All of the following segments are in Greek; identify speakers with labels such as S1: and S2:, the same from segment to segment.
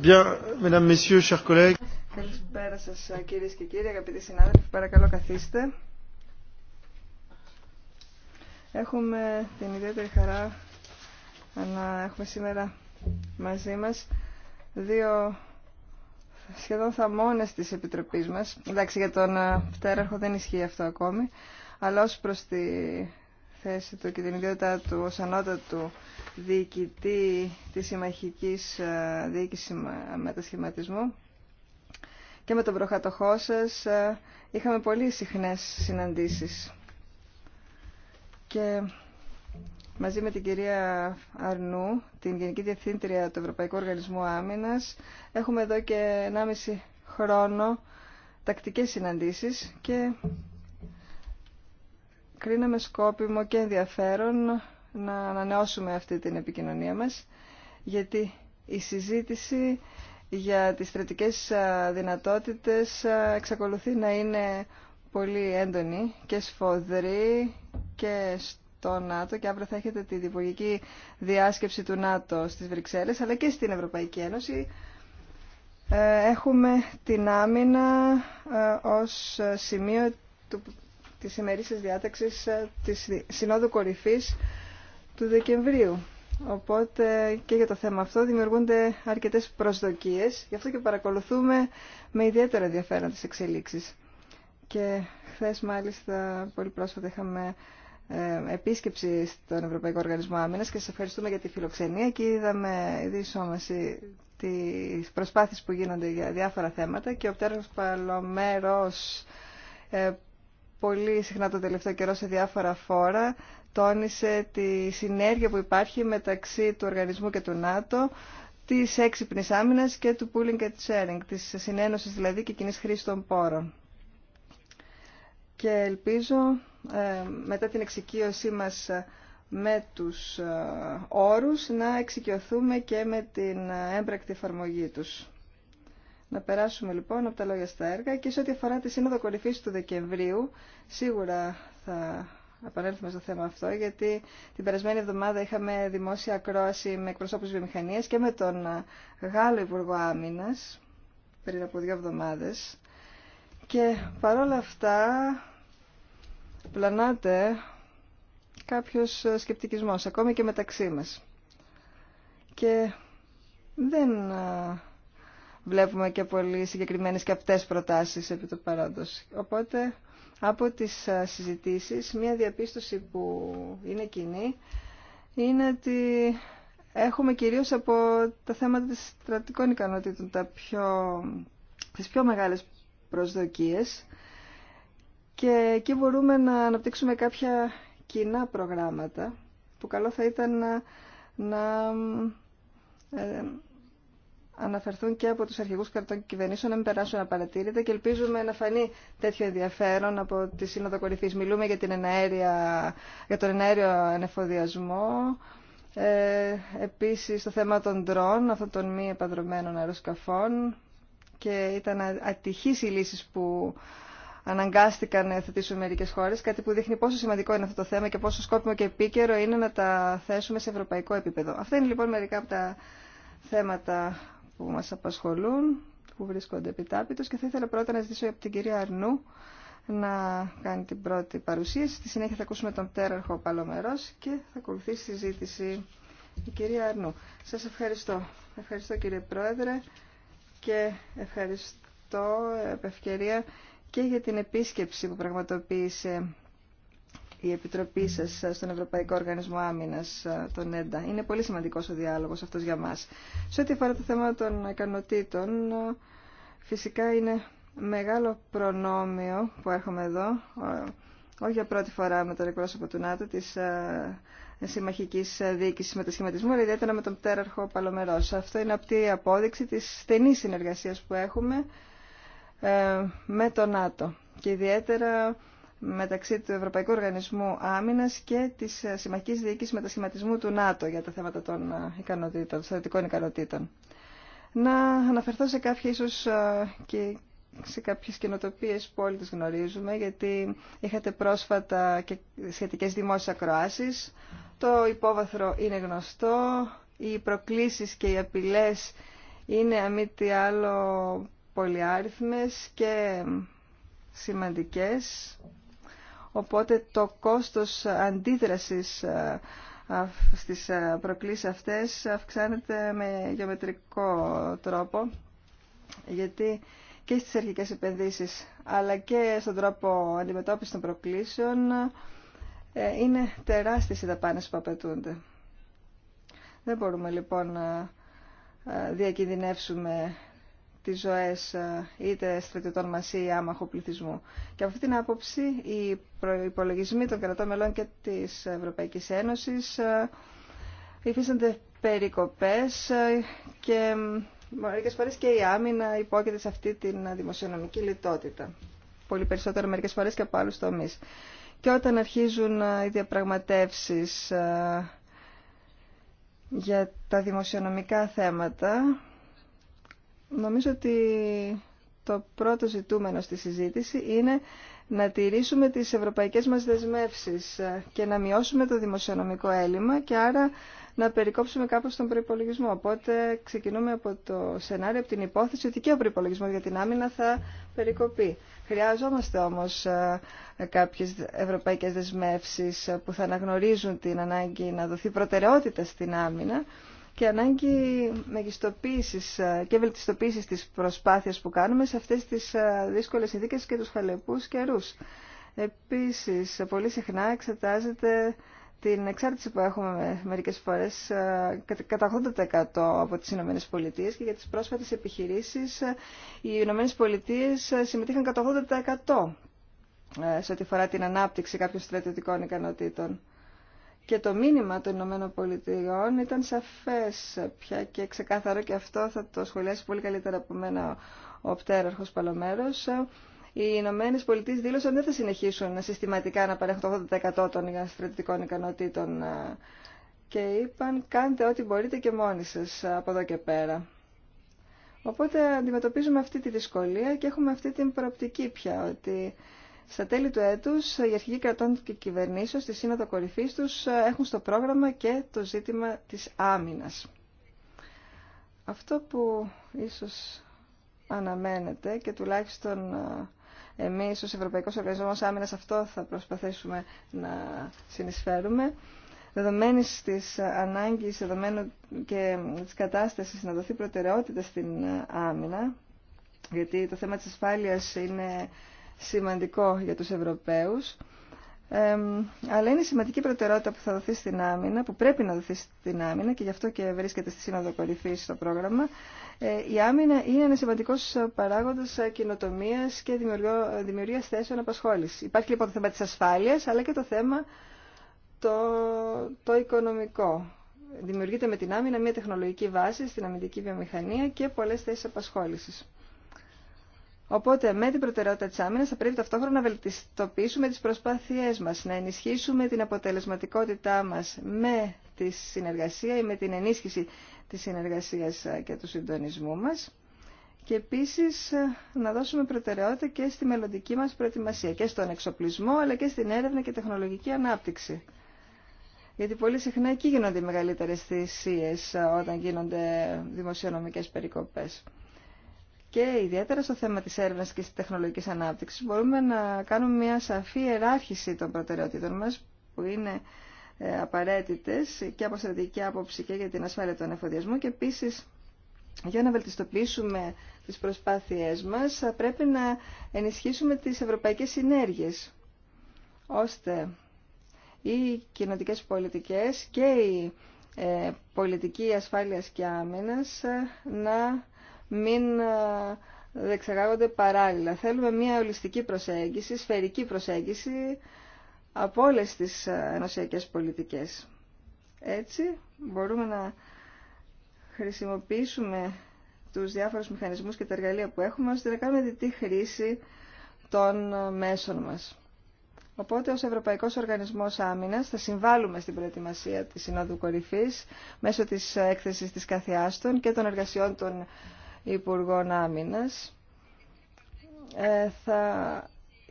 S1: Bien, mesdames, messieurs, chers collègues.
S2: Καλησπέρα σα ε, κυρίε και κύριοι, αγαπητοί συνάδελφοι, παρακαλώ καθίστε. Έχουμε την ιδιαίτερη χαρά να έχουμε σήμερα μαζί μα δύο σχεδόν θαμώνε τη Επιτροπή μα. Εντάξει, για τον ε, Πτέραρχο δεν ισχύει αυτό ακόμη, αλλά ω προ τη θέση του και την ιδιότητά του ως ανώτατου διοικητή της συμμαχικής ε, διοίκησης μετασχηματισμού και με τον προχατοχό σας ε, είχαμε πολύ συχνές συναντήσεις και μαζί με την κυρία Αρνού, την Γενική Διευθύντρια του Ευρωπαϊκού Οργανισμού Άμυνας έχουμε εδώ και 1,5 χρόνο τακτικές συναντήσεις και κρίναμε σκόπιμο και ενδιαφέρον να ανανεώσουμε αυτή την επικοινωνία μας, γιατί η συζήτηση για τις στρατικές δυνατότητες εξακολουθεί να είναι πολύ έντονη και σφοδρή και στο ΝΑΤΟ και αύριο θα έχετε τη διπογική διάσκεψη του ΝΑΤΟ στις Βρυξέλλες αλλά και στην Ευρωπαϊκή Ένωση ε, έχουμε την άμυνα ε, ως ε, σημείο του της ημερήσιας διάταξης ε, της Συνόδου Κορυφής του Δεκεμβρίου. Οπότε και για το θέμα αυτό δημιουργούνται αρκετές προσδοκίες, γι' αυτό και παρακολουθούμε με ιδιαίτερα ενδιαφέρον τις εξελίξεις. Και χθε μάλιστα πολύ πρόσφατα είχαμε ε, επίσκεψη στον Ευρωπαϊκό Οργανισμό Άμυνας και σας ευχαριστούμε για τη φιλοξενία και είδαμε διεισόμαση τις προσπάθειες που γίνονται για διάφορα θέματα και ο Παλωμέρος ε, πολύ συχνά το τελευταίο καιρό σε διάφορα φόρα τόνισε τη συνέργεια που υπάρχει μεταξύ του οργανισμού και του ΝΑΤΟ, τη έξυπνης άμυνας και του pooling and sharing, της συνένωσης δηλαδή και κοινής χρήσης των πόρων. Και ελπίζω ε, μετά την εξοικείωσή μας με τους ε, όρους να εξοικειωθούμε και με την ε, έμπρακτη εφαρμογή τους. Να περάσουμε λοιπόν από τα λόγια στα έργα και σε ό,τι αφορά τη Σύνοδο Κορυφή του Δεκεμβρίου, σίγουρα θα επανέλθουμε στο θέμα αυτό, γιατί την περασμένη εβδομάδα είχαμε δημόσια ακρόαση με εκπροσώπους βιομηχανίας και με τον Γάλλο Υπουργό Άμυνα πριν από δύο εβδομάδες. Και παρόλα αυτά πλανάται κάποιος σκεπτικισμός, ακόμη και μεταξύ μας. Και δεν βλέπουμε και πολύ συγκεκριμένες και αυτές προτάσεις επί το παρόντος. Οπότε από τις συζητήσεις μια διαπίστωση που είναι κοινή είναι ότι έχουμε κυρίως από τα θέματα της στρατικών ικανότητων τα πιο, τις πιο μεγάλες προσδοκίες και εκεί μπορούμε να αναπτύξουμε κάποια κοινά προγράμματα που καλό θα ήταν να, να ε, αναφερθούν και από τους αρχηγούς κρατών και κυβερνήσεων να μην περάσουν απαρατήρητα και ελπίζουμε να φανεί τέτοιο ενδιαφέρον από τη Σύνοδο Κορυφής. Μιλούμε για, την για τον εναέριο ενεφοδιασμό, ε, επίσης το θέμα των ντρόν, αυτών των μη επαδρομένων αεροσκαφών και ήταν ατυχής οι λύσεις που αναγκάστηκαν να θετήσουν μερικέ χώρε, κάτι που δείχνει πόσο σημαντικό είναι αυτό το θέμα και πόσο σκόπιμο και επίκαιρο είναι να τα θέσουμε σε ευρωπαϊκό επίπεδο. Αυτά είναι λοιπόν μερικά από τα θέματα που μας απασχολούν, που βρίσκονται επιτάπητος και θα ήθελα πρώτα να ζητήσω από την κυρία Αρνού να κάνει την πρώτη παρουσίαση. Στη συνέχεια θα ακούσουμε τον πτέραρχο Παλωμερός και θα ακολουθήσει η συζήτηση η κυρία Αρνού. Σας ευχαριστώ. Ευχαριστώ κύριε Πρόεδρε και ευχαριστώ επ' ευκαιρία και για την επίσκεψη που πραγματοποίησε η Επιτροπή σας στον Ευρωπαϊκό Οργανισμό Άμυνα ε, τον ΕΝΤΑ. Είναι πολύ σημαντικός ο διάλογος αυτός για μα. Σε ό,τι αφορά το θέμα των ικανοτήτων, ε, φυσικά είναι μεγάλο προνόμιο που έρχομαι εδώ, ε, όχι για πρώτη φορά με τον εκπρόσωπο του ΝΑΤΟ, τη συμμαχική διοίκηση μετασχηματισμού, αλλά ιδιαίτερα με τον πτέραρχο Παλομερό. Αυτό είναι αυτή η απόδειξη τη στενή συνεργασία που έχουμε με το ΝΑΤΟ. Και ιδιαίτερα μεταξύ του Ευρωπαϊκού Οργανισμού Άμυνας και της ε, Συμμαχικής Διοίκησης Μετασχηματισμού του ΝΑΤΟ για τα θέματα των ε, ικανοτήτων, ικανοτήτων. Να αναφερθώ σε κάποιε ίσως ε, και σε κάποιες καινοτοπίες που όλοι τις γνωρίζουμε, γιατί είχατε πρόσφατα και σχετικές δημόσιες ακροάσεις. Το υπόβαθρο είναι γνωστό, οι προκλήσεις και οι απειλές είναι αμή άλλο πολυάριθμες και σημαντικές Οπότε το κόστος αντίδρασης ε, στις ε, προκλήσεις αυτές αυξάνεται με γεωμετρικό τρόπο γιατί και στις αρχικές επενδύσεις αλλά και στον τρόπο αντιμετώπισης των προκλήσεων ε, είναι τεράστιες οι δαπάνες που απαιτούνται. Δεν μπορούμε λοιπόν να διακινδυνεύσουμε τι ζωές ε, είτε στρατιωτών μας ή άμαχου πληθυσμού. Και από αυτή την άποψη οι υπολογισμοί των κρατών μελών και της Ευρωπαϊκής Ένωσης ε, υφίστανται περικοπές ε, και μερικές φορές και η άμυνα υπόκειται σε αυτή την δημοσιονομική λιτότητα. Πολύ περισσότερο μερικές φορές και από άλλου Και όταν αρχίζουν οι διαπραγματεύσεις για τα δημοσιονομικά θέματα Νομίζω ότι το πρώτο ζητούμενο στη συζήτηση είναι να τηρήσουμε τις ευρωπαϊκές μας δεσμεύσεις και να μειώσουμε το δημοσιονομικό έλλειμμα και άρα να περικόψουμε κάπως τον προϋπολογισμό. Οπότε ξεκινούμε από το σενάριο, από την υπόθεση ότι και ο προϋπολογισμός για την άμυνα θα περικοπεί. Χρειάζομαστε όμως ε, κάποιες ευρωπαϊκές δεσμεύσεις που θα αναγνωρίζουν την ανάγκη να δοθεί προτεραιότητα στην άμυνα και ανάγκη μεγιστοποίησης ε, και βελτιστοποίησης της προσπάθειας που κάνουμε σε αυτές τις ε, δύσκολες συνθήκες και τους χαλεπούς καιρούς. Επίσης, πολύ συχνά εξετάζεται την εξάρτηση που έχουμε μερικές φορές ε, κατά 80% από τις Ηνωμένες Πολιτείες και για τις πρόσφατες επιχειρήσεις οι Ηνωμένες Πολιτείες συμμετείχαν κατά 80% σε ό,τι αφορά την ανάπτυξη κάποιων στρατιωτικών ικανοτήτων. Και το μήνυμα των Ηνωμένων Πολιτειών ήταν σαφές πια και ξεκάθαρο και αυτό θα το σχολιάσει πολύ καλύτερα από μένα ο πτέραρχος Παλωμέρος. Οι Ηνωμένε Πολιτείε δήλωσαν δεν θα συνεχίσουν συστηματικά να παρέχουν το 80% των στρατιωτικών ικανοτήτων ε, και είπαν κάντε ό,τι μπορείτε και μόνοι σα από εδώ και πέρα. Οπότε αντιμετωπίζουμε αυτή τη δυσκολία και έχουμε αυτή την προοπτική πια ότι στα τέλη του έτους, οι αρχηγοί κρατών και κυβερνήσεων στη Σύνοδο Κορυφής τους ε, έχουν στο πρόγραμμα και το ζήτημα της άμυνας. Αυτό που ίσως αναμένεται και τουλάχιστον ε, εμείς ως Ευρωπαϊκός Οργανισμός Άμυνας αυτό θα προσπαθήσουμε να συνεισφέρουμε, δεδομένη τη ανάγκη και τη κατάσταση να δοθεί προτεραιότητα στην ε, άμυνα, γιατί το θέμα της ασφάλειας είναι σημαντικό για τους Ευρωπαίους, αλλά είναι σημαντική προτεραιότητα που θα δοθεί στην άμυνα, που πρέπει να δοθεί στην άμυνα και γι' αυτό και βρίσκεται στη Σύνοδο Κορυφή στο πρόγραμμα. Ε, η άμυνα είναι ένα σημαντικό παράγοντα κοινοτομία και δημιουργία θέσεων απασχόληση. Υπάρχει λοιπόν το θέμα τη ασφάλεια, αλλά και το θέμα το, το οικονομικό. Δημιουργείται με την άμυνα μια τεχνολογική βάση στην αμυντική βιομηχανία και πολλέ θέσει απασχόληση. Οπότε με την προτεραιότητα τη Άμυνα θα πρέπει ταυτόχρονα να βελτιστοποιήσουμε τις προσπάθειές μας, να ενισχύσουμε την αποτελεσματικότητά μα με τη συνεργασία ή με την ενίσχυση τη συνεργασία και του συντονισμού μα. και επίση να δώσουμε προτεραιότητα και στη μελλοντική μα προετοιμασία και στον εξοπλισμό αλλά και στην έρευνα και τεχνολογική ανάπτυξη. Γιατί πολύ συχνά εκεί γίνονται οι μεγαλύτερε θυσίε όταν γίνονται δημοσιονομικέ περικοπέ και ιδιαίτερα στο θέμα της έρευνας και της τεχνολογικής ανάπτυξης μπορούμε να κάνουμε μια σαφή εράρχηση των προτεραιοτήτων μας που είναι ε, απαραίτητες και από στρατηγική άποψη και για την ασφάλεια του ανεφοδιασμού και επίσης για να βελτιστοποιήσουμε τις προσπάθειές μας θα πρέπει να ενισχύσουμε τις ευρωπαϊκές συνέργειες ώστε οι κοινοτικές πολιτικές και η ε, πολιτική ασφάλειας και άμυνας ε, να μην ε, δεξαγάγονται παράλληλα. Θέλουμε μια ολιστική προσέγγιση, σφαιρική προσέγγιση από όλε τι ε, ενωσιακέ πολιτικές. Έτσι μπορούμε να χρησιμοποιήσουμε τους διάφορους μηχανισμούς και τα εργαλεία που έχουμε ώστε να κάνουμε διτή χρήση των ε, μέσων μας. Οπότε ως Ευρωπαϊκός Οργανισμός Άμυνας θα συμβάλλουμε στην προετοιμασία της Συνόδου Κορυφής μέσω της έκθεσης της Καθιάστων και των εργασιών των Υπουργών Άμυνας ε, θα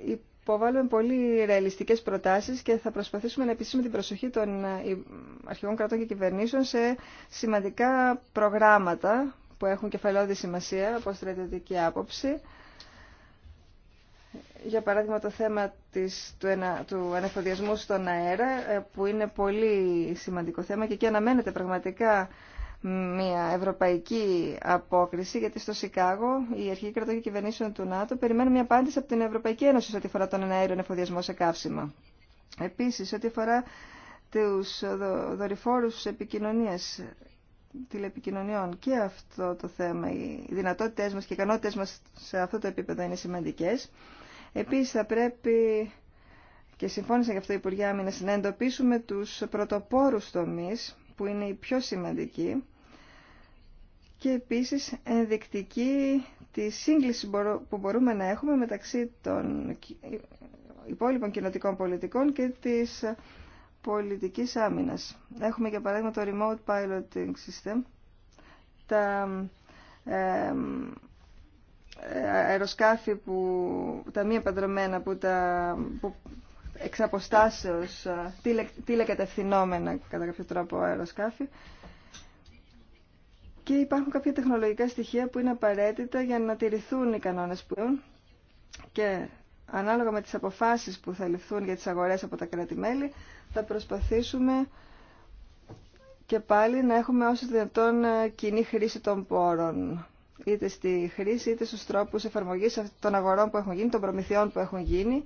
S2: υποβάλουμε πολύ ρεαλιστικές προτάσεις και θα προσπαθήσουμε να επισήσουμε την προσοχή των ε, αρχηγών κρατών και κυβερνήσεων σε σημαντικά προγράμματα που έχουν κεφαλαιόδη σημασία από στρατιωτική άποψη. Για παράδειγμα το θέμα της, του, ενα, του ανεφοδιασμού στον αέρα ε, που είναι πολύ σημαντικό θέμα και εκεί αναμένεται πραγματικά μια ευρωπαϊκή απόκριση, γιατί στο Σικάγο η αρχική κρατών κυβερνήσεων του ΝΑΤΟ περιμένουν μια απάντηση από την Ευρωπαϊκή Ένωση σε ό,τι αφορά τον αέριο εφοδιασμό σε καύσιμα. Επίση, ό,τι αφορά τους δορυφόρου επικοινωνία τηλεπικοινωνιών και αυτό το θέμα, οι δυνατότητε μα και οι ικανότητέ μα σε αυτό το επίπεδο είναι σημαντικέ. Επίση θα πρέπει, και συμφώνησα γι' αυτό η Υπουργή Άμυνα, να εντοπίσουμε του πρωτοπόρου τομεί που είναι η πιο σημαντική και επίσης ενδεικτική τη σύγκληση που μπορούμε να έχουμε μεταξύ των υπόλοιπων κοινοτικών πολιτικών και της πολιτικής άμυνας. Έχουμε για παράδειγμα το Remote Piloting System, τα ε, αεροσκάφη που, τα μη επανδρομένα που, τα, που εξ αποστάσεως ε, τηλε, τηλεκατευθυνόμενα κατά κάποιο τρόπο αεροσκάφη και υπάρχουν κάποια τεχνολογικά στοιχεία που είναι απαραίτητα για να τηρηθούν οι κανόνες που έχουν και ανάλογα με τις αποφάσεις που θα ληφθούν για τις αγορές από τα κράτη-μέλη θα προσπαθήσουμε και πάλι να έχουμε όσο δυνατόν ε, κοινή χρήση των πόρων είτε στη χρήση είτε στους τρόπους εφαρμογής των αγορών που έχουν γίνει, των προμηθειών που έχουν γίνει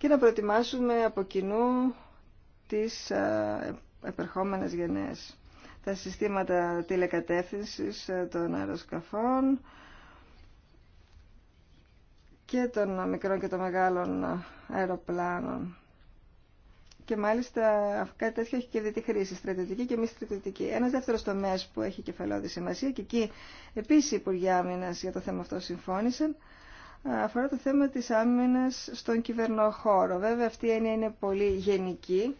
S2: και να προετοιμάσουμε από κοινού τις επερχόμενες γενναίες. Τα συστήματα τηλεκατεύθυνσης των αεροσκαφών και των μικρών και των μεγάλων αεροπλάνων. Και μάλιστα κάτι τέτοιο έχει και δει χρήση, στρατιωτική και μη στρατιωτική. Ένα δεύτερο τομέα που έχει κεφαλαιόδη σημασία και εκεί επίση οι Υπουργοί Άμυνα για το θέμα αυτό συμφώνησαν, αφορά το θέμα της άμυνας στον κυβερνοχώρο. Βέβαια αυτή η έννοια είναι πολύ γενική,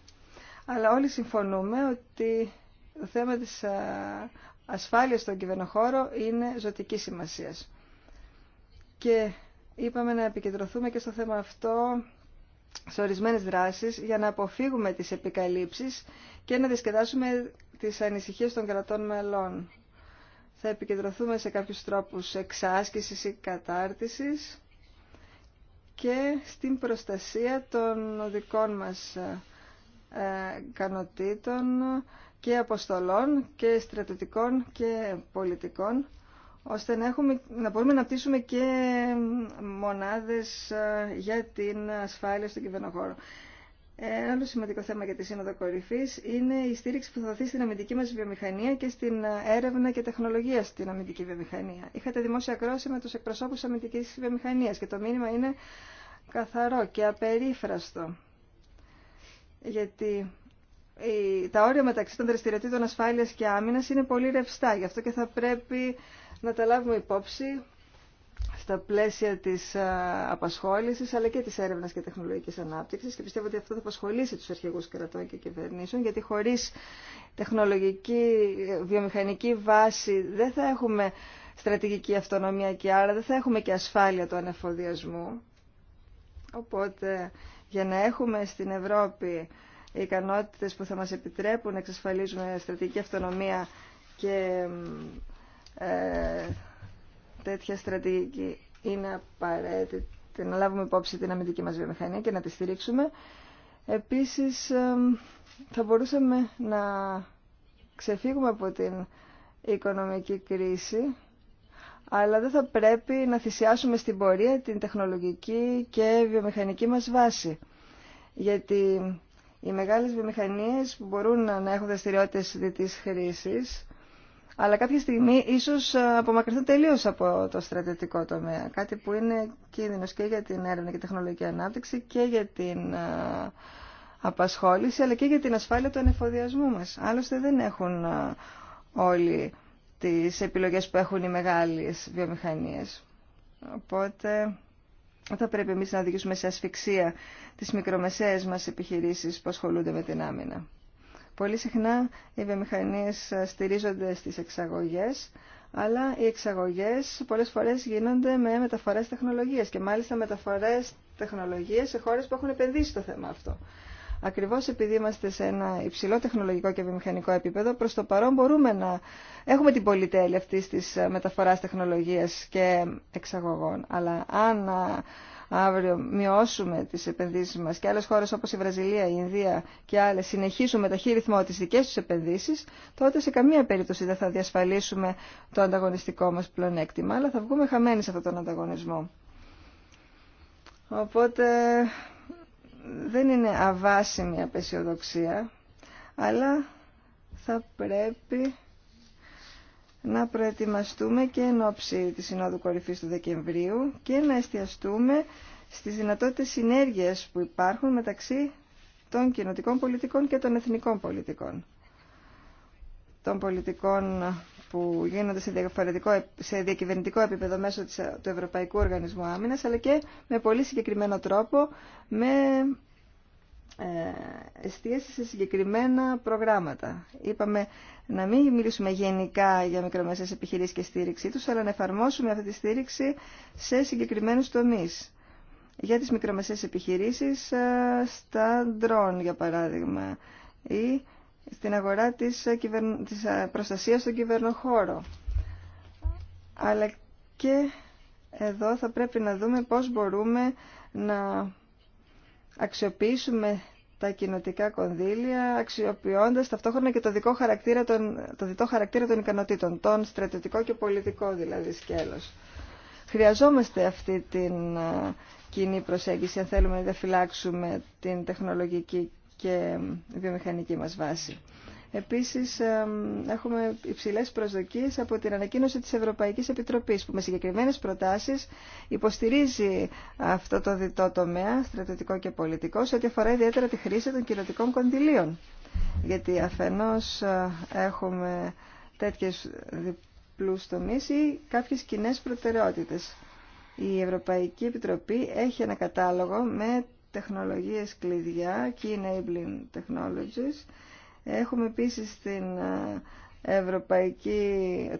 S2: αλλά όλοι συμφωνούμε ότι το θέμα της ασφάλειας στον κυβερνοχώρο είναι ζωτική σημασίας. Και είπαμε να επικεντρωθούμε και στο θέμα αυτό σε ορισμένες δράσεις για να αποφύγουμε τις επικαλύψεις και να δυσκετάσουμε τις ανησυχίες των κρατών μελών θα επικεντρωθούμε σε κάποιους τρόπους εξάσκησης ή κατάρτισης και στην προστασία των δικών μας ε, ικανοτήτων και αποστολών και στρατιωτικών και πολιτικών ώστε να, έχουμε, να μπορούμε να πτήσουμε και μονάδες ε, για την ασφάλεια στον κυβερνοχώρο. Ένα ε, άλλο σημαντικό θέμα για τη Σύνοδο Κορυφή είναι η στήριξη που θα δοθεί στην αμυντική μα βιομηχανία και στην ε, έρευνα και τεχνολογία στην αμυντική βιομηχανία. Είχατε δημόσια κρόση με του εκπροσώπου τη αμυντική βιομηχανία και το μήνυμα είναι καθαρό και απερίφραστο. Γιατί τα όρια μεταξύ των δραστηριοτήτων ασφάλεια και άμυνα είναι πολύ ρευστά. Γι' αυτό και θα πρέπει να τα λάβουμε υπόψη στα πλαίσια της απασχόλησης αλλά και της έρευνας και τεχνολογικής ανάπτυξης και πιστεύω ότι αυτό θα απασχολήσει τους αρχηγούς κρατών και κυβερνήσεων γιατί χωρίς τεχνολογική βιομηχανική βάση δεν θα έχουμε στρατηγική αυτονομία και άρα δεν θα έχουμε και ασφάλεια του ανεφοδιασμού. Οπότε για να έχουμε στην Ευρώπη οι ικανότητες που θα μας επιτρέπουν να εξασφαλίζουμε στρατηγική αυτονομία και ε, τέτοια στρατηγική είναι απαραίτητη να λάβουμε υπόψη την αμυντική μας βιομηχανία και να τη στηρίξουμε. Επίσης, θα μπορούσαμε να ξεφύγουμε από την οικονομική κρίση, αλλά δεν θα πρέπει να θυσιάσουμε στην πορεία την τεχνολογική και βιομηχανική μας βάση. Γιατί οι μεγάλες βιομηχανίες που μπορούν να έχουν δραστηριότητε διτής χρήσης, αλλά κάποια στιγμή ίσως ε, απομακρυνθούν τελείως από το στρατιωτικό τομέα. Κάτι που είναι κίνδυνος και για την έρευνα και τεχνολογική ανάπτυξη και για την ε, απασχόληση, αλλά και για την ασφάλεια του ανεφοδιασμού μας. Άλλωστε δεν έχουν ε, όλοι τις επιλογές που έχουν οι μεγάλες βιομηχανίες. Οπότε θα πρέπει εμείς να οδηγήσουμε σε ασφυξία τις μικρομεσαίες μας επιχειρήσεις που ασχολούνται με την άμυνα. Πολύ συχνά οι βιομηχανίες στηρίζονται στις εξαγωγές, αλλά οι εξαγωγές πολλές φορές γίνονται με μεταφορές τεχνολογίας και μάλιστα μεταφορές τεχνολογίας σε χώρες που έχουν επενδύσει στο θέμα αυτό. Ακριβώς επειδή είμαστε σε ένα υψηλό τεχνολογικό και βιομηχανικό επίπεδο, προς το παρόν μπορούμε να έχουμε την πολυτέλεια αυτή της μεταφοράς τεχνολογίας και εξαγωγών. Αλλά αν αύριο μειώσουμε τις επενδύσεις μας και άλλες χώρες όπως η Βραζιλία, η Ινδία και άλλες συνεχίσουν με ταχύ ρυθμό τις δικές τους επενδύσεις, τότε σε καμία περίπτωση δεν θα διασφαλίσουμε το ανταγωνιστικό μας πλεονέκτημα, αλλά θα βγούμε χαμένοι σε αυτόν τον ανταγωνισμό. Οπότε δεν είναι αβάσιμη απεσιοδοξία, αλλά θα πρέπει να προετοιμαστούμε και εν ώψη της Συνόδου Κορυφής του Δεκεμβρίου και να εστιαστούμε στις δυνατότητες συνέργειας που υπάρχουν μεταξύ των κοινοτικών πολιτικών και των εθνικών πολιτικών. Των πολιτικών που γίνονται σε, σε διακυβερνητικό επίπεδο μέσω του Ευρωπαϊκού Οργανισμού Άμυνας, αλλά και με πολύ συγκεκριμένο τρόπο με ε, εστίαση σε συγκεκριμένα προγράμματα. Είπαμε να μην μιλήσουμε γενικά για μικρομεσαίες επιχειρήσεις και στήριξή τους, αλλά να εφαρμόσουμε αυτή τη στήριξη σε συγκεκριμένους τομείς. Για τις μικρομεσαίες επιχειρήσεις ε, στα ντρόν, για παράδειγμα, ή στην αγορά της, ε, της προστασίας στον κυβερνοχώρο. Αλλά και εδώ θα πρέπει να δούμε πώς μπορούμε να αξιοποιήσουμε τα κοινοτικά κονδύλια, αξιοποιώντας ταυτόχρονα και το, δικό χαρακτήρα των, το διτό χαρακτήρα των ικανοτήτων, τον στρατιωτικό και πολιτικό δηλαδή σκέλος. Χρειαζόμαστε αυτή την ε, κοινή προσέγγιση αν θέλουμε να διαφυλάξουμε την τεχνολογική και βιομηχανική μας βάση. Επίσης, έχουμε υψηλές προσδοκίες από την ανακοίνωση της Ευρωπαϊκής Επιτροπής, που με συγκεκριμένες προτάσεις υποστηρίζει αυτό το διτό τομέα, στρατιωτικό και πολιτικό, σε ό,τι αφορά ιδιαίτερα τη χρήση των κοινωτικών κοντιλίων. Γιατί αφενός ε, έχουμε τέτοιες διπλούς τομείς ή κάποιες κοινέ προτεραιότητες. Η Ευρωπαϊκή Επιτροπή έχει ένα κατάλογο με τεχνολογίες κλειδιά, Key Enabling Technologies, Έχουμε επίσης ε,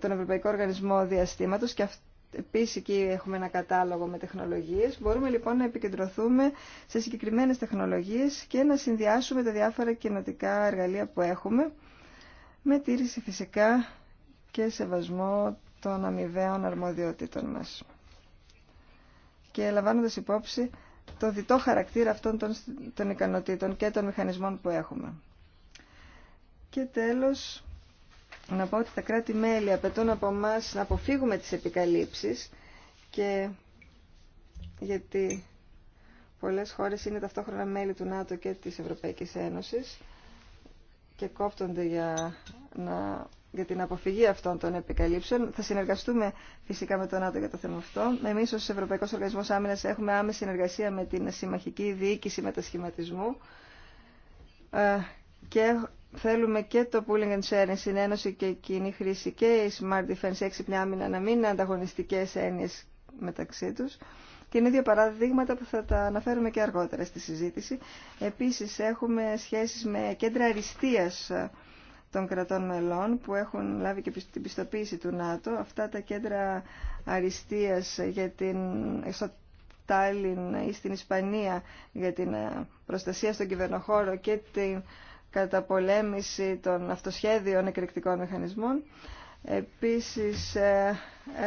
S2: τον Ευρωπαϊκό Οργανισμό Διαστήματος και επίση εκεί έχουμε ένα κατάλογο με τεχνολογίες. Μπορούμε λοιπόν να επικεντρωθούμε σε συγκεκριμένες τεχνολογίες και να συνδυάσουμε τα διάφορα κοινοτικά εργαλεία που έχουμε με τήρηση φυσικά και σεβασμό των αμοιβαίων αρμοδιότητων μα. Και λαμβάνοντα υπόψη το διτό χαρακτήρα αυτών των ικανοτήτων και των μηχανισμών που έχουμε. Και τέλος, να πω ότι τα κράτη-μέλη απαιτούν από εμά να αποφύγουμε τις επικαλύψεις και γιατί πολλές χώρες είναι ταυτόχρονα μέλη του ΝΑΤΟ και της Ευρωπαϊκής Ένωσης και κόπτονται για, να, για την αποφυγή αυτών των επικαλύψεων. Θα συνεργαστούμε φυσικά με το ΝΑΤΟ για το θέμα αυτό. Εμεί ως Ευρωπαϊκό Οργανισμό Άμυνα έχουμε άμεση συνεργασία με την Συμμαχική Διοίκηση Μετασχηματισμού ε, και θέλουμε και το pooling and sharing, συνένωση και κοινή χρήση και η smart defense, έξυπνη άμυνα, να μην είναι ανταγωνιστικές έννοιες μεταξύ τους. Και είναι δύο παραδείγματα που θα τα αναφέρουμε και αργότερα στη συζήτηση. Επίσης έχουμε σχέσεις με κέντρα αριστείας των κρατών μελών που έχουν λάβει και την πιστοποίηση του ΝΑΤΟ. Αυτά τα κέντρα αριστείας για την, στο Τάλιν ή στην Ισπανία για την ε, προστασία στον κυβερνοχώρο και την καταπολέμηση των αυτοσχέδιων εκρηκτικών μηχανισμών. Επίσης ε,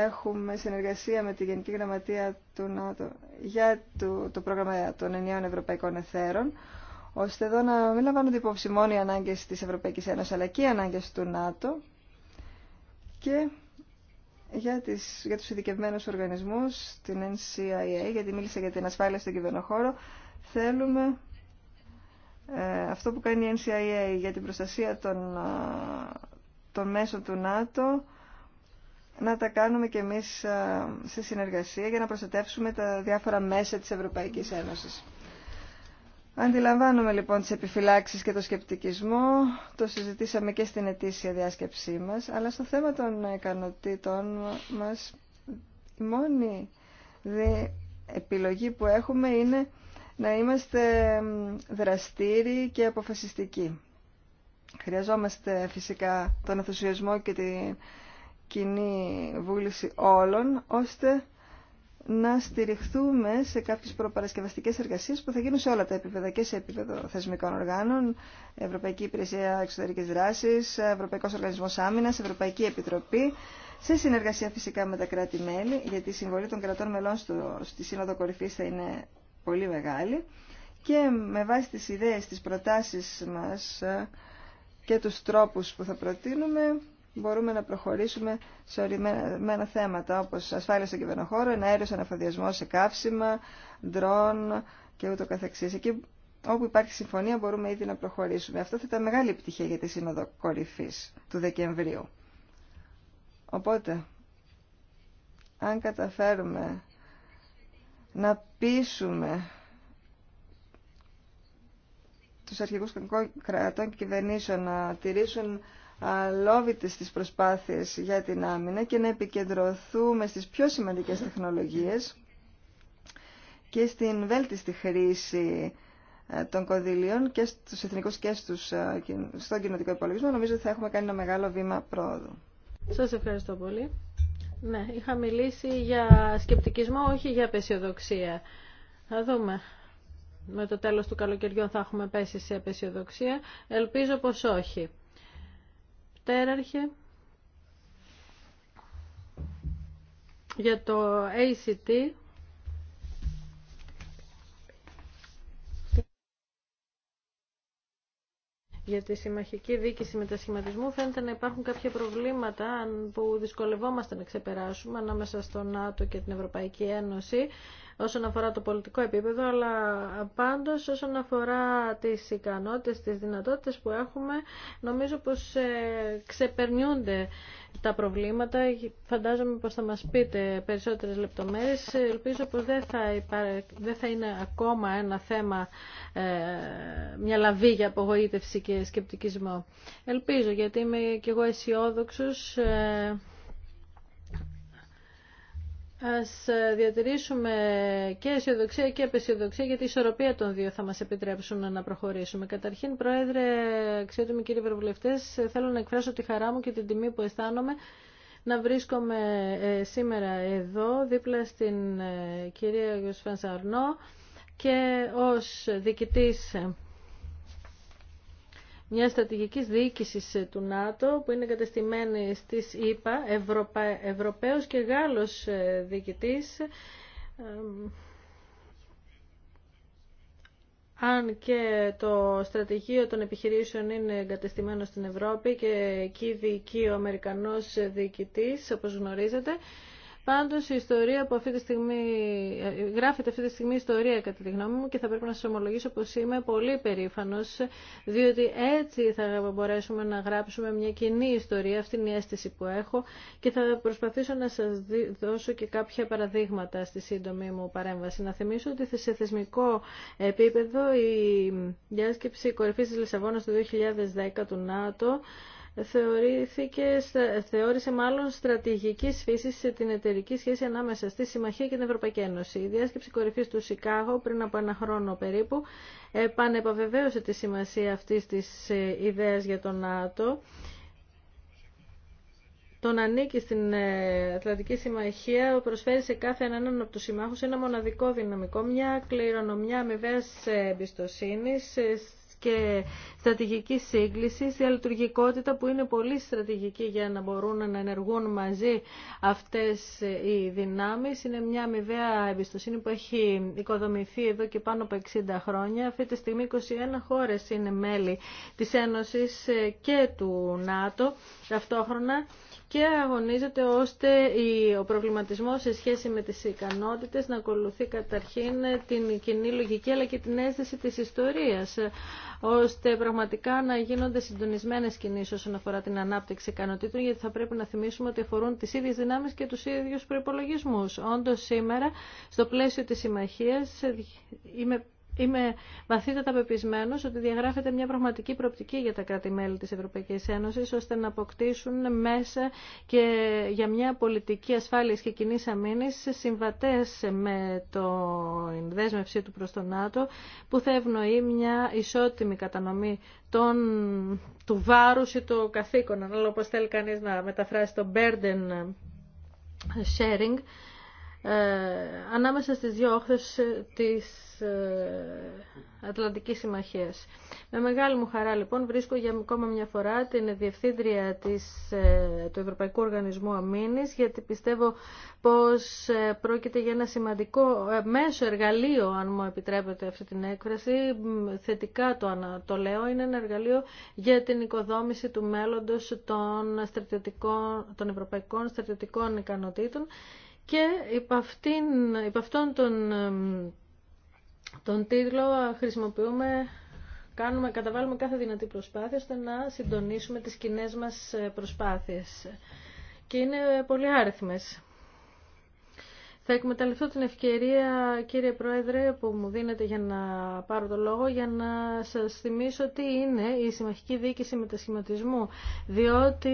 S2: έχουμε συνεργασία με τη Γενική Γραμματεία του ΝΑΤΟ για το, το πρόγραμμα των ενιαίων ευρωπαϊκών εθέρων, ώστε εδώ να μην λαμβάνονται υπόψη μόνο οι ανάγκες της Ευρωπαϊκής Ένωσης, αλλά και οι ανάγκες του ΝΑΤΟ και για, τις, για τους ειδικευμένους οργανισμούς, την NCIA, γιατί μίλησα για την ασφάλεια στον κυβερνοχώρο, θέλουμε ε, αυτό που κάνει η NCIA για την προστασία των, ε, των μέσων του ΝΑΤΟ να τα κάνουμε και εμείς ε, σε συνεργασία για να προστατεύσουμε τα διάφορα μέσα της Ευρωπαϊκής Ένωσης. Αντιλαμβάνομαι λοιπόν τις επιφυλάξεις και το σκεπτικισμό, το συζητήσαμε και στην ετήσια διάσκεψή μας, αλλά στο θέμα των ικανοτήτων μας η μόνη επιλογή που έχουμε είναι να είμαστε δραστήριοι και αποφασιστικοί. Χρειαζόμαστε φυσικά τον ενθουσιασμό και την κοινή βούληση όλων, ώστε να στηριχθούμε σε κάποιες προπαρασκευαστικές εργασίες που θα γίνουν σε όλα τα επίπεδα και σε επίπεδο θεσμικών οργάνων, Ευρωπαϊκή Υπηρεσία Εξωτερικής Δράσης, Ευρωπαϊκός Οργανισμός Άμυνας, Ευρωπαϊκή Επιτροπή, σε συνεργασία φυσικά με τα κράτη-μέλη, γιατί η συμβολή των κρατών μελών στη Σύνοδο Κορυφής θα είναι πολύ μεγάλη και με βάση τις ιδέες, τις προτάσεις μας ε, και τους τρόπους που θα προτείνουμε μπορούμε να προχωρήσουμε σε ορισμένα θέματα όπως ασφάλεια στον κυβερνοχώρο, ένα αέριος αναφοδιασμό σε καύσιμα, ντρόν και ούτω καθεξής. Εκεί όπου υπάρχει συμφωνία μπορούμε ήδη να προχωρήσουμε. Αυτό θα ήταν μεγάλη επιτυχία για τη Σύνοδο Κορυφής του Δεκεμβρίου. Οπότε, αν καταφέρουμε να πείσουμε τους αρχηγούς κρατών και κυβερνήσεων να τηρήσουν αλόβητε τις προσπάθειες για την άμυνα και να επικεντρωθούμε στις πιο σημαντικές τεχνολογίες και στην βέλτιστη χρήση ε, των κονδυλίων και στους εθνικούς και στους, ε, στον κοινωτικό υπολογισμό νομίζω ότι θα έχουμε κάνει ένα μεγάλο βήμα πρόοδου.
S3: Σας ευχαριστώ πολύ. Ναι, είχα μιλήσει για σκεπτικισμό, όχι για απεσιοδοξία. Θα δούμε. Με το τέλος του καλοκαιριού θα έχουμε πέσει σε απεσιοδοξία. Ελπίζω πως όχι. Πτέραρχε. Για το ACT για τη συμμαχική δίκηση μετασχηματισμού φαίνεται να υπάρχουν κάποια προβλήματα που δυσκολευόμαστε να ξεπεράσουμε ανάμεσα στο ΝΑΤΟ και την Ευρωπαϊκή Ένωση όσον αφορά το πολιτικό επίπεδο, αλλά πάντως όσον αφορά τις ικανότητες, τις δυνατότητες που έχουμε, νομίζω πως ε, ξεπερνιούνται τα προβλήματα. Φαντάζομαι πως θα μας πείτε περισσότερες λεπτομέρειες. Ελπίζω πως δεν θα, είναι ακόμα ένα θέμα, ε, μια λαβή για απογοήτευση και σκεπτικισμό. Ελπίζω, γιατί είμαι κι εγώ αισιόδοξο ε, Ας ε, διατηρήσουμε και αισιοδοξία και απεσιοδοξία γιατί η ισορροπία των δύο θα μας επιτρέψουν να προχωρήσουμε. Καταρχήν, Πρόεδρε, αξιότιμοι κύριε Ευρωβουλευτές, θέλω να εκφράσω τη χαρά μου και την τιμή που αισθάνομαι να βρίσκομαι ε, σήμερα εδώ δίπλα στην ε, κυρία Γιώσφα Σαρνό και ως διοικητής μια στρατηγική διοίκηση του ΝΑΤΟ που είναι κατεστημένη στις ΗΠΑ, Ευρωπαίος και Γάλλος ε, διοικητή, αν και το στρατηγείο των επιχειρήσεων είναι εγκατεστημένο στην Ευρώπη και εκεί διοικεί ο Αμερικανός διοικητής, όπως γνωρίζετε, Πάντως η ιστορία που αυτή τη στιγμή ε, γράφεται αυτή τη στιγμή ιστορία κατά τη γνώμη μου και θα πρέπει να σα ομολογήσω πως είμαι πολύ περήφανο, διότι έτσι θα μπορέσουμε να γράψουμε μια κοινή ιστορία, αυτή είναι η αίσθηση που έχω και θα προσπαθήσω να σας δώσω και κάποια παραδείγματα στη σύντομη μου παρέμβαση. Να θυμίσω ότι σε θεσμικό επίπεδο η διάσκεψη κορυφή τη Λισαβόνα του 2010 του ΝΑΤΟ θεωρήθηκε, θεώρησε μάλλον στρατηγική φύση σε την εταιρική σχέση ανάμεσα στη Συμμαχία και την Ευρωπαϊκή Ένωση. Η διάσκεψη κορυφή του Σικάγο πριν από ένα χρόνο περίπου επανεπαβεβαίωσε τη σημασία αυτή τη ε, ιδέα για τον ΝΑΤΟ. Τον ανήκει στην ε, Ατλαντική Συμμαχία προσφέρει σε κάθε έναν από του συμμάχους ένα μοναδικό δυναμικό, μια κληρονομιά αμοιβαία εμπιστοσύνη ε, και στρατηγική σύγκληση, η αλειτουργικότητα που είναι πολύ στρατηγική για να μπορούν να ενεργούν μαζί αυτές οι δυνάμεις. Είναι μια αμοιβαία εμπιστοσύνη που έχει οικοδομηθεί εδώ και πάνω από 60 χρόνια. Αυτή τη στιγμή 21 χώρες είναι μέλη της Ένωσης και του ΝΑΤΟ. Ταυτόχρονα και αγωνίζεται ώστε ο προβληματισμός σε σχέση με τις ικανότητες να ακολουθεί καταρχήν την κοινή λογική αλλά και την αίσθηση της ιστορίας ώστε πραγματικά να γίνονται συντονισμένες κινήσεις όσον αφορά την ανάπτυξη ικανοτήτων γιατί θα πρέπει να θυμίσουμε ότι αφορούν τις ίδιες δυνάμεις και τους ίδιους προπολογισμού. Όντως σήμερα στο πλαίσιο της συμμαχίας είμαι Είμαι βαθύτατα πεπισμένο ότι διαγράφεται μια πραγματική προοπτική για τα κράτη-μέλη τη Ευρωπαϊκή Ένωση, ώστε να αποκτήσουν μέσα και για μια πολιτική ασφάλεια και κοινή αμήνη συμβατέ με το δέσμευσή του προ το ΝΑΤΟ, που θα ευνοεί μια ισότιμη κατανομή των, του βάρου ή του καθήκον, όπω θέλει κανεί να μεταφράσει το burden sharing ε, ανάμεσα στις δύο όχθες ε, της ε, Ατλαντικής Συμμαχίας. Με μεγάλη μου χαρά λοιπόν βρίσκω για ακόμα μια φορά την Διευθύντρια της, του Ευρωπαϊκού Οργανισμού Αμήνης γιατί πιστεύω πως πρόκειται για ένα σημαντικό μέσο εργαλείο αν μου επιτρέπετε αυτή την έκφραση θετικά το, το λέω είναι ένα εργαλείο για την οικοδόμηση του μέλλοντος των, των ευρωπαϊκών στρατιωτικών ικανοτήτων και υπ, αυτήν, υπ αυτόν τον, τον τίτλο χρησιμοποιούμε κάνουμε, καταβάλουμε κάθε δυνατή προσπάθεια ώστε να συντονίσουμε τις κοινέ μας ε, προσπάθειες. Και είναι πολύ άριθμες. Θα εκμεταλλευτώ την ευκαιρία, κύριε Πρόεδρε, που μου δίνετε για να πάρω το λόγο, για να σας θυμίσω τι είναι η συμμαχική διοίκηση μετασχηματισμού, διότι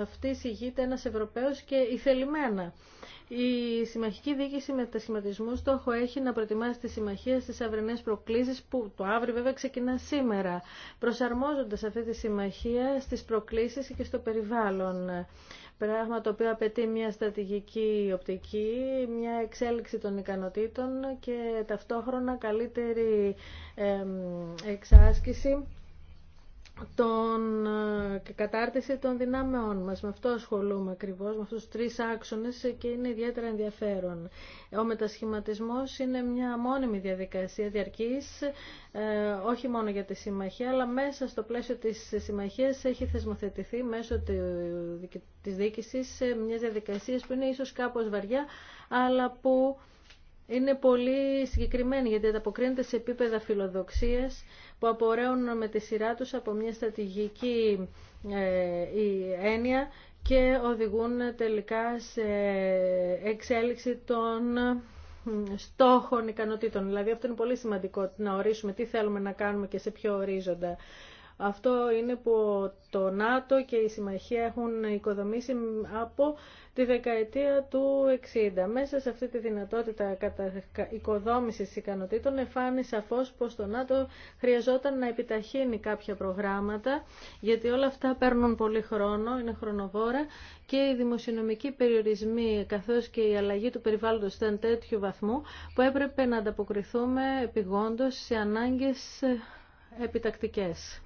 S3: αυτή συγείται ένας Ευρωπαίος και ηθελημένα. Η Συμμαχική Διοίκηση Μετασχηματισμού στόχο έχει να προετοιμάσει τη Συμμαχία στι αυρινές προκλήσει που το αύριο βέβαια ξεκινά σήμερα, προσαρμόζοντα αυτή τη Συμμαχία στι προκλήσει και στο περιβάλλον πράγμα το οποίο απαιτεί μια στρατηγική οπτική, μια εξέλιξη των ικανοτήτων και ταυτόχρονα καλύτερη εξάσκηση τον και ε, κατάρτιση των δυνάμεών μας. Με αυτό ασχολούμαι ακριβώς, με αυτούς τους τρεις άξονες και είναι ιδιαίτερα ενδιαφέρον. Ο μετασχηματισμός είναι μια μόνιμη διαδικασία διαρκής, ε, όχι μόνο για τη συμμαχία, αλλά μέσα στο πλαίσιο της συμμαχίας έχει θεσμοθετηθεί μέσω της διοίκησης ε, μια διαδικασίας που είναι ίσως κάπως βαριά, αλλά που είναι πολύ συγκεκριμένη γιατί ανταποκρίνεται σε επίπεδα φιλοδοξίας που απορρέουν με τη σειρά τους από μια στρατηγική ε, έννοια και οδηγούν τελικά σε εξέλιξη των στόχων ικανοτήτων. Δηλαδή αυτό είναι πολύ σημαντικό να ορίσουμε τι θέλουμε να κάνουμε και σε ποιο ορίζοντα. Αυτό είναι που το ΝΑΤΟ και η Συμμαχία έχουν οικοδομήσει από τη δεκαετία του 60. Μέσα σε αυτή τη δυνατότητα οικοδόμησης ικανοτήτων εφάνει σαφώς πως το ΝΑΤΟ χρειαζόταν να επιταχύνει κάποια προγράμματα γιατί όλα αυτά παίρνουν πολύ χρόνο, είναι χρονοβόρα και οι δημοσιονομικοί περιορισμοί καθώς και η αλλαγή του περιβάλλοντος ήταν τέτοιου βαθμού που έπρεπε να ανταποκριθούμε επιγόντως σε ανάγκες επιτακτικές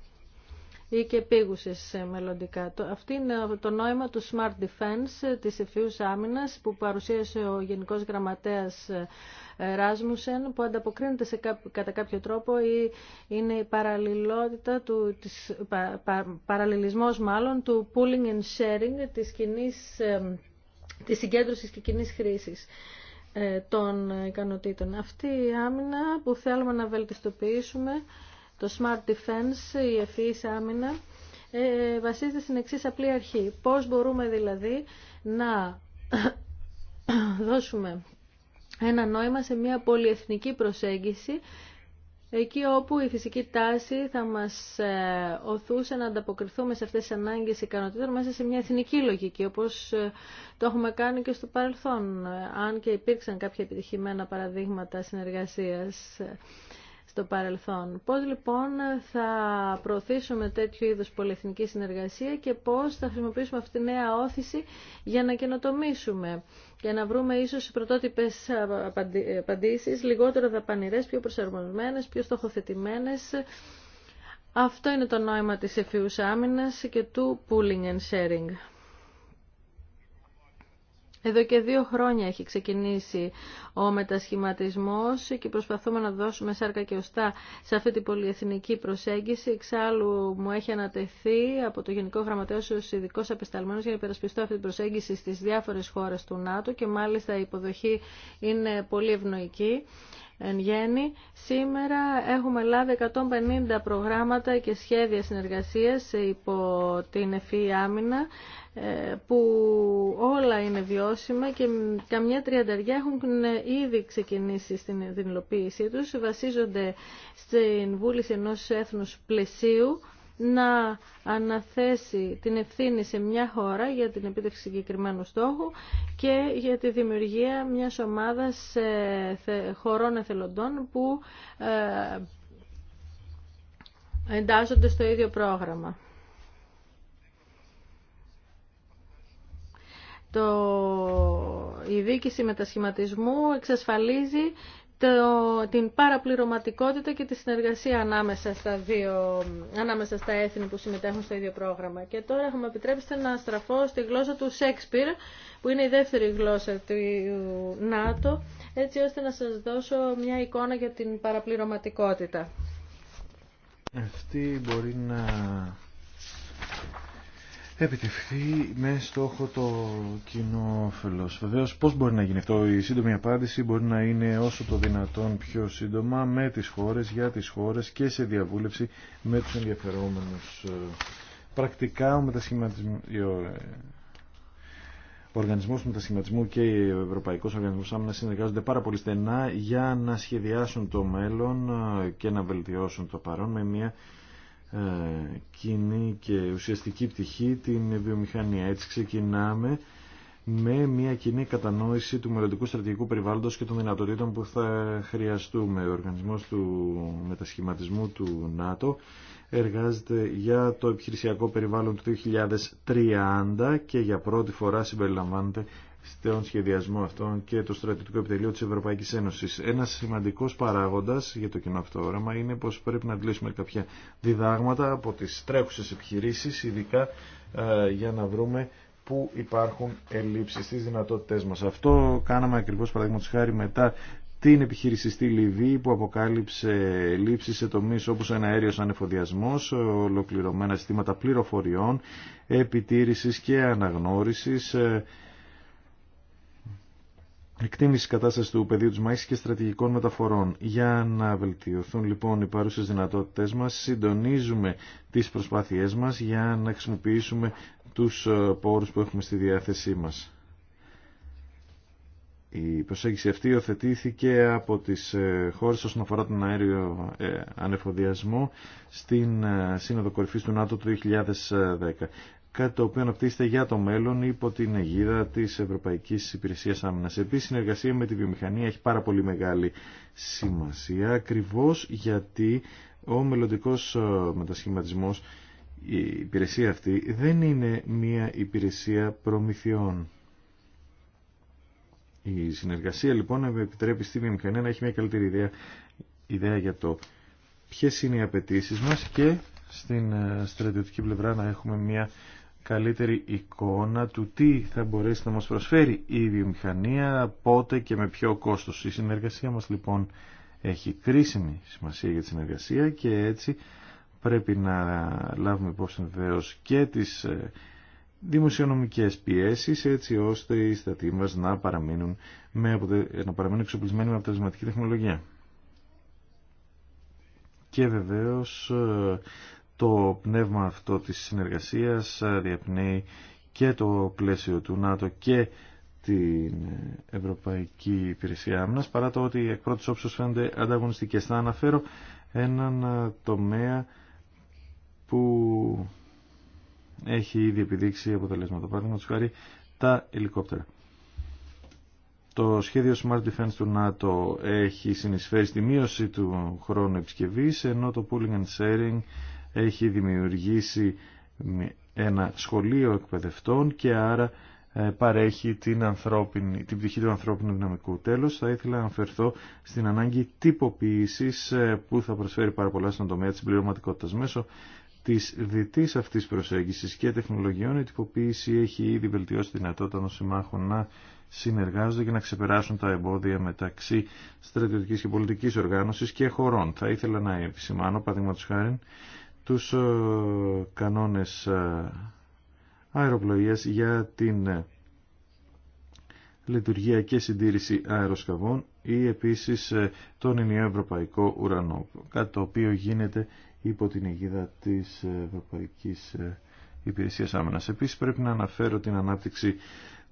S3: ή και επίγουσες ε, μελλοντικά. Αυτή είναι το νόημα του Smart Defense, ε, της ευφύους άμυνας που παρουσίασε ο Γενικός Γραμματέας ε, Ράσμουσεν που ανταποκρίνεται σε, κατά κάποιο τρόπο ή είναι η παραλληλότητα, του, της, παραλληλισμός μάλλον του pooling and sharing της, κοινής, της συγκέντρωσης και κοινή χρήσης των ικανοτήτων. Αυτή η άμυνα που θέλουμε να βελτιστοποιήσουμε το Smart Defense, η ευφυής άμυνα, ε, βασίζεται στην εξή απλή αρχή. Πώς μπορούμε δηλαδή να δώσουμε ένα νόημα σε μια πολυεθνική προσέγγιση εκεί όπου η φυσική τάση θα μας ε, οθούσε να ανταποκριθούμε σε αυτές τις ανάγκες ικανοτήτων μέσα σε μια εθνική λογική, όπως ε, το έχουμε κάνει και στο παρελθόν, αν και υπήρξαν κάποια επιτυχημένα παραδείγματα συνεργασίας στο παρελθόν. Πώς λοιπόν θα προωθήσουμε τέτοιου είδους πολυεθνική συνεργασία και πώς θα χρησιμοποιήσουμε αυτή τη νέα όθηση για να καινοτομήσουμε και να βρούμε ίσως πρωτότυπες απαντήσεις, λιγότερο δαπανηρές, πιο προσαρμοσμένες, πιο στοχοθετημένες. Αυτό είναι το νόημα της εφηούς άμυνας και του pooling and sharing. Εδώ και δύο χρόνια έχει ξεκινήσει ο μετασχηματισμός και προσπαθούμε να δώσουμε σάρκα και οστά σε αυτή την πολυεθνική προσέγγιση. Εξάλλου μου έχει ανατεθεί από το Γενικό Γραμματέα ω ειδικό απεσταλμένος για να υπερασπιστώ αυτή την προσέγγιση στις διάφορες χώρες του ΝΑΤΟ και μάλιστα η υποδοχή είναι πολύ ευνοϊκή εν γέννη. Σήμερα έχουμε λάβει 150 προγράμματα και σχέδια συνεργασίας υπό την ΕΦΗ Άμυνα. Ε, που όλα είναι βιώσιμα και καμιά τριανταριά έχουν ήδη ξεκινήσει στην υλοποίησή τους, βασίζονται στην βούληση ενός έθνους πλαισίου να αναθέσει την ευθύνη σε μια χώρα για την επίτευξη συγκεκριμένου στόχου και για τη δημιουργία μιας ομάδας ε, χωρών εθελοντών που ε, εντάσσονται στο ίδιο πρόγραμμα. το, η δίκηση μετασχηματισμού εξασφαλίζει το, την παραπληρωματικότητα και τη συνεργασία ανάμεσα στα, δύο, ανάμεσα στα έθνη που συμμετέχουν στο ίδιο πρόγραμμα. Και τώρα θα μου να στραφώ στη γλώσσα του Σέξπιρ, που είναι η δεύτερη γλώσσα του ΝΑΤΟ, έτσι ώστε να σας δώσω μια εικόνα για την παραπληρωματικότητα.
S4: Αυτή μπορεί να επιτευχθεί με στόχο το κοινό όφελο. Βεβαίω, πώ μπορεί να γίνει αυτό. Η σύντομη απάντηση μπορεί να είναι όσο το δυνατόν πιο σύντομα με τι χώρε, για τι χώρε και σε διαβούλευση με του ενδιαφερόμενου. Πρακτικά, ο, μετασχηματισμό. ο Οργανισμό Μετασχηματισμού και ο Ευρωπαϊκό Οργανισμό Άμυνα συνεργάζονται πάρα πολύ στενά για να σχεδιάσουν το μέλλον και να βελτιώσουν το παρόν με μια ε, κοινή και ουσιαστική πτυχή την βιομηχανία. Έτσι ξεκινάμε με μια κοινή κατανόηση του μελλοντικού στρατηγικού περιβάλλοντος και των δυνατοτήτων που θα χρειαστούμε. Ο οργανισμός του μετασχηματισμού του ΝΑΤΟ εργάζεται για το επιχειρησιακό περιβάλλον του 2030 και για πρώτη φορά συμπεριλαμβάνεται στον σχεδιασμό αυτών και το στρατιωτικό επιτελείο της Ευρωπαϊκής Ένωσης. Ένας σημαντικός παράγοντας για το κοινό αυτό όραμα είναι πως πρέπει να αντλήσουμε κάποια διδάγματα από τις τρέχουσες επιχειρήσεις, ειδικά για να βρούμε που υπάρχουν ελλείψεις στις δυνατότητές μας. Αυτό κάναμε ακριβώς παραδείγματο χάρη μετά την επιχείρηση στη Λιβύη που αποκάλυψε λήψεις σε τομείς όπως ένα αέριος ανεφοδιασμός, ολοκληρωμένα συστήματα πληροφοριών, επιτήρησης και αναγνώρισης, ε, εκτίμηση κατάσταση του πεδίου τη μάχη και στρατηγικών μεταφορών. Για να βελτιωθούν λοιπόν οι παρούσες δυνατότητες μας, συντονίζουμε τις προσπάθειε μας για να χρησιμοποιήσουμε τους ε, πόρους που έχουμε στη διάθεσή μας. Η προσέγγιση αυτή υιοθετήθηκε από τις ε, χώρες όσον αφορά τον αέριο ε, ανεφοδιασμό στην Σύνοδο Κορυφή του ΝΑΤΟ του 2010 κάτι το οποίο αναπτύσσεται για το μέλλον υπό την αιγίδα της Ευρωπαϊκής Υπηρεσίας Άμυνας. Επίσης, η συνεργασία με τη βιομηχανία έχει πάρα πολύ μεγάλη σημασία, ακριβώς γιατί ο μελλοντικό ε, μετασχηματισμός, η υπηρεσία αυτή, δεν είναι μία υπηρεσία προμηθειών. Η συνεργασία λοιπόν επιτρέπει στη βιομηχανία να έχει μια καλύτερη ιδέα, ιδέα για το ποιες είναι οι απαιτήσει μας και στην ε, στρατιωτική πλευρά να έχουμε μια καλύτερη εικόνα του τι θα μπορέσει να μας προσφέρει η βιομηχανία, πότε και με ποιο κόστος. Η συνεργασία μας λοιπόν έχει κρίσιμη σημασία για τη συνεργασία και έτσι πρέπει να λάβουμε υπόψη βεβαίω και τις ε, δημοσιονομικές πιέσεις έτσι ώστε οι στατοί μας να παραμείνουν, με, να παραμείνουν εξοπλισμένοι με αποτελεσματική τεχνολογία. Και βεβαίως ε, το πνεύμα αυτό της συνεργασίας διαπνέει και το πλαίσιο του ΝΑΤΟ και την Ευρωπαϊκή Υπηρεσία Άμυνας, παρά το ότι εκ πρώτης όψης φαίνονται ανταγωνιστικές. Θα αναφέρω έναν τομέα που έχει ήδη επιδείξει αποτελέσματα. Παράδειγμα του χάρη τα ελικόπτερα. Το σχέδιο Smart Defense του ΝΑΤΟ έχει συνεισφέρει στη μείωση του χρόνου επισκευής, ενώ το pooling and sharing έχει δημιουργήσει ένα σχολείο εκπαιδευτών και άρα ε, παρέχει την, ανθρώπινη, την πτυχή του ανθρώπινου δυναμικού. Τέλος, θα ήθελα να αναφερθώ στην ανάγκη τυποποίησης ε, που θα προσφέρει πάρα πολλά στον τομέα της πληρωματικότητας μέσω της διτής αυτής προσέγγισης και τεχνολογιών η τυποποίηση έχει ήδη βελτιώσει τη δυνατότητα των συμμάχων να συνεργάζονται και να ξεπεράσουν τα εμπόδια μεταξύ στρατιωτικής και πολιτικής οργάνωση και χωρών. Θα ήθελα να επισημάνω, παραδείγματος χάρη, τους ε, κανόνες ε, αεροπλοείας για την ε, λειτουργία και συντήρηση αεροσκαβών ή επίσης τον ενιαίο ευρωπαϊκό ουρανό, κάτι το οποίο γίνεται υπό την αιγίδα της Ευρωπαϊκής Υπηρεσίας Άμυνας. Επίσης πρέπει να αναφέρω την ανάπτυξη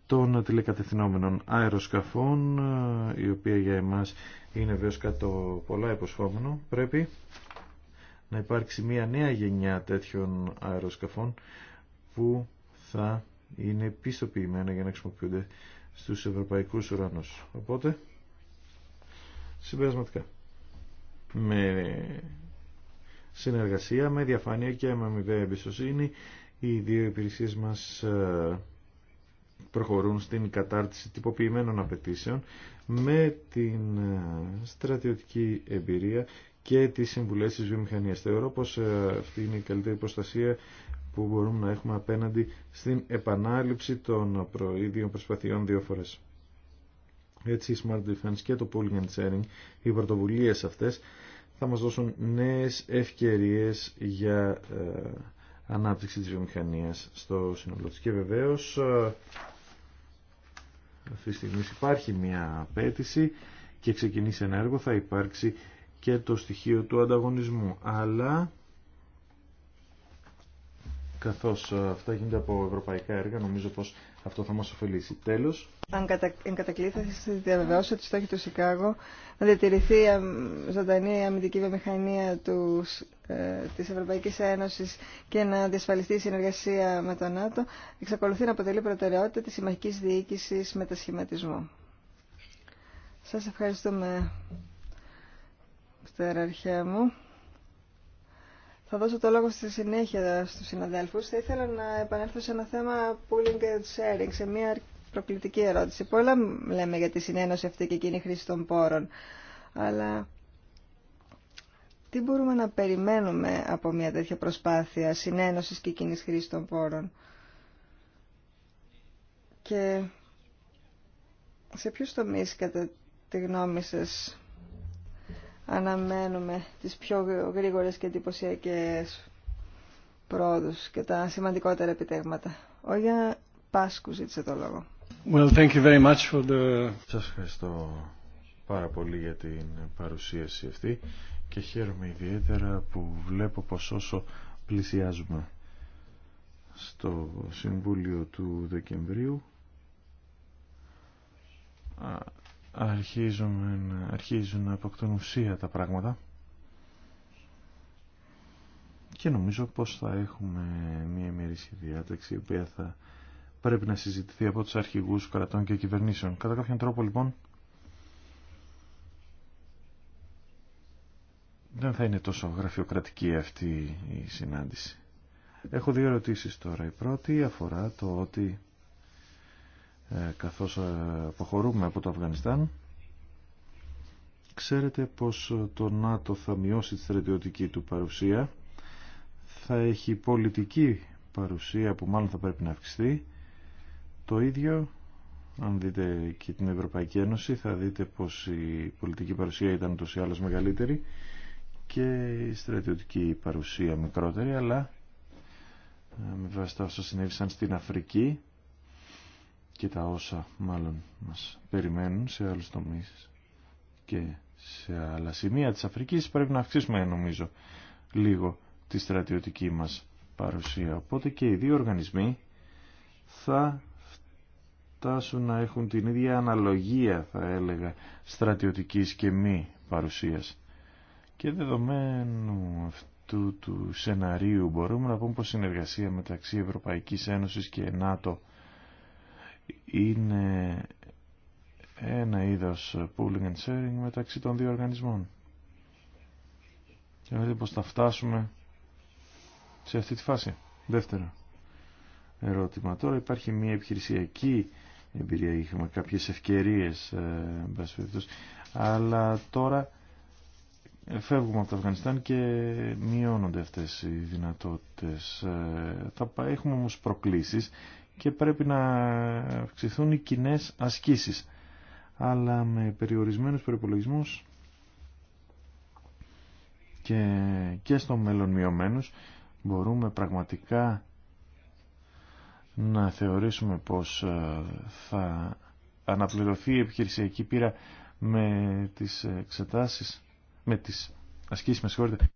S4: των τηλεκατευθυνόμενων αεροσκαφών, η οποία για εμάς είναι βέβαια κάτι το πολλά υποσχόμενο. Πρέπει να υπάρξει μια νέα γενιά τέτοιων αεροσκαφών που θα είναι πιστοποιημένα για να χρησιμοποιούνται στους ευρωπαϊκούς ουρανούς. Οπότε, συμπερασματικά, με συνεργασία, με διαφάνεια και με αμοιβαία εμπιστοσύνη, οι δύο υπηρεσίες μας ε, προχωρούν στην κατάρτιση τυποποιημένων απαιτήσεων με την ε, στρατιωτική εμπειρία και τις συμβουλές της βιομηχανίας. Θεωρώ πως ε, αυτή είναι η καλύτερη προστασία που μπορούμε να έχουμε απέναντι στην επανάληψη των προείδιων προσπαθειών δύο φορές. Έτσι η Smart Defense και το Pooling and Sharing, οι πρωτοβουλίε αυτές, θα μας δώσουν νέες ευκαιρίες για ε, ανάπτυξη της βιομηχανίας στο σύνολο της. Και βεβαίως ε, αυτή τη στιγμή υπάρχει μια απέτηση και ξεκινήσει ένα έργο, θα υπάρξει και το στοιχείο του ανταγωνισμού. Αλλά καθώς ε, αυτά γίνονται από ευρωπαϊκά έργα, νομίζω πως αυτό θα μας ωφελήσει. Τέλος.
S2: Αν κατα... θα σας διαβεβαιώσω ότι στόχοι του Σικάγο να διατηρηθεί η ε, ζωντανή αμυντική βιομηχανία τους, ε, της Ευρωπαϊκής Ένωσης και να διασφαλιστεί η συνεργασία με τον ΝΑΤΟ, εξακολουθεί να αποτελεί προτεραιότητα της συμμαχικής διοίκησης μετασχηματισμού. Σας ευχαριστούμε αρχαία μου. Θα δώσω το λόγο στη συνέχεια στους συναδέλφους. Θα ήθελα να επανέλθω σε ένα θέμα pooling and sharing, σε μια προκλητική ερώτηση. Πολλά λέμε για τη συνένωση αυτή και εκείνη χρήση των πόρων. Αλλά τι μπορούμε να περιμένουμε από μια τέτοια προσπάθεια συνένωσης και κοινή χρήση των πόρων. Και σε ποιους τομείς κατά τη γνώμη σας αναμένουμε τις πιο γρήγορες και εντυπωσιακέ πρόοδους και τα σημαντικότερα επιτεύγματα. Ο Γιαν Πάσκου ζήτησε το λόγο.
S4: Well, thank you very much for the... Σας ευχαριστώ πάρα πολύ για την παρουσίαση αυτή και χαίρομαι ιδιαίτερα που βλέπω πως όσο πλησιάζουμε στο Συμβούλιο του Δεκεμβρίου αρχίζουμε, αρχίζουν να αποκτούν ουσία τα πράγματα και νομίζω πως θα έχουμε μια ημερήσια διάταξη η οποία θα πρέπει να συζητηθεί από τους αρχηγούς κρατών και κυβερνήσεων. Κατά κάποιον τρόπο λοιπόν δεν θα είναι τόσο γραφειοκρατική αυτή η συνάντηση. Έχω δύο ερωτήσεις τώρα. Η πρώτη αφορά το ότι ε, καθώς ε, αποχωρούμε από το Αφγανιστάν ξέρετε πως ε, το ΝΑΤΟ θα μειώσει τη στρατιωτική του παρουσία θα έχει πολιτική παρουσία που μάλλον θα πρέπει να αυξηθεί το ίδιο αν δείτε και την Ευρωπαϊκή Ένωση θα δείτε πως η πολιτική παρουσία ήταν ούτως ή μεγαλύτερη και η στρατιωτική παρουσία μικρότερη αλλά με βάση τα όσα συνέβησαν στην Αφρική και τα όσα μάλλον μας περιμένουν σε άλλους τομείς και σε άλλα σημεία της Αφρικής πρέπει να αυξήσουμε νομίζω λίγο τη στρατιωτική μας παρουσία. Οπότε και οι δύο οργανισμοί θα φτάσουν να έχουν την ίδια αναλογία θα έλεγα στρατιωτικής και μη παρουσίας. Και δεδομένου αυτού του σεναρίου μπορούμε να πούμε πως συνεργασία μεταξύ Ευρωπαϊκής Ένωσης και ΝΑΤΟ είναι ένα είδος pooling and sharing μεταξύ των δύο οργανισμών. Και δείτε πως θα φτάσουμε σε αυτή τη φάση. Δεύτερο ερώτημα. Τώρα υπάρχει μια επιχειρησιακή εμπειρία. Είχαμε κάποιες ευκαιρίες, ε, αλλά τώρα φεύγουμε από το Αφγανιστάν και μειώνονται αυτές οι δυνατότητες. Ε, θα έχουμε όμως προκλήσεις και πρέπει να αυξηθούν οι κοινέ ασκήσεις. Αλλά με περιορισμένους προπολογισμού και, και στο μέλλον μειωμένους μπορούμε πραγματικά να θεωρήσουμε πως ε, θα αναπληρωθεί η επιχειρησιακή πείρα με τις εξετάσεις, με τις ασκήσεις, με συγχωρείτε.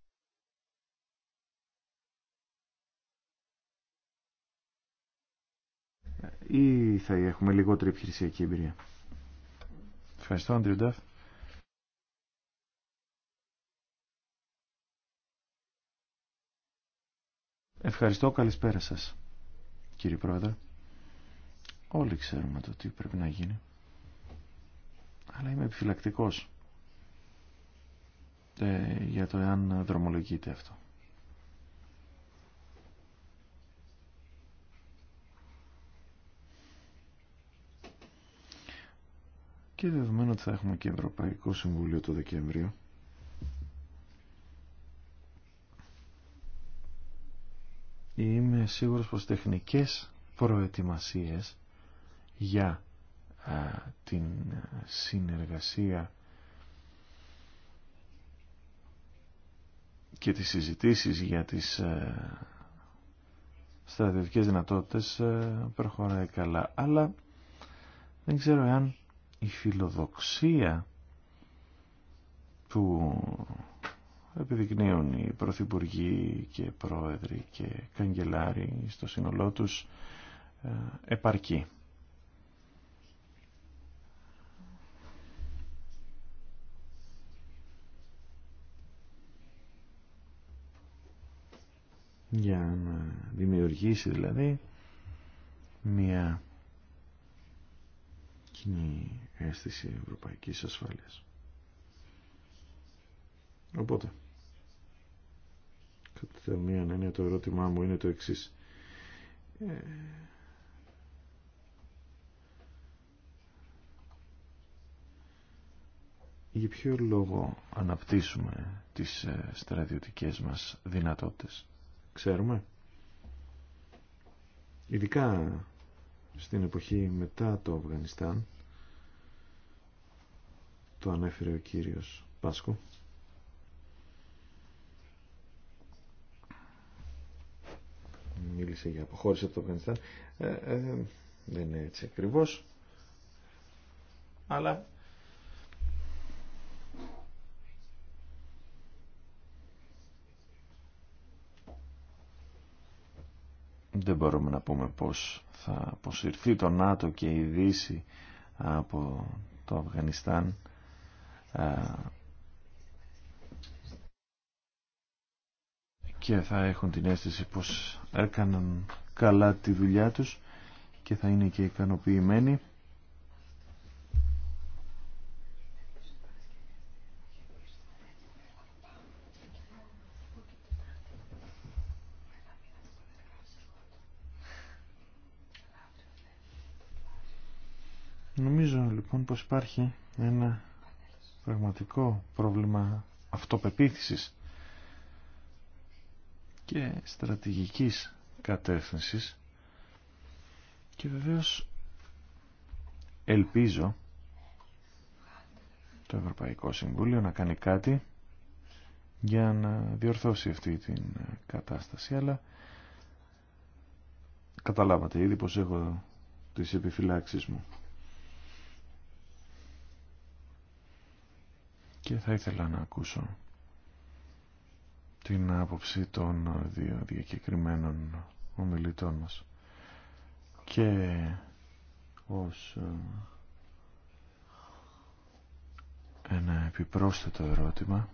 S4: ή θα έχουμε λιγότερη επιχειρησιακή εμπειρία. Ευχαριστώ, Αντρίου Ευχαριστώ, καλησπέρα σας, κύριε Πρόεδρε. Όλοι ξέρουμε το τι πρέπει να γίνει. Αλλά είμαι επιφυλακτικός ε, για το εάν δρομολογείται αυτό. και δεδομένου ότι θα έχουμε και Ευρωπαϊκό Συμβούλιο το Δεκέμβριο είμαι σίγουρος πως τεχνικές προετοιμασίες για α, την συνεργασία και τις συζητήσεις για τις α, στρατιωτικές δυνατότητες προχωράει καλά αλλά δεν ξέρω εάν η φιλοδοξία που επιδεικνύουν οι πρωθυπουργοί και πρόεδροι και καγκελάροι στο σύνολό τους ε, επαρκεί. για να δημιουργήσει δηλαδή μια κοινή αίσθηση ευρωπαϊκής ασφάλειας. Οπότε, κατά μία έννοια το ερώτημά μου είναι το εξής. Ε... Για ποιο λόγο αναπτύσσουμε τις ε, στρατιωτικές μας δυνατότητες. Ξέρουμε. Ειδικά στην εποχή μετά το Αφγανιστάν το ανέφερε ο κύριος Πάσκο. Μίλησε για αποχώρηση από το Αφγανιστάν. ε, ε δεν είναι έτσι ακριβώς. Αλλά δεν μπορούμε να πούμε πως θα αποσυρθεί το ΝΑΤΟ και η Δύση από το Αφγανιστάν και θα έχουν την αίσθηση πως έκαναν καλά τη δουλειά τους και θα είναι και ικανοποιημένοι. Νομίζω λοιπόν πως υπάρχει ένα πραγματικό πρόβλημα αυτοπεποίθησης και στρατηγικής κατεύθυνσης και βεβαίως ελπίζω το Ευρωπαϊκό Συμβούλιο να κάνει κάτι για να διορθώσει αυτή την κατάσταση αλλά καταλάβατε ήδη πως έχω τις επιφυλάξεις μου και θα ήθελα να ακούσω την άποψη των δύο διακεκριμένων ομιλητών μας και ως ε, ένα επιπρόσθετο ερώτημα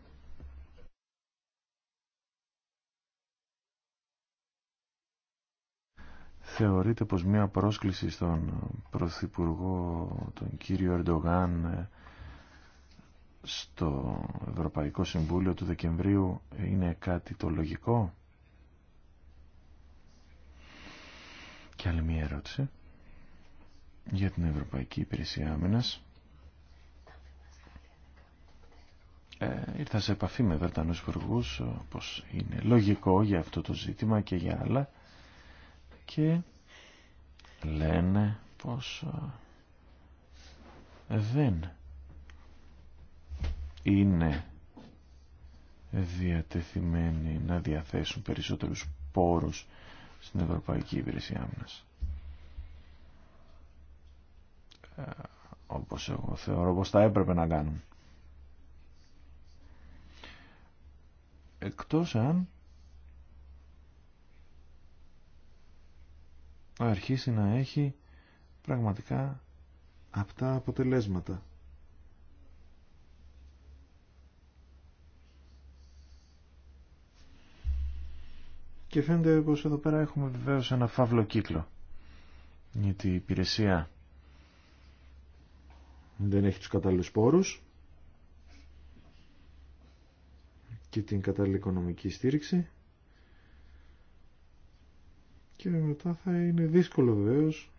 S4: θεωρείτε πως μια πρόσκληση στον Πρωθυπουργό τον κύριο Ερντογάν ε, στο Ευρωπαϊκό Συμβούλιο του Δεκεμβρίου είναι κάτι το λογικό. Και άλλη μία ερώτηση για την Ευρωπαϊκή Υπηρεσία Άμυνας. Ε, ήρθα σε επαφή με Βρετανούς υπουργούς, όπως είναι λογικό για αυτό το ζήτημα και για άλλα, και λένε πως ε, δεν είναι διατεθειμένοι να διαθέσουν περισσότερους πόρους στην Ευρωπαϊκή Υπηρεσία Άμυνας. Ε, όπως εγώ θεωρώ πως θα έπρεπε να κάνουν. Εκτός αν αρχίσει να έχει πραγματικά αυτά αποτελέσματα. Και φαίνεται πως εδώ πέρα έχουμε βεβαίως ένα φαύλο κύκλο. Γιατί η υπηρεσία δεν έχει τους κατάλληλους πόρους και την κατάλληλη οικονομική στήριξη και μετά θα είναι δύσκολο βεβαίως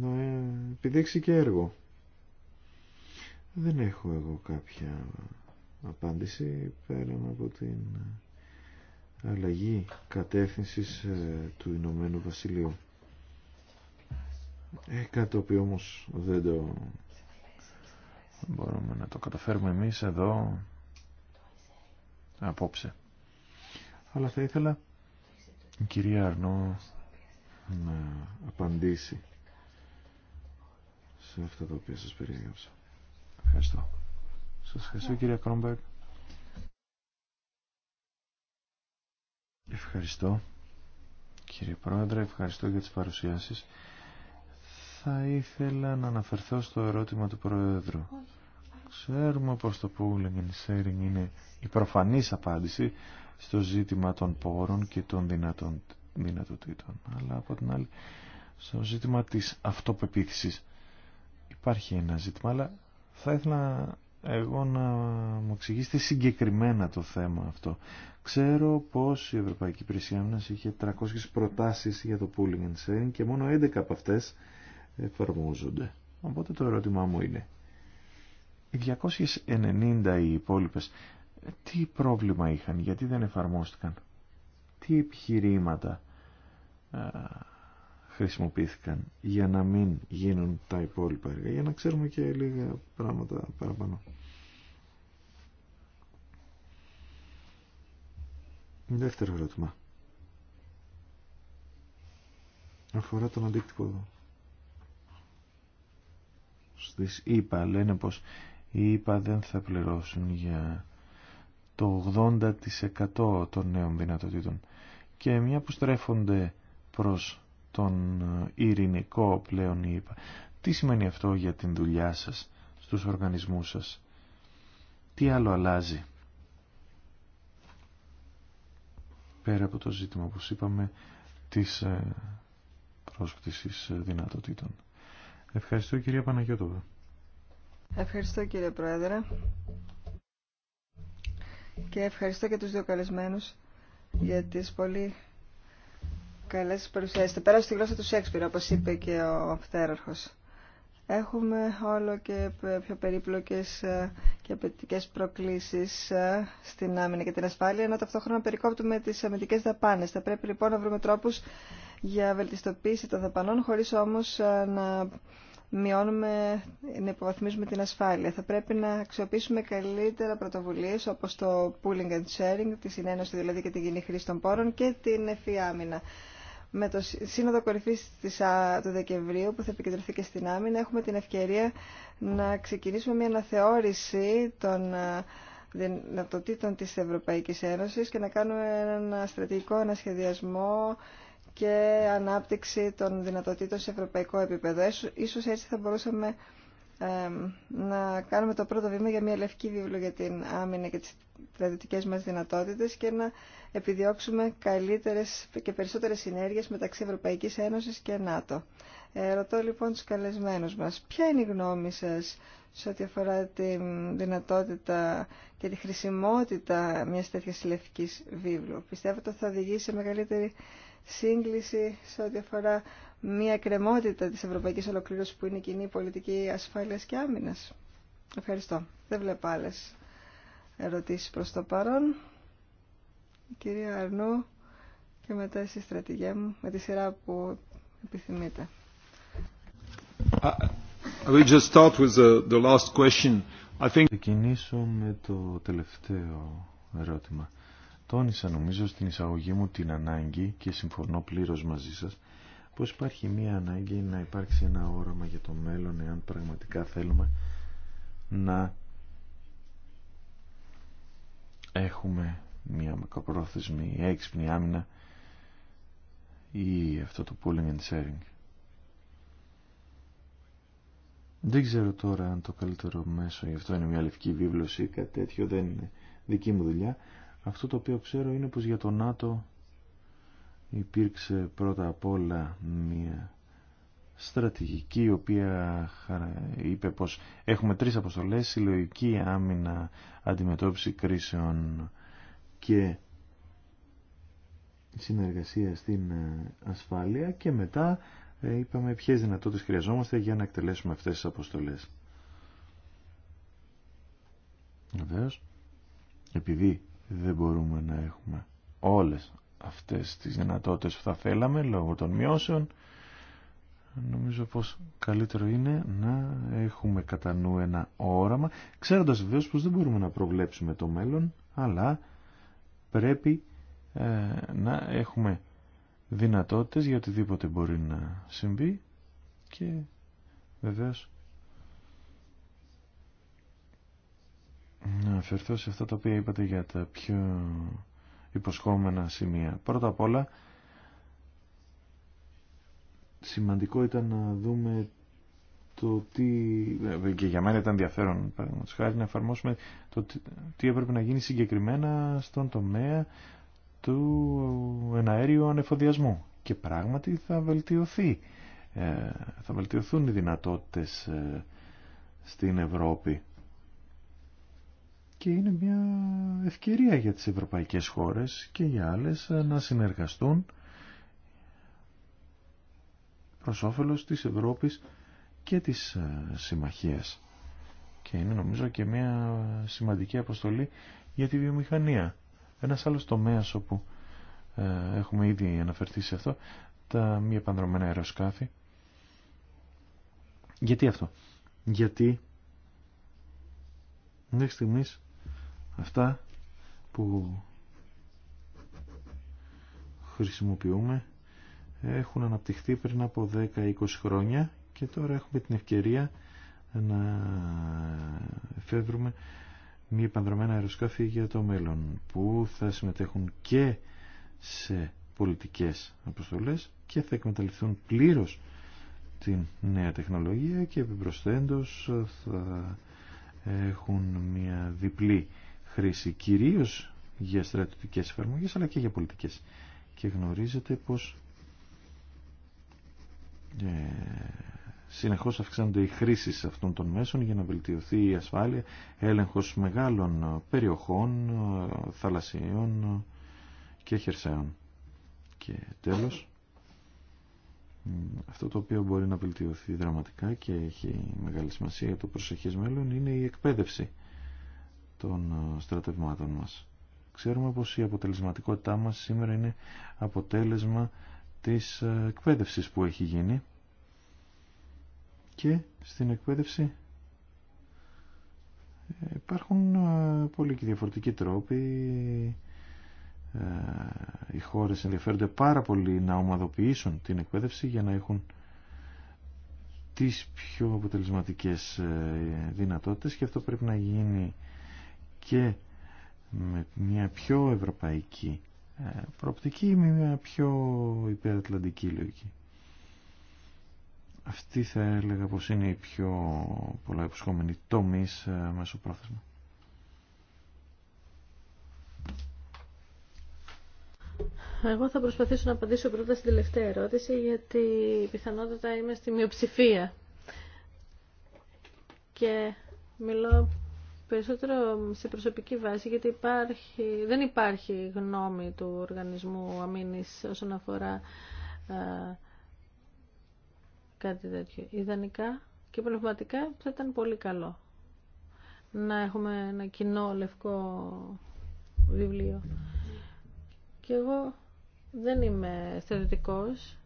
S4: να επιδείξει και έργο. Δεν έχω εγώ κάποια απάντηση πέραν από την αλλαγή κατεύθυνσης ε, του Ηνωμένου Βασιλείου. Ε, κάτι το οποίο όμως δεν το μπορούμε να το καταφέρουμε εμείς εδώ απόψε. Αλλά θα ήθελα η κυρία Αρνό να απαντήσει σε αυτά τα οποία σας περιέγραψα. Ευχαριστώ. Σας ευχαριστώ κύριε Κρόμπερ. Ευχαριστώ κύριε Πρόεδρε, ευχαριστώ για τις παρουσιάσεις. Θα ήθελα να αναφερθώ στο ερώτημα του Πρόεδρου. Ξέρουμε πως το pooling and sharing είναι η προφανής απάντηση στο ζήτημα των πόρων και των δυνατών, δυνατοτήτων. Αλλά από την άλλη, στο ζήτημα της αυτοπεποίθησης υπάρχει ένα ζήτημα, αλλά θα ήθελα εγώ να μου εξηγήσετε συγκεκριμένα το θέμα αυτό. Ξέρω πως η Ευρωπαϊκή Υπηρεσία είχε 300 προτάσεις για το pooling and sharing και μόνο 11 από αυτές εφαρμόζονται. Οπότε το ερώτημά μου είναι, οι 290 οι υπόλοιπες, τι πρόβλημα είχαν, γιατί δεν εφαρμόστηκαν, τι επιχειρήματα ε, χρησιμοποιήθηκαν για να μην γίνουν τα υπόλοιπα έργα, για να ξέρουμε και λίγα πράγματα παραπάνω. Δεύτερο ερώτημα. Αφορά τον αντίκτυπο στις ΙΠΑ. Λένε πως οι δεν θα πληρώσουν για το 80% των νέων δυνατοτήτων. Και μια που στρέφονται προς τον ε, ειρηνικό πλέον είπα. Τι σημαίνει αυτό για την δουλειά σας, στους οργανισμούς σας. Τι άλλο αλλάζει. Πέρα από το ζήτημα, που είπαμε, της ε, πρόσκτησης ε, δυνατοτήτων. Ευχαριστώ κυρία Παναγιώτοβα.
S2: Ευχαριστώ κύριε Πρόεδρε. Και ευχαριστώ και τους δύο καλεσμένους για τις πολύ Καλέ σα παρουσιάσει. Πέρα πέρασε τη γλώσσα του Σέξπιρ, όπω είπε και ο φτέραρχο. Έχουμε όλο και πιο περίπλοκε ε, και απαιτητικέ προκλήσει ε, στην άμυνα και την ασφάλεια, ενώ ταυτόχρονα περικόπτουμε τι αμυντικέ δαπάνε. Θα πρέπει λοιπόν να βρούμε τρόπου για βελτιστοποίηση των δαπανών, χωρί όμω ε, να μειώνουμε, να υποβαθμίζουμε την ασφάλεια. Θα πρέπει να αξιοποιήσουμε καλύτερα πρωτοβουλίε όπω το pooling and sharing, τη συνένωση δηλαδή και την κοινή χρήση των πόρων και την άμυνα με το Σύνοδο Κορυφή του Δεκεμβρίου που θα επικεντρωθεί και στην άμυνα έχουμε την ευκαιρία να ξεκινήσουμε μια αναθεώρηση των δυνατοτήτων της Ευρωπαϊκής Ένωσης και να κάνουμε έναν στρατηγικό ανασχεδιασμό και ανάπτυξη των δυνατοτήτων σε ευρωπαϊκό επίπεδο. Ίσως έτσι θα μπορούσαμε να κάνουμε το πρώτο βήμα για μια λευκή βίβλο για την άμυνα και τις στρατιωτικές μας δυνατότητες και να επιδιώξουμε καλύτερες και περισσότερες συνέργειες μεταξύ Ευρωπαϊκής Ένωσης και ΝΑΤΟ. Ε, ρωτώ λοιπόν τους καλεσμένους μας, ποια είναι η γνώμη σας σε ό,τι αφορά τη δυνατότητα και τη χρησιμότητα μιας τέτοιας λευκής βίβλου. Πιστεύετε ότι θα οδηγήσει σε μεγαλύτερη σύγκληση σε ό,τι αφορά μία κρεμότητα της ευρωπαϊκής ολοκλήρωσης που είναι η κοινή πολιτική ασφάλειας και άμυνας. Ευχαριστώ. Δεν βλέπω άλλε ερωτήσεις προς το παρόν. κυρία Αρνού και μετά εσείς στρατηγέ μου με τη σειρά που επιθυμείτε.
S4: I uh, just start with the, last question. Ξεκινήσω με το τελευταίο ερώτημα. Τόνισα νομίζω στην εισαγωγή μου την ανάγκη και συμφωνώ πλήρως μαζί σας πως υπάρχει μία ανάγκη να υπάρξει ένα όραμα για το μέλλον εάν πραγματικά θέλουμε να έχουμε μία μακροπρόθεσμη έξυπνη άμυνα ή αυτό το pulling and sharing. Δεν ξέρω τώρα αν το καλύτερο μέσο γι' αυτό είναι μια λευκή βίβλωση ή κάτι τέτοιο, δεν είναι δική μου δουλειά. Αυτό το οποίο ξέρω είναι πως για το ΝΑΤΟ υπήρξε πρώτα απ' όλα μια στρατηγική η οποία είπε πως έχουμε τρεις αποστολές συλλογική άμυνα αντιμετώπιση κρίσεων και συνεργασία στην ε, ασφάλεια και μετά ε, είπαμε ποιες δυνατότητες χρειαζόμαστε για να εκτελέσουμε αυτές τις αποστολές. Βεβαίω, επειδή δεν μπορούμε να έχουμε όλες αυτές τις δυνατότητες που θα θέλαμε λόγω των μειώσεων νομίζω πως καλύτερο είναι να έχουμε κατά νου ένα όραμα ξέροντας βεβαίως πως δεν μπορούμε να προβλέψουμε το μέλλον αλλά πρέπει ε, να έχουμε δυνατότητες για οτιδήποτε μπορεί να συμβεί και βεβαίως να αφαιρθώ σε αυτά τα οποία είπατε για τα πιο υποσχόμενα σημεία. Πρώτα απ' όλα, σημαντικό ήταν να δούμε το τι, και για μένα ήταν ενδιαφέρον, χάρη, να εφαρμόσουμε το τι έπρεπε να γίνει συγκεκριμένα στον τομέα του εναέριου ανεφοδιασμού. Και πράγματι θα βελτιωθεί. Ε, θα βελτιωθούν οι δυνατότητες ε, στην Ευρώπη και είναι μια ευκαιρία για τις ευρωπαϊκές χώρες και για άλλες να συνεργαστούν προς όφελος της Ευρώπης και της ε, συμμαχίας. Και είναι νομίζω και μια σημαντική αποστολή για τη βιομηχανία. Ένας άλλος τομέας όπου ε, έχουμε ήδη αναφερθεί σε αυτό, τα μη επανδρομένα αεροσκάφη. Γιατί αυτό. Γιατί μέχρι στιγμής αυτά που χρησιμοποιούμε έχουν αναπτυχθεί πριν από 10-20 χρόνια και τώρα έχουμε την ευκαιρία να εφεύρουμε μια επανδρομένα αεροσκάφη για το μέλλον που θα συμμετέχουν και σε πολιτικές αποστολές και θα εκμεταλλευτούν πλήρως την νέα τεχνολογία και επιπροσθέντως θα έχουν μια διπλή χρήση κυρίως για στρατιωτικές εφαρμογές αλλά και για πολιτικές. Και γνωρίζετε πως ε, συνεχώς αυξάνονται οι χρήσεις αυτών των μέσων για να βελτιωθεί η ασφάλεια, έλεγχος μεγάλων περιοχών, θαλασσιών και χερσαίων. Και τέλος, αυτό το οποίο μπορεί να βελτιωθεί δραματικά και έχει μεγάλη σημασία για το προσεχές μέλλον είναι η εκπαίδευση των ε, στρατευμάτων μας. Ξέρουμε πως η αποτελεσματικότητά μας σήμερα είναι αποτέλεσμα της ε, εκπαίδευσης που έχει γίνει και στην εκπαίδευση ε, υπάρχουν πολύ και διαφορετικοί τρόποι οι χώρες ενδιαφέρονται πάρα πολύ να ομαδοποιήσουν την εκπαίδευση για να έχουν τις πιο αποτελεσματικές δυνατότητες και αυτό πρέπει να γίνει και με μια πιο ευρωπαϊκή ε, προοπτική ή με μια πιο υπερατλαντική λογική. Αυτή θα έλεγα πως είναι η πιο πολλά υποσχόμενη τομής ε, μέσω πρόθεσμα.
S3: Εγώ θα προσπαθήσω να απαντήσω πρώτα στην τελευταία ερώτηση γιατί πιθανότατα είμαι στη μειοψηφία και μιλώ περισσότερο σε προσωπική βάση, γιατί υπάρχει, δεν υπάρχει γνώμη του οργανισμού αμήνης όσον αφορά κάτι τέτοιο. Ιδανικά και πνευματικά θα ήταν πολύ καλό να έχουμε ένα κοινό λευκό βιβλίο. Και εγώ δεν είμαι θεωρητικός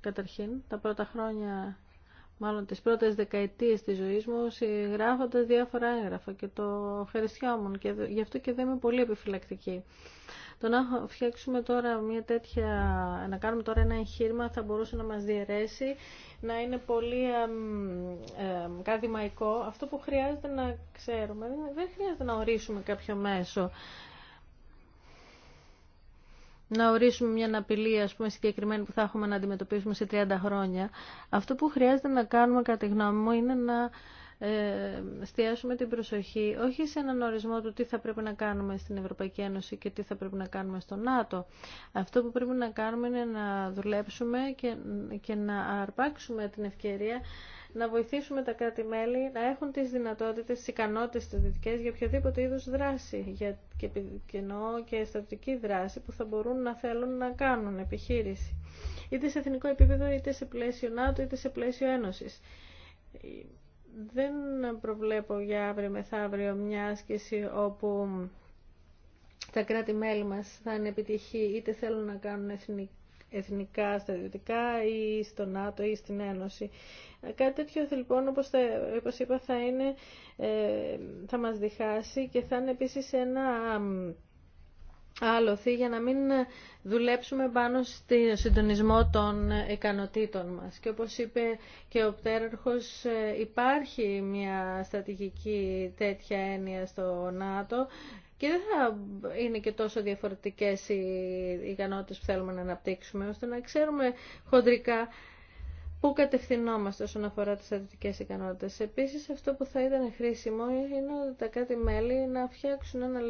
S3: καταρχήν. Τα πρώτα χρόνια μάλλον τις πρώτες δεκαετίες της ζωής μου γράφοντας διάφορα έγγραφα και το ευχαριστιόμουν και γι' αυτό και δεν είμαι πολύ επιφυλακτική. Το να φτιάξουμε τώρα μια τέτοια, να κάνουμε τώρα ένα εγχείρημα θα μπορούσε να μας διαιρέσει, να είναι πολύ καδημαϊκό. Αυτό που χρειάζεται να ξέρουμε, δεν χρειάζεται να ορίσουμε κάποιο μέσο να ορίσουμε μια απειλή ας πούμε, συγκεκριμένη που θα έχουμε να αντιμετωπίσουμε σε 30 χρόνια. Αυτό που χρειάζεται να κάνουμε κατά τη γνώμη μου είναι να ε, στιάσουμε την προσοχή όχι σε έναν ορισμό του τι θα πρέπει να κάνουμε στην Ευρωπαϊκή Ένωση και τι θα πρέπει να κάνουμε στο ΝΑΤΟ. Αυτό που πρέπει να κάνουμε είναι να δουλέψουμε και να αρπάξουμε την ευκαιρία να βοηθήσουμε τα κράτη-μέλη να έχουν τις δυνατότητες, τις ικανότητες τις δυτικές για οποιοδήποτε είδους δράση για, και, ενώ και στρατιωτική δράση που θα μπορούν να θέλουν να κάνουν επιχείρηση. Είτε σε εθνικό επίπεδο, είτε σε πλαίσιο ΝΑΤΟ, είτε σε πλαίσιο Ένωσης. Δεν προβλέπω για αύριο μεθαύριο μια άσκηση όπου τα κράτη-μέλη μας θα είναι επιτυχή είτε θέλουν να κάνουν εθνική εθνικά στρατιωτικά ή στο ΝΑΤΟ ή στην Ένωση. Κάτι τέτοιο λοιπόν όπως, θα, είπα θα, είναι, ε, θα μας διχάσει και θα είναι επίσης ένα άλοθη για να μην δουλέψουμε πάνω στο συντονισμό των ικανοτήτων μας. Και όπως είπε και ο Πτέραρχος, ε, υπάρχει μια στρατηγική τέτοια έννοια στο ΝΑΤΟ και δεν θα είναι και τόσο διαφορετικές οι ικανότητες που θέλουμε να αναπτύξουμε, ώστε να ξέρουμε χοντρικά πού κατευθυνόμαστε όσον αφορά τις αρνητικές ικανότητες. Επίσης, αυτό που θα ήταν χρήσιμο είναι τα κάτι μέλη να φτιάξουν ένα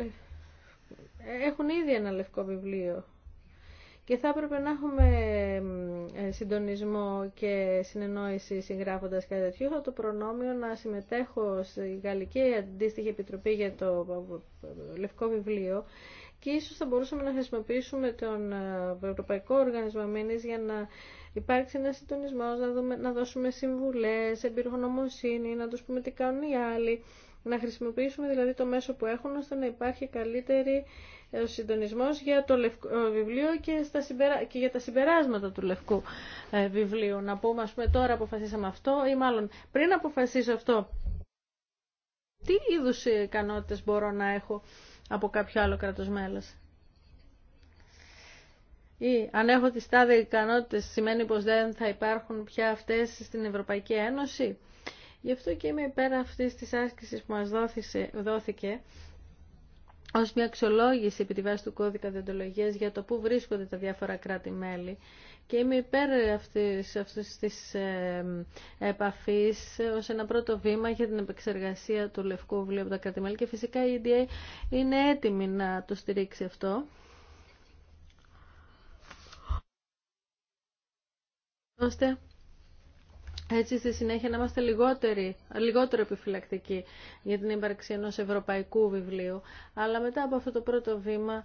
S3: έχουν ήδη ένα λευκό βιβλίο και θα έπρεπε να έχουμε ε, συντονισμό και συνεννόηση συγγράφοντα κάτι τέτοιο. Είχα το προνόμιο να συμμετέχω στη Γαλλική Αντίστοιχη Επιτροπή για το ε, ε, Λευκό Βιβλίο και ίσως θα μπορούσαμε να χρησιμοποιήσουμε τον Ευρωπαϊκό Οργανισμό Μήνης για να υπάρξει ένα συντονισμό, να, δούμε, να δώσουμε συμβουλές, εμπειρογνωμοσύνη, να τους πούμε τι κάνουν οι άλλοι, να χρησιμοποιήσουμε δηλαδή το μέσο που έχουν ώστε να υπάρχει καλύτερη ο συντονισμός για το λευκό βιβλίο και, στα συμπερα... για τα συμπεράσματα του λευκού ε, βιβλίου. Να πούμε, ας πούμε, τώρα αποφασίσαμε αυτό ή μάλλον πριν αποφασίσω αυτό, τι είδους ικανότητες μπορώ να έχω από κάποιο άλλο κράτος μέλος. Ή αν έχω τις τάδε ικανότητες σημαίνει πως δεν θα υπάρχουν πια αυτές στην Ευρωπαϊκή Ένωση. Γι' αυτό και είμαι υπέρ αυτής της άσκησης που μας δόθηκε ως μια αξιολόγηση επί τη βάση του κώδικα διοντολογίας για το πού βρίσκονται τα διάφορα κράτη-μέλη και είμαι υπέρ αυτής, αυτής της επαφής ως ένα πρώτο βήμα για την επεξεργασία του Λευκού Βιβλίου από τα κράτη-μέλη και φυσικά η EDA είναι έτοιμη να το στηρίξει αυτό. ώστε έτσι στη συνέχεια να είμαστε λιγότεροι, λιγότερο επιφυλακτικοί για την ύπαρξη ενός ευρωπαϊκού βιβλίου. Αλλά μετά από αυτό το πρώτο βήμα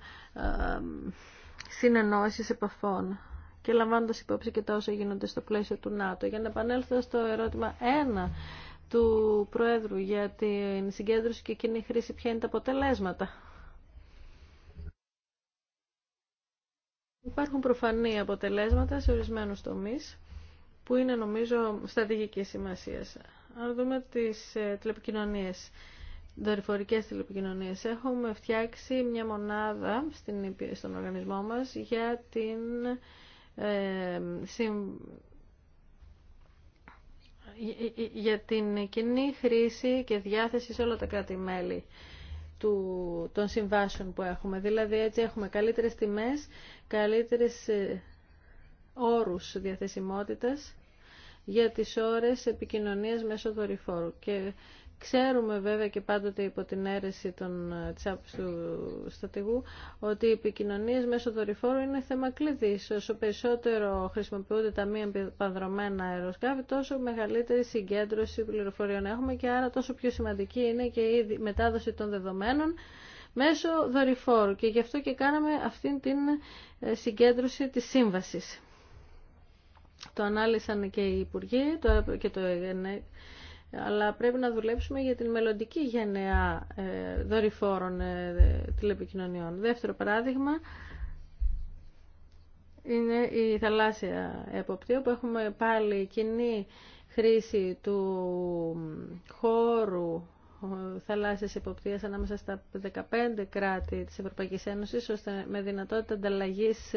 S3: συνεννόησης επαφών και λαμβάνοντα υπόψη και τα όσα γίνονται στο πλαίσιο του ΝΑΤΟ. Για να επανέλθω στο ερώτημα 1 του Προέδρου για την συγκέντρωση και κοινή χρήση, ποια είναι τα αποτελέσματα. Υπάρχουν προφανή αποτελέσματα σε ορισμένους τομείς που είναι νομίζω στρατηγική σημασία. Αν δούμε τις ε, τηλεπικοινωνίες, δορυφορικέ τηλεπικοινωνίες, έχουμε φτιάξει μια μονάδα στην, στον οργανισμό μας για την ε, για την κοινή χρήση και διάθεση σε όλα τα κράτη-μέλη των συμβάσεων που έχουμε. Δηλαδή έτσι έχουμε καλύτερες τιμές, καλύτερες ε, όρους διαθεσιμότητας για τις ώρες επικοινωνίας μέσω δορυφόρου. Και ξέρουμε βέβαια και πάντοτε υπό την αίρεση των, της του Στατηγού ότι οι επικοινωνίες μέσω δορυφόρου είναι θέμα κλειδί. Όσο περισσότερο χρησιμοποιούνται τα μη επανδρομένα αεροσκάφη, τόσο μεγαλύτερη συγκέντρωση πληροφοριών έχουμε και άρα τόσο πιο σημαντική είναι και η μετάδοση των δεδομένων μέσω δορυφόρου. Και γι' αυτό και κάναμε αυτήν την ε, συγκέντρωση της σύμβασης. Το ανάλυσαν και οι Υπουργοί το, και το ΕΝΕ, αλλά πρέπει να δουλέψουμε για την μελλοντική γενεά δορυφόρων ε, τηλεπικοινωνιών. Δεύτερο παράδειγμα είναι η θαλάσσια εποπτεία που έχουμε πάλι κοινή χρήση του χώρου θαλάσσιας εποπτείας ανάμεσα στα 15 κράτη της Ευρωπαϊκής Ένωσης ώστε με δυνατότητα ανταλλαγής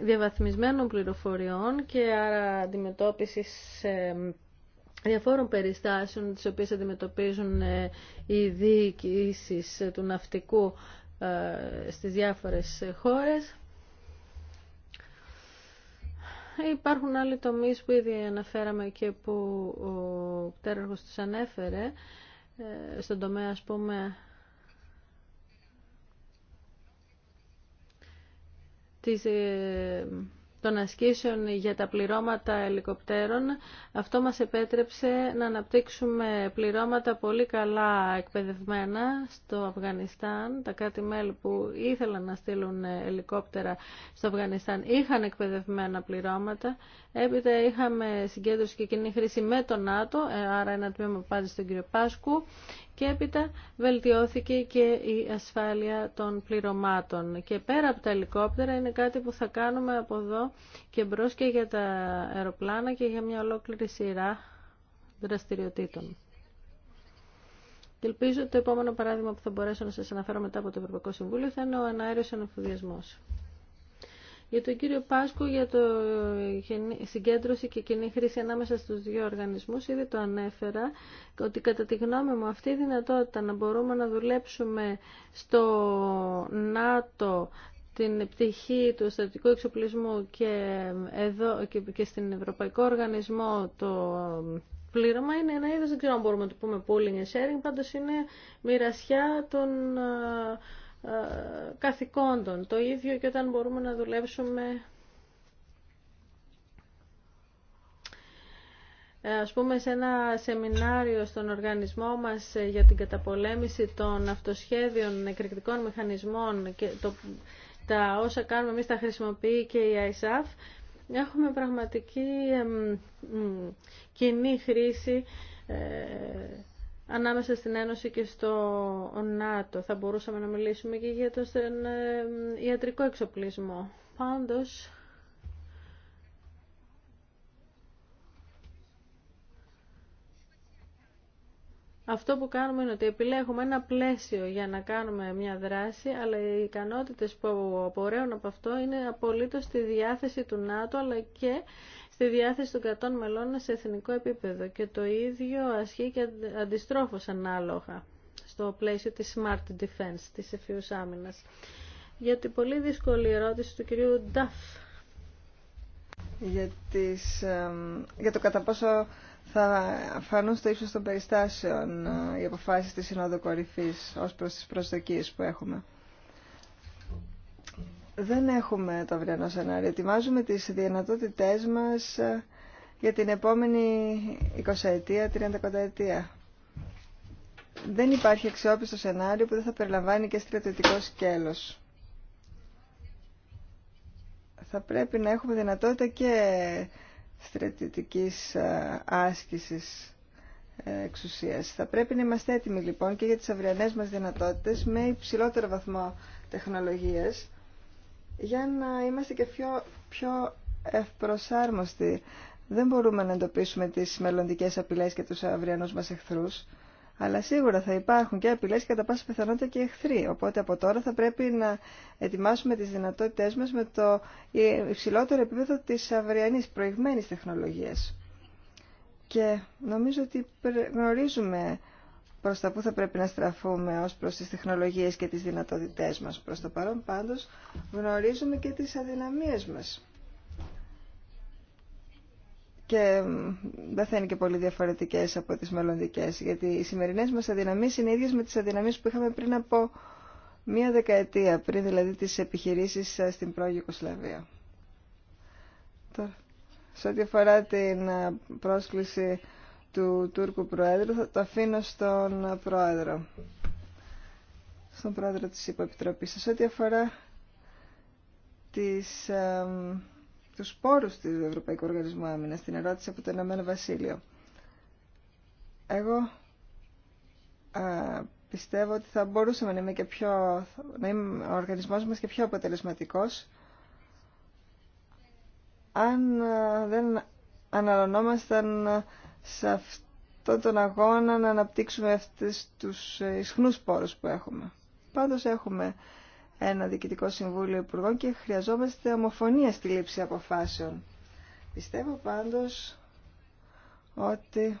S3: διαβαθμισμένων πληροφοριών και άρα αντιμετώπισης διαφόρων περιστάσεων τις οποίες αντιμετωπίζουν οι διοικήσεις του ναυτικού στις διάφορες χώρες. Υπάρχουν άλλοι τομείς που ήδη αναφέραμε και που ο κτέραρχος τους ανέφερε στον τομέα ας πούμε Ε, των ασκήσεων για τα πληρώματα ελικοπτέρων. Αυτό μας επέτρεψε να αναπτύξουμε πληρώματα πολύ καλά εκπαιδευμένα στο Αφγανιστάν. Τα κάτι μέλη που ήθελαν να στείλουν ελικόπτερα στο Αφγανιστάν είχαν εκπαιδευμένα πληρώματα. Έπειτα είχαμε συγκέντρωση και κοινή χρήση με τον ΝΑΤΟ, ε, άρα ένα τμήμα που πάει στον κύριο Πάσκου και έπειτα βελτιώθηκε και η ασφάλεια των πληρωμάτων. Και πέρα από τα ελικόπτερα είναι κάτι που θα κάνουμε από εδώ και μπρος και για τα αεροπλάνα και για μια ολόκληρη σειρά δραστηριοτήτων. Και ελπίζω το επόμενο παράδειγμα που θα μπορέσω να σας αναφέρω μετά από το Ευρωπαϊκό Συμβούλιο θα είναι ο αναέριος για τον κύριο Πάσκο για το συγκέντρωση και κοινή χρήση ανάμεσα στους δύο οργανισμούς ήδη το ανέφερα ότι κατά τη γνώμη μου αυτή η δυνατότητα να μπορούμε να δουλέψουμε στο ΝΑΤΟ την πτυχή του στρατικού εξοπλισμού και, εδώ, και, στην Ευρωπαϊκό Οργανισμό το πλήρωμα είναι ένα είδος, δεν ξέρω αν μπορούμε να το πούμε pooling and sharing, πάντως είναι μοιρασιά των ε, καθηκόντων. Το ίδιο και όταν μπορούμε να δουλέψουμε ε, ας πούμε σε ένα σεμινάριο στον οργανισμό μας ε, για την καταπολέμηση των αυτοσχέδιων εκρηκτικών μηχανισμών και το, τα όσα κάνουμε εμείς τα χρησιμοποιεί και η ISAF έχουμε πραγματική κοινή χρήση ανάμεσα στην Ένωση και στο ΝΑΤΟ. Θα μπορούσαμε να μιλήσουμε και για τον ε, ιατρικό εξοπλισμό. Πάντως, Αυτό που κάνουμε είναι ότι επιλέγουμε ένα πλαίσιο για να κάνουμε μια δράση, αλλά οι ικανότητες που απορρέουν από αυτό είναι απολύτως στη διάθεση του ΝΑΤΟ, αλλά και στη διάθεση των κρατών μελών σε εθνικό επίπεδο και το ίδιο ασχεί και αντιστρόφως ανάλογα στο πλαίσιο της Smart Defense, της εφιούς άμυνας. Για την πολύ δύσκολη ερώτηση του κυρίου Νταφ.
S2: Για, για το κατά πόσο θα φανούν στο ύψος των περιστάσεων ε, οι αποφάσεις της Συνόδου Κορυφής ως προς τις προσδοκίες που έχουμε δεν έχουμε το αυριανό σενάριο. Ετοιμάζουμε τις δυνατότητές μας ε, για την επόμενη 20 ετία, 30 ετία. Δεν υπάρχει αξιόπιστο σενάριο που δεν θα περιλαμβάνει και στρατιωτικό σκέλος. Θα πρέπει να έχουμε δυνατότητα και στρατιωτικής ε, άσκησης ε, εξουσίας. Θα πρέπει να είμαστε έτοιμοι λοιπόν και για τις αυριανές μας δυνατότητες με υψηλότερο βαθμό τεχνολογίας για να είμαστε και πιο, ευπροσάρμοστοι. Δεν μπορούμε να εντοπίσουμε τις μελλοντικές απειλές και τους αυριανούς μας εχθρούς, αλλά σίγουρα θα υπάρχουν και απειλές και κατά πάσα πιθανότητα και εχθροί. Οπότε από τώρα θα πρέπει να ετοιμάσουμε τις δυνατότητές μας με το υψηλότερο επίπεδο της αυριανής προηγμένης τεχνολογίας. Και νομίζω ότι γνωρίζουμε προς τα που θα πρέπει να στραφούμε ως προς τις τεχνολογίες και τις δυνατότητές μας. Προς το παρόν πάντως γνωρίζουμε και τις αδυναμίες μας. Και δεν θα είναι και πολύ διαφορετικές από τις μελλοντικέ, γιατί οι σημερινές μας αδυναμίες είναι ίδιες με τις αδυναμίες που είχαμε πριν από μία δεκαετία, πριν δηλαδή τις επιχειρήσεις ε, στην πρώην Οικοσλαβία. σε ό,τι αφορά την ε, πρόσκληση του Τούρκου Προέδρου θα το αφήνω στον Πρόεδρο. Στον Πρόεδρο της Υποεπιτροπής. Σας ό,τι αφορά τις, ε, τους πόρους του Ευρωπαϊκού Οργανισμού Άμυνας, την ερώτηση από το Ηνωμένο Βασίλειο. Εγώ πιστεύω ότι θα μπορούσαμε να, είμαι και πιο, να είμαι ο οργανισμός μας και πιο αποτελεσματικός αν ε, δεν αναλωνόμασταν ε, σε αυτόν τον αγώνα να αναπτύξουμε αυτούς τους ε, ισχνούς πόρους που έχουμε. Πάντως έχουμε ένα διοικητικό συμβούλιο υπουργών και χρειαζόμαστε ομοφωνία στη λήψη αποφάσεων. Πιστεύω πάντως ότι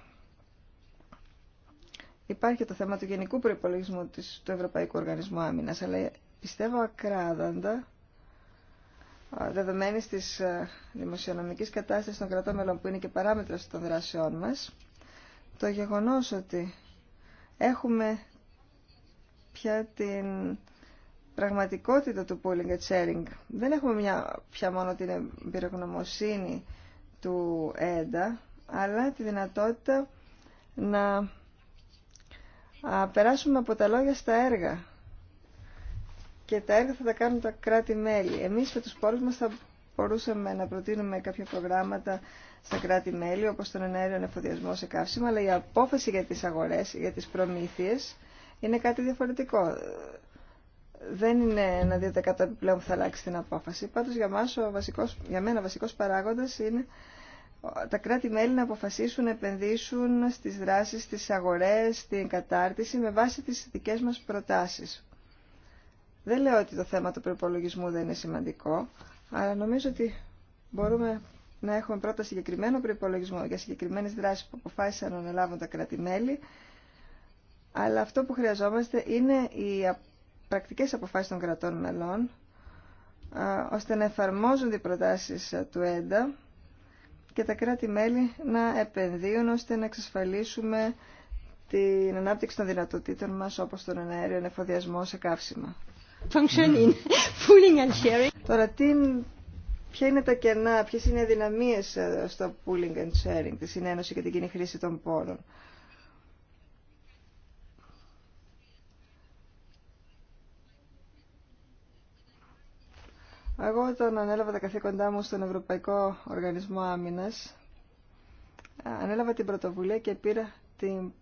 S2: υπάρχει το θέμα του γενικού προϋπολογισμού του Ευρωπαϊκού Οργανισμού Άμυνας, αλλά πιστεύω ακράδαντα ε, δεδομένη της ε, δημοσιονομική κατάστασης των κρατών μελών που είναι και παράμετρος των δράσεών μας, το γεγονό ότι έχουμε πια την πραγματικότητα του pooling and sharing. Δεν έχουμε μια, πια μόνο την εμπειρογνωμοσύνη του ΕΝΤΑ, αλλά τη δυνατότητα να περάσουμε από τα λόγια στα έργα και τα έργα θα τα κάνουν τα κράτη-μέλη. Εμείς με τους πόρους μας θα μπορούσαμε να προτείνουμε κάποια προγράμματα στα κράτη-μέλη, όπως τον ενέργειο εφοδιασμό σε καύσιμα, αλλά η απόφαση για τις αγορές, για τις προμήθειες, είναι κάτι διαφορετικό. Δεν είναι ένα 2% επιπλέον που θα αλλάξει την απόφαση. Πάντως για, μας ο βασικός, για μένα ο βασικός παράγοντας είναι τα κράτη-μέλη να αποφασίσουν να επενδύσουν στις δράσεις, στις αγορές, στην κατάρτιση με βάση τις δικές μας προτάσεις. Δεν λέω ότι το θέμα του προπολογισμού δεν είναι σημαντικό, αλλά νομίζω ότι μπορούμε να έχουμε πρώτα συγκεκριμένο προπολογισμό για συγκεκριμένες δράσεις που αποφάσισαν να αναλάβουν τα κράτη-μέλη, αλλά αυτό που χρειαζόμαστε είναι οι πρακτικές αποφάσεις των κρατών μελών, ώστε να εφαρμόζουν οι προτάσεις του ΕΝΤΑ και τα κράτη-μέλη να επενδύουν ώστε να εξασφαλίσουμε την ανάπτυξη των δυνατοτήτων μας όπως τον αέριο εφοδιασμό σε καύσιμα. Τώρα, τι, ποια είναι τα κενά, ποιες είναι οι αδυναμίες ε, στο pooling and sharing, τη συνένωση και την κοινή χρήση των πόρων. Εγώ όταν ανέλαβα τα καθήκοντά μου στον Ευρωπαϊκό Οργανισμό Άμυνας, ανέλαβα την πρωτοβουλία και πήρα την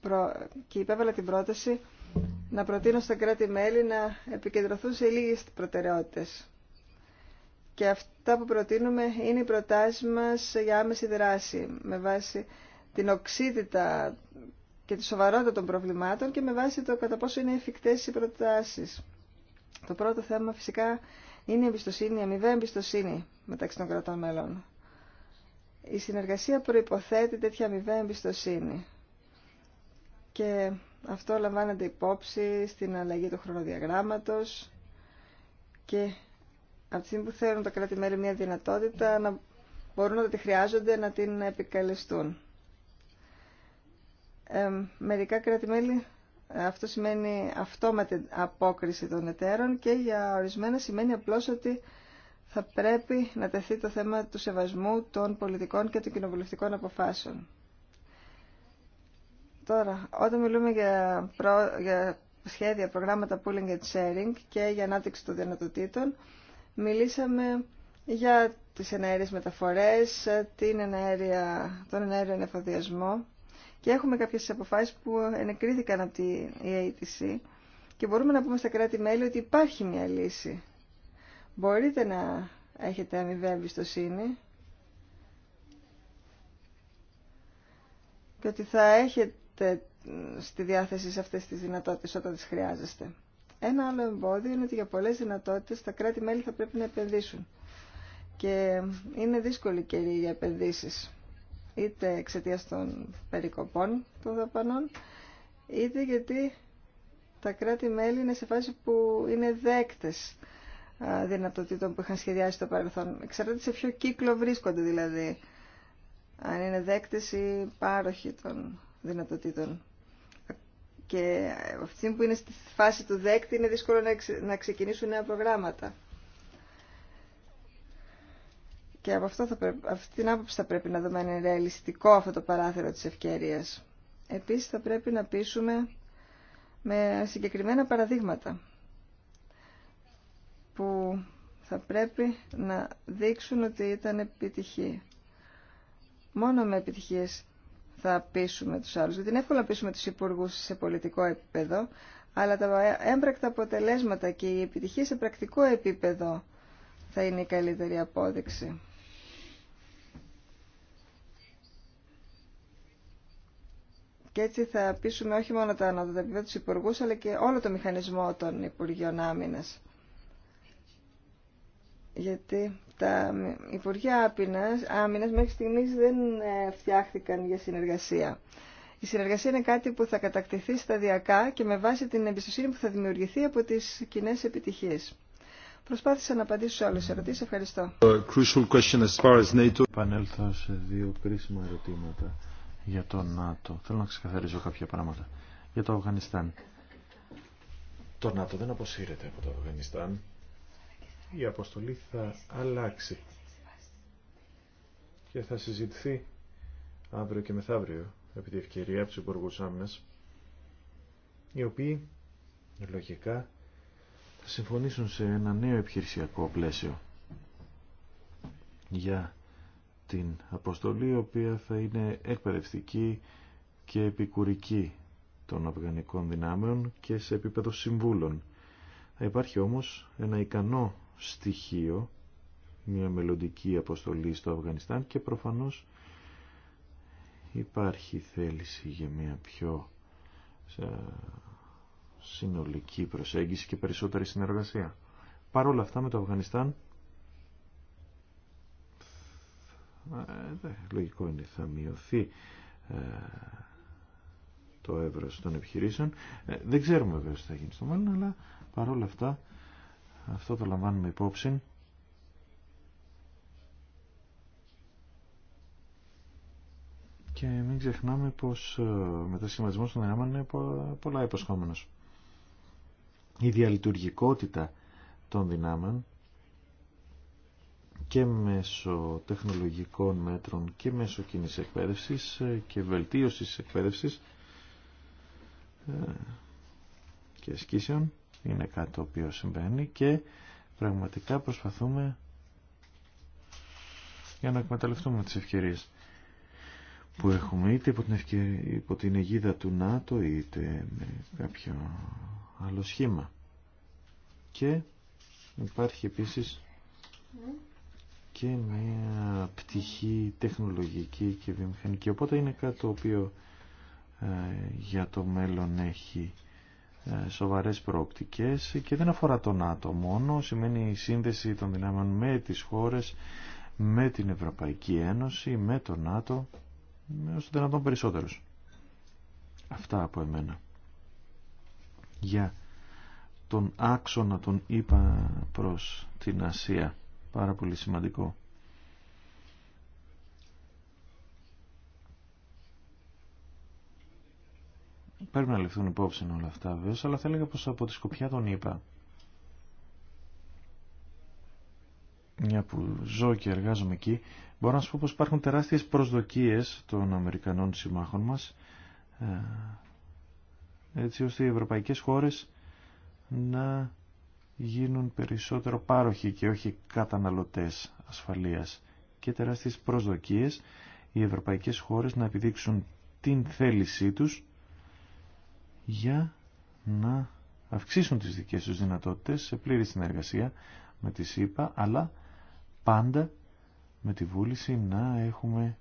S2: προ... και υπέβαλα την πρόταση να προτείνω στα κράτη-μέλη να επικεντρωθούν σε λίγες προτεραιότητες. Και αυτά που προτείνουμε είναι οι προτάσεις μας για άμεση δράση, με βάση την οξύτητα και τη σοβαρότητα των προβλημάτων και με βάση το κατά πόσο είναι εφικτές οι προτάσεις. Το πρώτο θέμα φυσικά είναι η εμπιστοσύνη, η αμοιβαία εμπιστοσύνη μεταξύ των κρατών μέλων. Η συνεργασία προϋποθέτει τέτοια αμοιβαία εμπιστοσύνη. Και αυτό λαμβάνεται υπόψη στην αλλαγή του χρονοδιαγράμματος και από τη που θέλουν τα κράτη-μέλη μια δυνατότητα να μπορούν να τη χρειάζονται να την επικαλεστούν. Ε, μερικά κράτη-μέλη ε, αυτό σημαίνει αυτόματη απόκριση των εταίρων και για ορισμένα σημαίνει απλώς ότι θα πρέπει να τεθεί το θέμα του σεβασμού των πολιτικών και των κοινοβουλευτικών αποφάσεων. Τώρα, όταν μιλούμε για, για σχέδια, προγράμματα pooling and sharing και για ανάπτυξη των δυνατοτήτων, μιλήσαμε για τις εναέριες μεταφορές, την εναέρια, τον εναέριο ενεφοδιασμό και έχουμε κάποιες αποφάσεις που ενεκρίθηκαν από τη EATC και μπορούμε να πούμε στα κράτη-μέλη ότι υπάρχει μια λύση. Μπορείτε να έχετε αμοιβή εμπιστοσύνη και ότι θα έχετε στη διάθεση σε αυτές τις δυνατότητες όταν τις χρειάζεστε. Ένα άλλο εμπόδιο είναι ότι για πολλές δυνατότητες τα κράτη-μέλη θα πρέπει να επενδύσουν. Και είναι δύσκολη καιρή για επενδύσεις, είτε εξαιτία των περικοπών των δαπανών, είτε γιατί τα κράτη-μέλη είναι σε φάση που είναι δέκτες δυνατοτήτων που είχαν σχεδιάσει το παρελθόν. Εξαρτάται σε ποιο κύκλο βρίσκονται δηλαδή, αν είναι δέκτες ή πάροχοι των δυνατοτήτων. Και αυτή που είναι στη φάση του δέκτη είναι δύσκολο να ξεκινήσουν νέα προγράμματα. Και από αυτό αυτή την άποψη θα πρέπει να δούμε αν είναι ρεαλιστικό αυτό το παράθυρο της ευκαιρίας. Επίσης θα πρέπει να πείσουμε με συγκεκριμένα παραδείγματα που θα πρέπει να δείξουν ότι ήταν επιτυχή. Μόνο με επιτυχίες θα πείσουμε τους άλλους. Δεν είναι εύκολο να πείσουμε τους υπουργούς σε πολιτικό επίπεδο, αλλά τα έμπρακτα αποτελέσματα και η επιτυχία σε πρακτικό επίπεδο θα είναι η καλύτερη απόδειξη. Και έτσι θα πείσουμε όχι μόνο τα ανώτατα του υπουργού, αλλά και όλο το μηχανισμό των Υπουργείων Άμυνα. Γιατί τα Υπουργεία Άμυνας, άμυνας μέχρι στιγμής δεν ε, φτιάχτηκαν για συνεργασία. Η συνεργασία είναι κάτι που θα κατακτηθεί σταδιακά και με βάση την εμπιστοσύνη που θα δημιουργηθεί από τις κοινέ επιτυχίες. Προσπάθησα να απαντήσω σε όλες τις ερωτήσεις. Ευχαριστώ.
S4: Επανέλθω σε δύο κρίσιμα ερωτήματα για το ΝΑΤΟ. Θέλω να ξεκαθαρίζω κάποια πράγματα. Για το Αφγανιστάν. Το ΝΑΤΟ δεν αποσύρεται από το Αφγανιστάν η αποστολή θα αλλάξει και θα συζητηθεί αύριο και μεθαύριο επί τη ευκαιρία από τους υπουργούς οι οποίοι λογικά θα συμφωνήσουν σε ένα νέο επιχειρησιακό πλαίσιο για την αποστολή η οποία θα είναι εκπαιδευτική και επικουρική των Αφγανικών δυνάμεων και σε επίπεδο συμβούλων. Θα υπάρχει όμως ένα ικανό στοιχείο, μια μελλοντική αποστολή στο Αφγανιστάν και προφανώς υπάρχει θέληση για μια πιο ε, συνολική προσέγγιση και περισσότερη συνεργασία. Παρ' όλα αυτά με το Αφγανιστάν ε, λογικό είναι θα μειωθεί ε, το εύρος των επιχειρήσεων. δεν ξέρουμε βέβαια τι θα γίνει στο μέλλον, αλλά παρόλα αυτά αυτό το λαμβάνουμε υπόψη. Και μην ξεχνάμε πως ε, μετασχηματισμός των δυνάμεων είναι πολλά υποσχόμενος. Η διαλειτουργικότητα των δυνάμεων και μέσω τεχνολογικών μέτρων και μέσω κοινή εκπαίδευση ε, και βελτίωσης εκπαίδευση ε, και ασκήσεων είναι κάτι το οποίο συμβαίνει και πραγματικά προσπαθούμε για να εκμεταλλευτούμε τις ευκαιρίες που έχουμε είτε υπό την, ευκαιρία, υπό την αιγίδα του ΝΑΤΟ είτε με κάποιο άλλο σχήμα. Και υπάρχει επίσης και μια πτυχή τεχνολογική και βιομηχανική. Οπότε είναι κάτι το οποίο ε, για το μέλλον έχει ε, σοβαρές προοπτικές και δεν αφορά τον Άτομο μόνο, σημαίνει η σύνδεση των δυνάμεων με τις χώρες, με την Ευρωπαϊκή Ένωση, με τον ΝΑΤΟ, με όσο δυνατόν περισσότερους. Αυτά από εμένα. Για τον άξονα τον είπα προς την Ασία. Πάρα πολύ σημαντικό. Πρέπει να ληφθούν υπόψη όλα αυτά βέβαια, αλλά θα έλεγα πως από τη σκοπιά τον είπα. Μια που ζω και εργάζομαι εκεί, μπορώ να σου πω πως υπάρχουν τεράστιες προσδοκίες των Αμερικανών συμμάχων μας, ε, έτσι ώστε οι ευρωπαϊκές χώρες να γίνουν περισσότερο πάροχοι και όχι καταναλωτές ασφαλείας και τεράστιες προσδοκίες οι ευρωπαϊκές χώρες να επιδείξουν την θέλησή τους για να αυξήσουν τις δικές τους δυνατότητες σε πλήρη συνεργασία με τη ΣΥΠΑ, αλλά πάντα με τη βούληση να έχουμε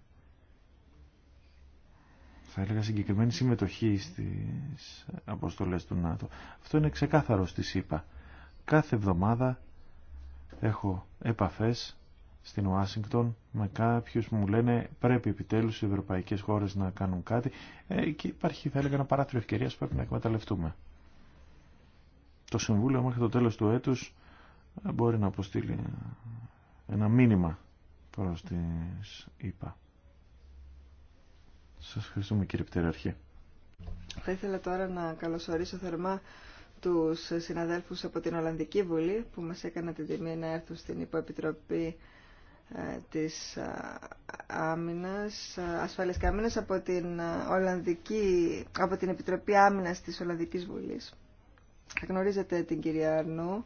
S4: θα έλεγα συγκεκριμένη συμμετοχή στις αποστολές του ΝΑΤΟ. Αυτό είναι ξεκάθαρο στη ΣΥΠΑ. Κάθε εβδομάδα έχω επαφές στην Ουάσιγκτον με κάποιους που μου λένε πρέπει επιτέλους οι ευρωπαϊκές χώρες να κάνουν κάτι ε, και υπάρχει θα έλεγα ένα παράθυρο ευκαιρίας που πρέπει να εκμεταλλευτούμε. Το Συμβούλιο μέχρι το τέλος του έτους ε, μπορεί να αποστείλει ένα μήνυμα προς τις ΕΠΑ. Σας ευχαριστούμε κύριε Πτεραρχή.
S2: Θα ήθελα τώρα να καλωσορίσω θερμά τους συναδέλφους από την Ολλανδική Βουλή που μας έκανα την τιμή να έρθουν στην Υποεπιτροπή ε, της ε, άμυνας, ε, ασφάλειας και άμυνας από την, Ολλανδική, από την Επιτροπή Άμυνας της Ολλανδικής Βουλής. Γνωρίζετε την κυρία Αρνού,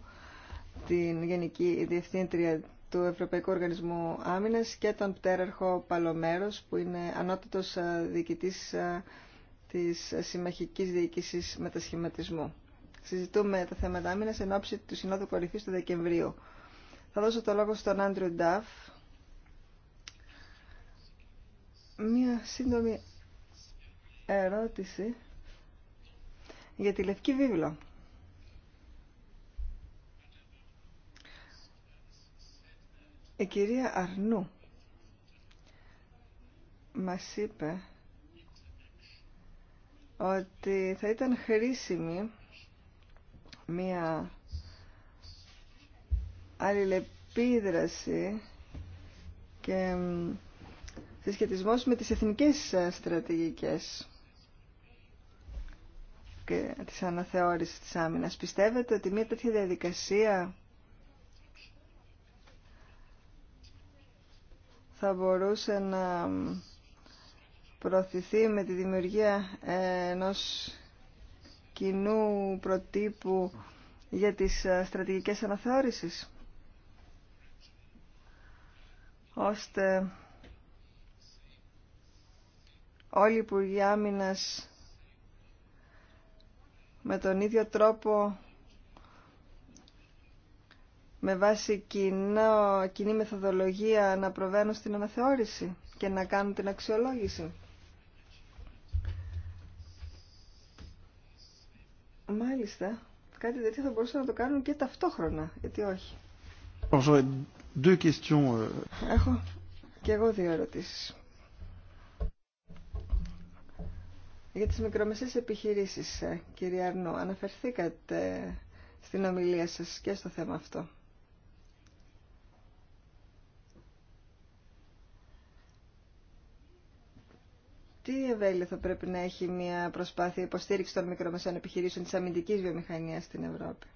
S2: την Γενική Διευθύντρια του Ευρωπαϊκού Οργανισμού Άμυνας και τον πτέραρχο Παλομέρος που είναι ανώτατος διοικητής της Συμμαχικής Διοίκησης Μετασχηματισμού. Συζητούμε τα θέματα άμυνας εν ώψη του Συνόδου Κορυφής του Δεκεμβρίου. Θα δώσω το λόγο στον Άντριου Νταφ, Μία σύντομη ερώτηση για τη Λευκή Βίβλο. Η κυρία Αρνού μας είπε ότι θα ήταν χρήσιμη μία αλληλεπίδραση και σχετισμό με τις εθνικές ε, στρατηγικές και της αναθεώρησης της άμυνας. Πιστεύετε ότι μια τέτοια διαδικασία θα μπορούσε να προωθηθεί με τη δημιουργία ε, ενός κοινού προτύπου για τις ε, στρατηγικές αναθεώρησεις ώστε όλοι οι Υπουργοί Άμυνας με τον ίδιο τρόπο με βάση κοινό, κοινή μεθοδολογία να προβαίνουν στην αναθεώρηση και να κάνουν την αξιολόγηση. Μάλιστα, κάτι τέτοιο θα μπορούσαν να το κάνουν και ταυτόχρονα, γιατί όχι.
S1: Euh, Έχω
S2: και εγώ δύο ερωτήσεις. Για τις μικρομεσαίες επιχειρήσεις, ε, κύριε Αρνού, αναφερθήκατε στην ομιλία σας και στο θέμα αυτό. Τι ευέλεια θα πρέπει να έχει μια προσπάθεια υποστήριξη των μικρομεσαίων επιχειρήσεων της αμυντικής βιομηχανίας στην Ευρώπη.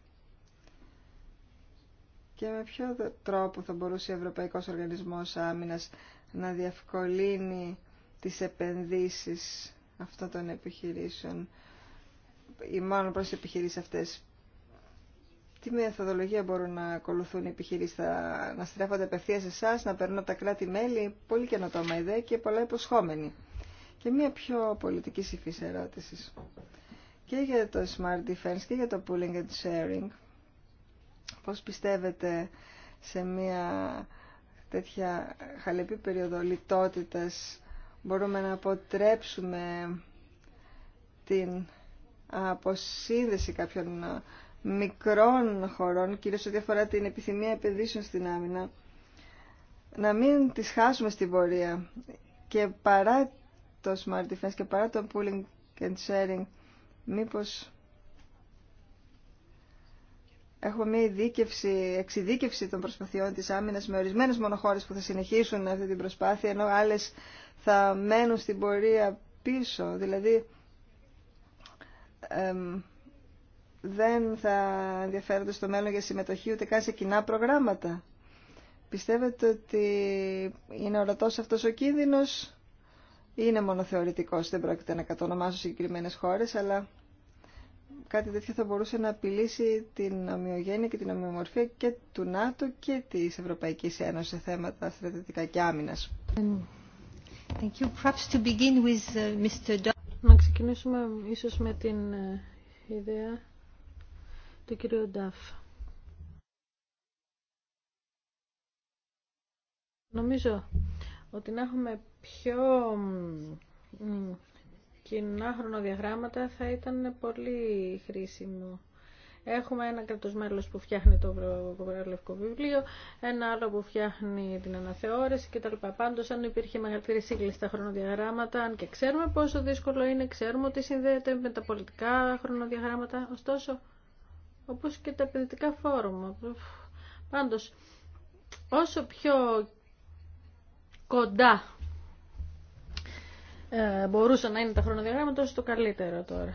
S2: Και με ποιο τρόπο θα μπορούσε ο Ευρωπαϊκός Οργανισμός Άμυνας να διευκολύνει τις επενδύσεις αυτών των επιχειρήσεων ή μάλλον προς επιχειρήσεις αυτές. Τι μεθοδολογία μπορούν να ακολουθούν οι επιχειρήσεις, να στρέφονται απευθείας σε εσά, να περνούν από τα κράτη-μέλη, πολύ καινοτόμα ιδέα και πολλά υποσχόμενη. Και μια πιο πολιτική υφής ερώτηση. Και για το Smart Defense και για το Pooling and Sharing, πώς πιστεύετε σε μια τέτοια χαλεπή περίοδο μπορούμε να αποτρέψουμε την αποσύνδεση κάποιων μικρών χωρών, κυρίως ό,τι αφορά την επιθυμία επενδύσεων στην άμυνα, να μην τις χάσουμε στην πορεία. Και παρά το Smart Defense και παρά το Pooling and Sharing, μήπως έχουμε μια ειδίκευση, εξειδίκευση των προσπαθειών της άμυνας με ορισμένες μονοχώρες που θα συνεχίσουν αυτή την προσπάθεια ενώ άλλες θα μένουν στην πορεία πίσω. Δηλαδή δεν θα ενδιαφέρονται στο μέλλον για συμμετοχή ούτε καν σε κοινά προγράμματα. Πιστεύετε ότι είναι ορατός αυτός ο κίνδυνος είναι μόνο δεν πρόκειται να κατονομάσω συγκεκριμένες χώρες, αλλά κάτι τέτοιο θα μπορούσε να απειλήσει την ομοιογένεια και την ομοιομορφία και του ΝΑΤΟ και της Ευρωπαϊκής Ένωσης σε θέματα στρατιωτικά και άμυνας.
S3: Uh, να ξεκινήσουμε ίσως με την ε, ιδέα του κυρίου Νταφ. Νομίζω ότι να έχουμε πιο κοινά χρονοδιαγράμματα θα ήταν πολύ χρήσιμο. Έχουμε ένα κρατος μέλος που φτιάχνει το Λευκό Βιβλίο, ένα άλλο που φτιάχνει την αναθεώρηση κτλ. Πάντως, αν υπήρχε μεγαλύτερη σύγκληση στα χρονοδιαγράμματα, αν και ξέρουμε πόσο δύσκολο είναι, ξέρουμε ότι συνδέεται με τα πολιτικά χρονοδιαγράμματα, ωστόσο, όπως και τα παιδιτικά φόρουμ. Πάντως, όσο πιο κοντά ε, μπορούσαν να είναι τα χρονοδιαγράμματα, τόσο το καλύτερο τώρα.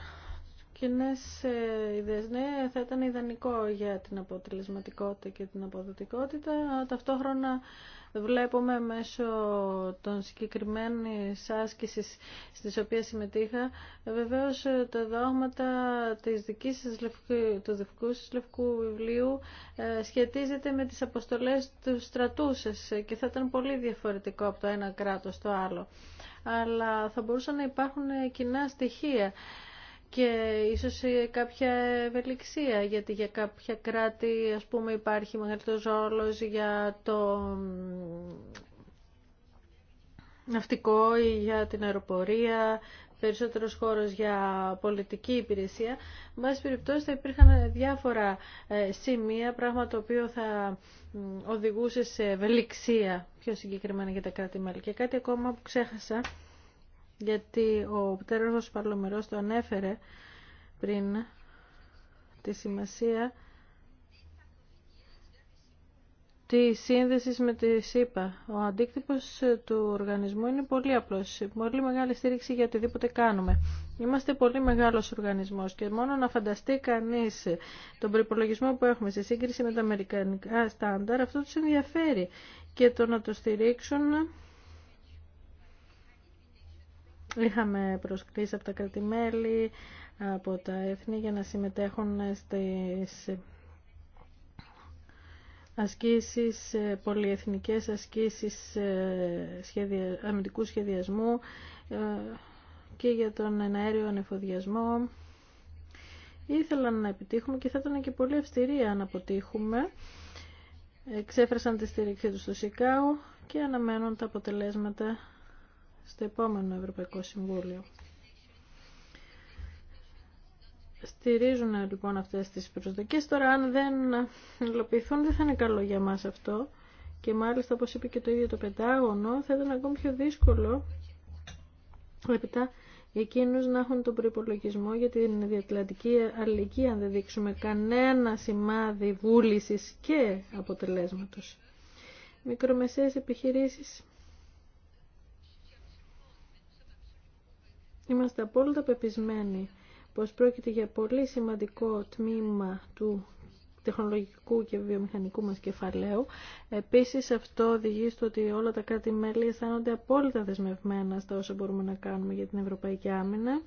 S3: Κοινέ ε, ιδέε, ναι, θα ήταν ιδανικό για την αποτελεσματικότητα και την αποδοτικότητα. Ταυτόχρονα βλέπουμε μέσω των συγκεκριμένων άσκησης στις οποίες συμμετείχα, βεβαίως τα δόγματα της δικής σας του δικού σας λευκού βιβλίου ε, σχετίζεται με τις αποστολές του στρατού σας και θα ήταν πολύ διαφορετικό από το ένα κράτος στο άλλο. Αλλά θα μπορούσαν να υπάρχουν κοινά στοιχεία και ίσως κάποια ευελιξία, γιατί για κάποια κράτη ας πούμε υπάρχει μεγαλύτερος ρόλο για το ναυτικό ή για την αεροπορία, περισσότερος χώρος για πολιτική υπηρεσία. Με περιπτώσει θα υπήρχαν διάφορα ε, σημεία, πράγμα το οποίο θα οδηγούσε σε ευελιξία πιο συγκεκριμένα για τα κράτη-μέλη. Και κάτι ακόμα που ξέχασα γιατί ο Πτέρος Παλωμερός το ανέφερε πριν τη σημασία τη σύνδεση με τη ΣΥΠΑ. Ο αντίκτυπος του οργανισμού είναι πολύ απλός, πολύ μεγάλη στήριξη για οτιδήποτε κάνουμε. Είμαστε πολύ μεγάλος οργανισμός και μόνο να φανταστεί κανείς τον προπολογισμό που έχουμε σε σύγκριση με τα αμερικανικά στάνταρ, αυτό τους ενδιαφέρει και το να το στηρίξουν Είχαμε προσκλήσει από τα κρατημέλη, από τα έθνη για να συμμετέχουν στις ασκήσεις, πολυεθνικές ασκήσεις σχεδια, αμυντικού σχεδιασμού ε, και για τον εναέριο ανεφοδιασμό. Ήθελαν να επιτύχουμε και θα ήταν και πολύ αυστηρή αν αποτύχουμε. Εξέφρασαν τη στήριξή τους στο ΣΥΚΑΟ και αναμένουν τα αποτελέσματα στο επόμενο Ευρωπαϊκό Συμβούλιο. Στηρίζουν ε, λοιπόν αυτές τις προσδοκίες. Τώρα αν δεν υλοποιηθούν δεν θα είναι καλό για μας αυτό. Και μάλιστα όπως είπε και το ίδιο το Πεντάγωνο θα ήταν ακόμη πιο δύσκολο έπειτα εκείνους να έχουν τον προϋπολογισμό για την διατλαντική αλληλική αν δεν δείξουμε κανένα σημάδι βούλησης και αποτελέσματος. Μικρομεσαίες επιχειρήσεις Είμαστε απόλυτα πεπισμένοι πως πρόκειται για πολύ σημαντικό τμήμα του τεχνολογικού και βιομηχανικού μας κεφαλαίου. Επίσης αυτό οδηγεί στο ότι όλα τα κράτη-μέλη αισθάνονται απόλυτα δεσμευμένα στα όσα μπορούμε να κάνουμε για την Ευρωπαϊκή Άμυνα.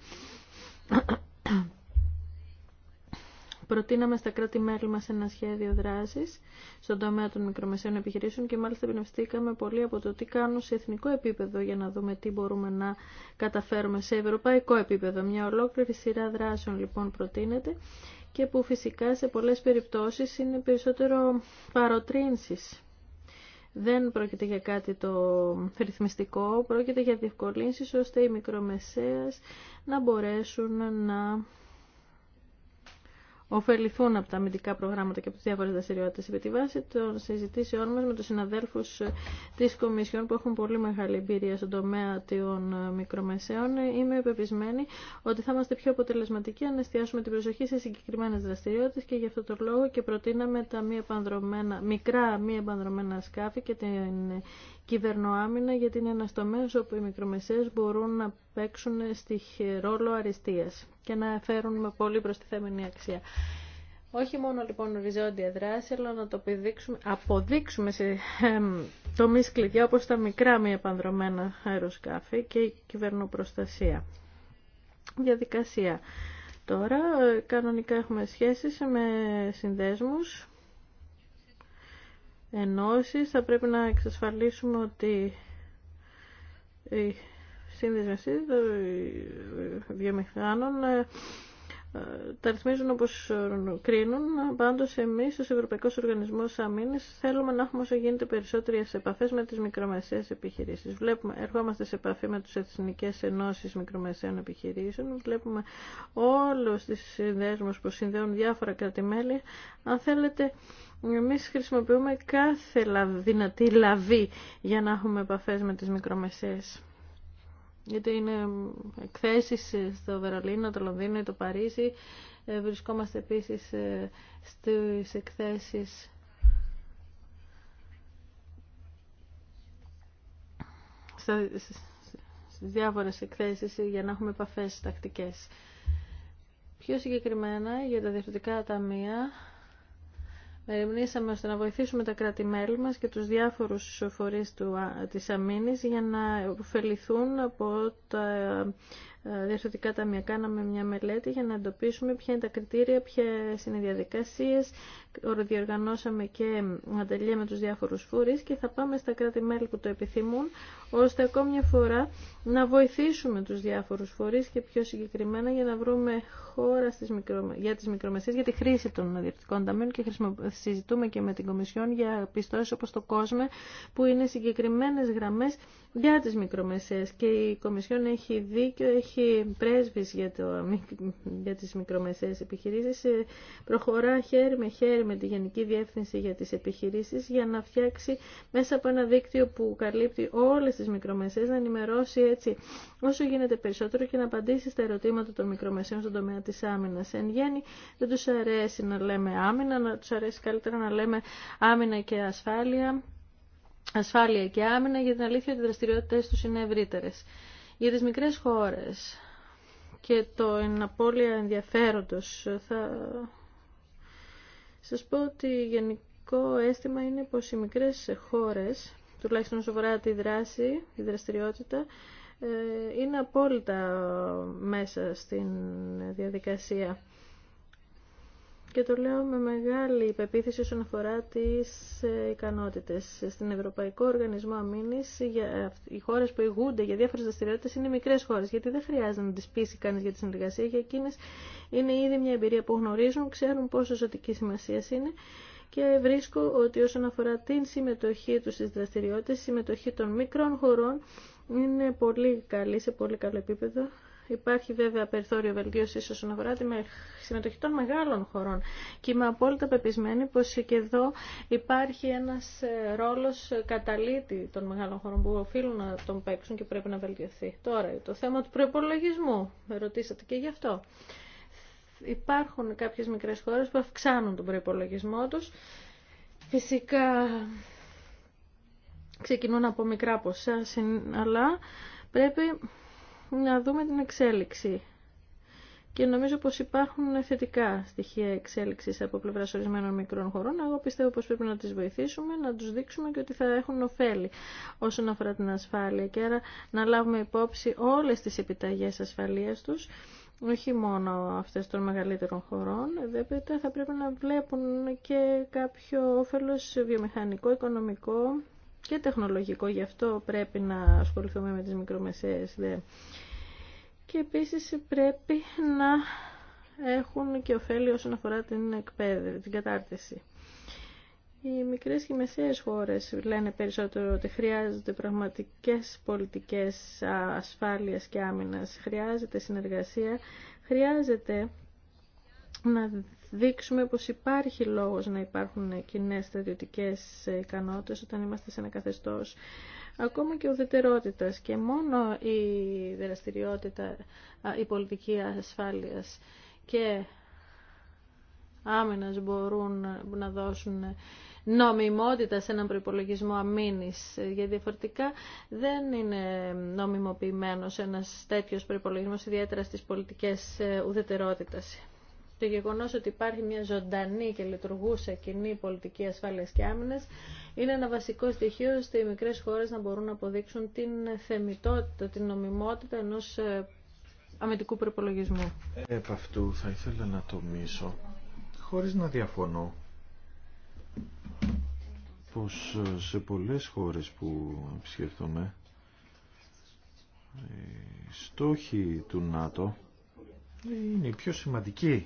S3: Προτείναμε στα κράτη-μέλη μα ένα σχέδιο δράση στον τομέα των μικρομεσαίων επιχειρήσεων και μάλιστα εμπνευστήκαμε πολύ από το τι κάνουν σε εθνικό επίπεδο για να δούμε τι μπορούμε να καταφέρουμε σε ευρωπαϊκό επίπεδο. Μια ολόκληρη σειρά δράσεων λοιπόν προτείνεται και που φυσικά σε πολλέ περιπτώσει είναι περισσότερο παροτρύνσει. Δεν πρόκειται για κάτι το ρυθμιστικό, πρόκειται για διευκολύνσεις ώστε οι μικρομεσαίες να μπορέσουν να ωφεληθούν από τα αμυντικά προγράμματα και από τι διάφορε δραστηριότητε. Επί τη βάση των συζητήσεών μα με του συναδέλφου ε, τη Κομισιόν που έχουν πολύ μεγάλη εμπειρία στον τομέα των ε, μικρομεσαίων, ε, είμαι πεπισμένη ότι θα είμαστε πιο αποτελεσματικοί αν εστιάσουμε την προσοχή σε συγκεκριμένε δραστηριότητε και γι' αυτό το λόγο και προτείναμε τα μη μικρά μη επανδρομένα σκάφη και την κυβερνοάμυνα γιατί είναι ένας όπου οι μικρομεσαίες μπορούν να παίξουν στη ρόλο αριστείας και να φέρουν με πολύ προστιθέμενη αξία. Όχι μόνο λοιπόν οριζόντια δράση, αλλά να το αποδείξουμε σε ε, τομείς κλειδιά όπως τα μικρά μη επανδρομένα αεροσκάφη και η κυβερνοπροστασία. Διαδικασία. Τώρα κανονικά έχουμε σχέσεις με συνδέσμους ενώσεις θα πρέπει να εξασφαλίσουμε ότι η σύνδεση βιομηχάνων τα ρυθμίζουν όπω ε, κρίνουν. Πάντως εμείς ως Ευρωπαϊκό Οργανισμό Αμήνη θέλουμε να έχουμε όσο γίνεται περισσότερε επαφές με τις μικρομεσαίες επιχειρήσεις. Βλέπουμε, ερχόμαστε σε επαφή με τι Εθνικές ενώσει Μικρομεσαίων Επιχειρήσεων. Βλέπουμε όλους τις συνδέσμους που συνδέουν διάφορα κρατημέλη. Αν θέλετε, εμεί χρησιμοποιούμε κάθε δυνατή λαβή για να έχουμε επαφέ με τι μικρομεσαίες γιατί είναι εκθέσεις στο Βερολίνο, το Λονδίνο ή το Παρίσι. Ε, βρισκόμαστε επίσης ε, στις εκθέσεις στις διάφορες εκθέσεις για να έχουμε επαφές τακτικές. Πιο συγκεκριμένα για τα διευθυντικά ταμεία Ερευνήσαμε ώστε να βοηθήσουμε τα κράτη-μέλη μας και τους διάφορους φορείς του, της αμήνης για να ωφεληθούν από τα ε, διευθυντικά ταμεία. Κάναμε μια μελέτη για να εντοπίσουμε ποια είναι τα κριτήρια, ποιε είναι οι διαδικασίε. Διοργανώσαμε και ατελεία με του διάφορου φορεί και θα πάμε στα κράτη-μέλη που το επιθυμούν, ώστε ακόμη μια φορά να βοηθήσουμε του διάφορου φορεί και πιο συγκεκριμένα για να βρούμε χώρα στις μικρο... για τι μικρομεσαίε, για τη χρήση των διορθωτικών ταμείων και χρησιμο... συζητούμε και με την Κομισιόν για πιστώσει όπω το COSME, που είναι συγκεκριμένε γραμμέ για τι μικρομεσαίε. Και η Κομισιόν έχει δίκιο, έχει υπάρχει πρέσβης για, το, για τις μικρομεσαίες επιχειρήσεις, ε, προχωρά χέρι με χέρι με τη Γενική Διεύθυνση για τι επιχειρήσει για να φτιάξει μέσα από ένα δίκτυο που καλύπτει όλε τι μικρομεσαίες, να ενημερώσει έτσι όσο γίνεται περισσότερο και να απαντήσει στα ερωτήματα των μικρομεσαίων στον τομέα τη Άμυνα Εν γέννη δεν τους αρέσει να λέμε άμυνα, να τους αρέσει καλύτερα να λέμε άμυνα και ασφάλεια ασφάλεια και άμυνα για την αλήθεια ότι οι δραστηριότητε του είναι ευρύτερε. Για τις μικρές χώρες και το εναπόλυα ενδιαφέροντος θα σας πω ότι γενικό αίσθημα είναι πως οι μικρές χώρες, τουλάχιστον όσο τη δράση, τη δραστηριότητα, ε, είναι απόλυτα μέσα στην διαδικασία και το λέω με μεγάλη υπεποίθηση όσον αφορά τις ε, ικανότητες. Στην Ευρωπαϊκό Οργανισμό Αμήνης ε, οι χώρες που ηγούνται για διάφορες δραστηριότητες είναι μικρές χώρες γιατί δεν χρειάζεται να τις πείσει κανείς για τη συνεργασία για εκείνες είναι ήδη μια εμπειρία που γνωρίζουν, ξέρουν πόσο ζωτική σημασία είναι και βρίσκω ότι όσον αφορά την συμμετοχή του στις δραστηριότητες, η συμμετοχή των μικρών χωρών είναι πολύ καλή, σε πολύ καλό επίπεδο Υπάρχει βέβαια περιθώριο βελτίωση όσον αφορά τη συμμετοχή των μεγάλων χωρών. Και είμαι απόλυτα πεπισμένη πω και εδώ υπάρχει ένα ε, ρόλο καταλήτη των μεγάλων χωρών που οφείλουν να τον παίξουν και πρέπει να βελτιωθεί. Τώρα, το θέμα του προπολογισμού. Με ρωτήσατε και γι' αυτό. Υπάρχουν κάποιε μικρέ χώρε που αυξάνουν τον προπολογισμό του. Φυσικά ξεκινούν από μικρά ποσά, αλλά πρέπει να δούμε την εξέλιξη. Και νομίζω πως υπάρχουν θετικά στοιχεία εξέλιξης από πλευράς ορισμένων μικρών χωρών. Εγώ πιστεύω πως πρέπει να τις βοηθήσουμε, να τους δείξουμε και ότι θα έχουν ωφέλη όσον αφορά την ασφάλεια. Και άρα να λάβουμε υπόψη όλες τις επιταγές ασφαλείας τους όχι μόνο αυτές των μεγαλύτερων χωρών, βέβαια θα πρέπει να βλέπουν και κάποιο όφελος βιομηχανικό, οικονομικό και τεχνολογικό. Γι' αυτό πρέπει να ασχοληθούμε με τις μικρομεσαίες. Και επίσης πρέπει να έχουν και ωφέλη όσον αφορά την εκπαίδευση, την κατάρτιση. Οι μικρές και μεσαίες χώρες λένε περισσότερο ότι χρειάζονται πραγματικές πολιτικές ασφάλειας και άμυνας, χρειάζεται συνεργασία, χρειάζεται να δείξουμε πως υπάρχει λόγος να υπάρχουν κοινέ στρατιωτικέ ικανότητες όταν είμαστε σε ένα καθεστώς ακόμα και ουδετερότητας και μόνο η δραστηριότητα, η πολιτική ασφάλειας και άμυνας μπορούν να δώσουν νομιμότητα σε έναν προϋπολογισμό αμήνης, γιατί διαφορετικά δεν είναι νομιμοποιημένος ένας τέτοιος προϋπολογισμός ιδιαίτερα στις πολιτικές ε, ουδετερότητας το γεγονός ότι υπάρχει μια ζωντανή και λειτουργούσα κοινή πολιτική ασφάλειας και άμυνες, είναι ένα βασικό στοιχείο ώστε οι μικρές χώρες να μπορούν να αποδείξουν την θεμητότητα, την νομιμότητα ενός ε, αμυντικού προπολογισμού.
S4: Επ' αυτού θα ήθελα να το μίσω, χωρίς να διαφωνώ, πως ε, σε πολλές χώρες που επισκεφτούμε, οι στόχοι του ΝΑΤΟ είναι οι πιο σημαντικοί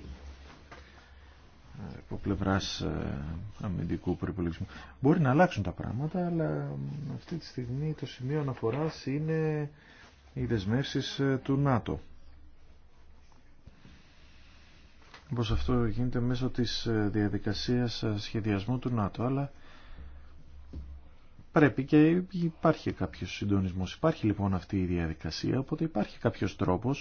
S4: από πλευρά ε, αμυντικού προπολογισμού. Μπορεί να αλλάξουν τα πράγματα, αλλά αυτή τη στιγμή το σημείο αναφορά είναι οι δεσμεύσει ε, του ΝΑΤΟ. Όπω αυτό γίνεται μέσω τη ε, διαδικασία σχεδιασμού του ΝΑΤΟ, αλλά πρέπει και υπάρχει κάποιος συντονισμό. Υπάρχει λοιπόν αυτή η διαδικασία, οπότε υπάρχει κάποιο τρόπο.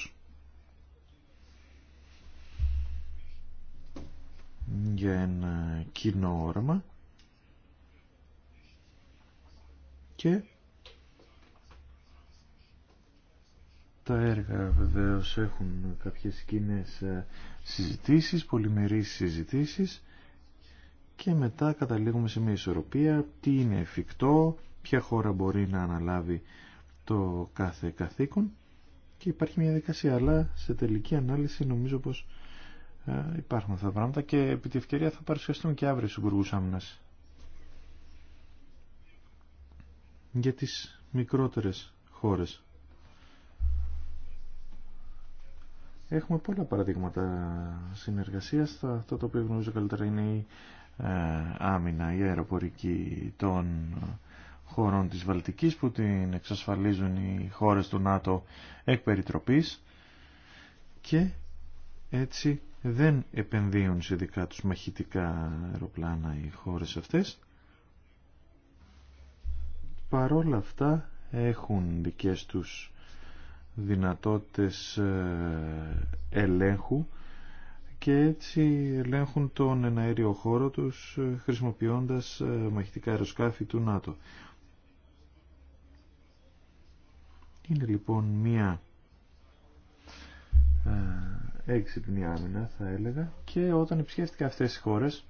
S4: για ένα κοινό όραμα και τα έργα βεβαίως έχουν κάποιες κοινέ ε, συζητήσεις, πολυμερείς συζητήσεις και μετά καταλήγουμε σε μια ισορροπία τι είναι εφικτό, ποια χώρα μπορεί να αναλάβει το κάθε καθήκον και υπάρχει μια δικασία αλλά σε τελική ανάλυση νομίζω πως ε, υπάρχουν αυτά τα πράγματα και επί τη ευκαιρία θα παρουσιαστούν και αύριο στους Υπουργούς Άμυνας. Για τις μικρότερες χώρες. Έχουμε πολλά παραδείγματα συνεργασίας. Αυτό το οποίο γνωρίζω καλύτερα είναι η ε, άμυνα, η αεροπορική των χωρών της Βαλτικής που την εξασφαλίζουν οι χώρες του ΝΑΤΟ εκ περιτροπής και έτσι δεν επενδύουν σε δικά τους μαχητικά αεροπλάνα οι χώρες αυτές. Παρόλα αυτά έχουν δικές τους δυνατότητες ε, ελέγχου και έτσι ελέγχουν τον εναέριο χώρο τους ε, χρησιμοποιώντας ε, μαχητικά αεροσκάφη του ΝΑΤΟ. Είναι λοιπόν μία έξυπνη άμυνα θα έλεγα και όταν επισκέφτηκα αυτές τις χώρες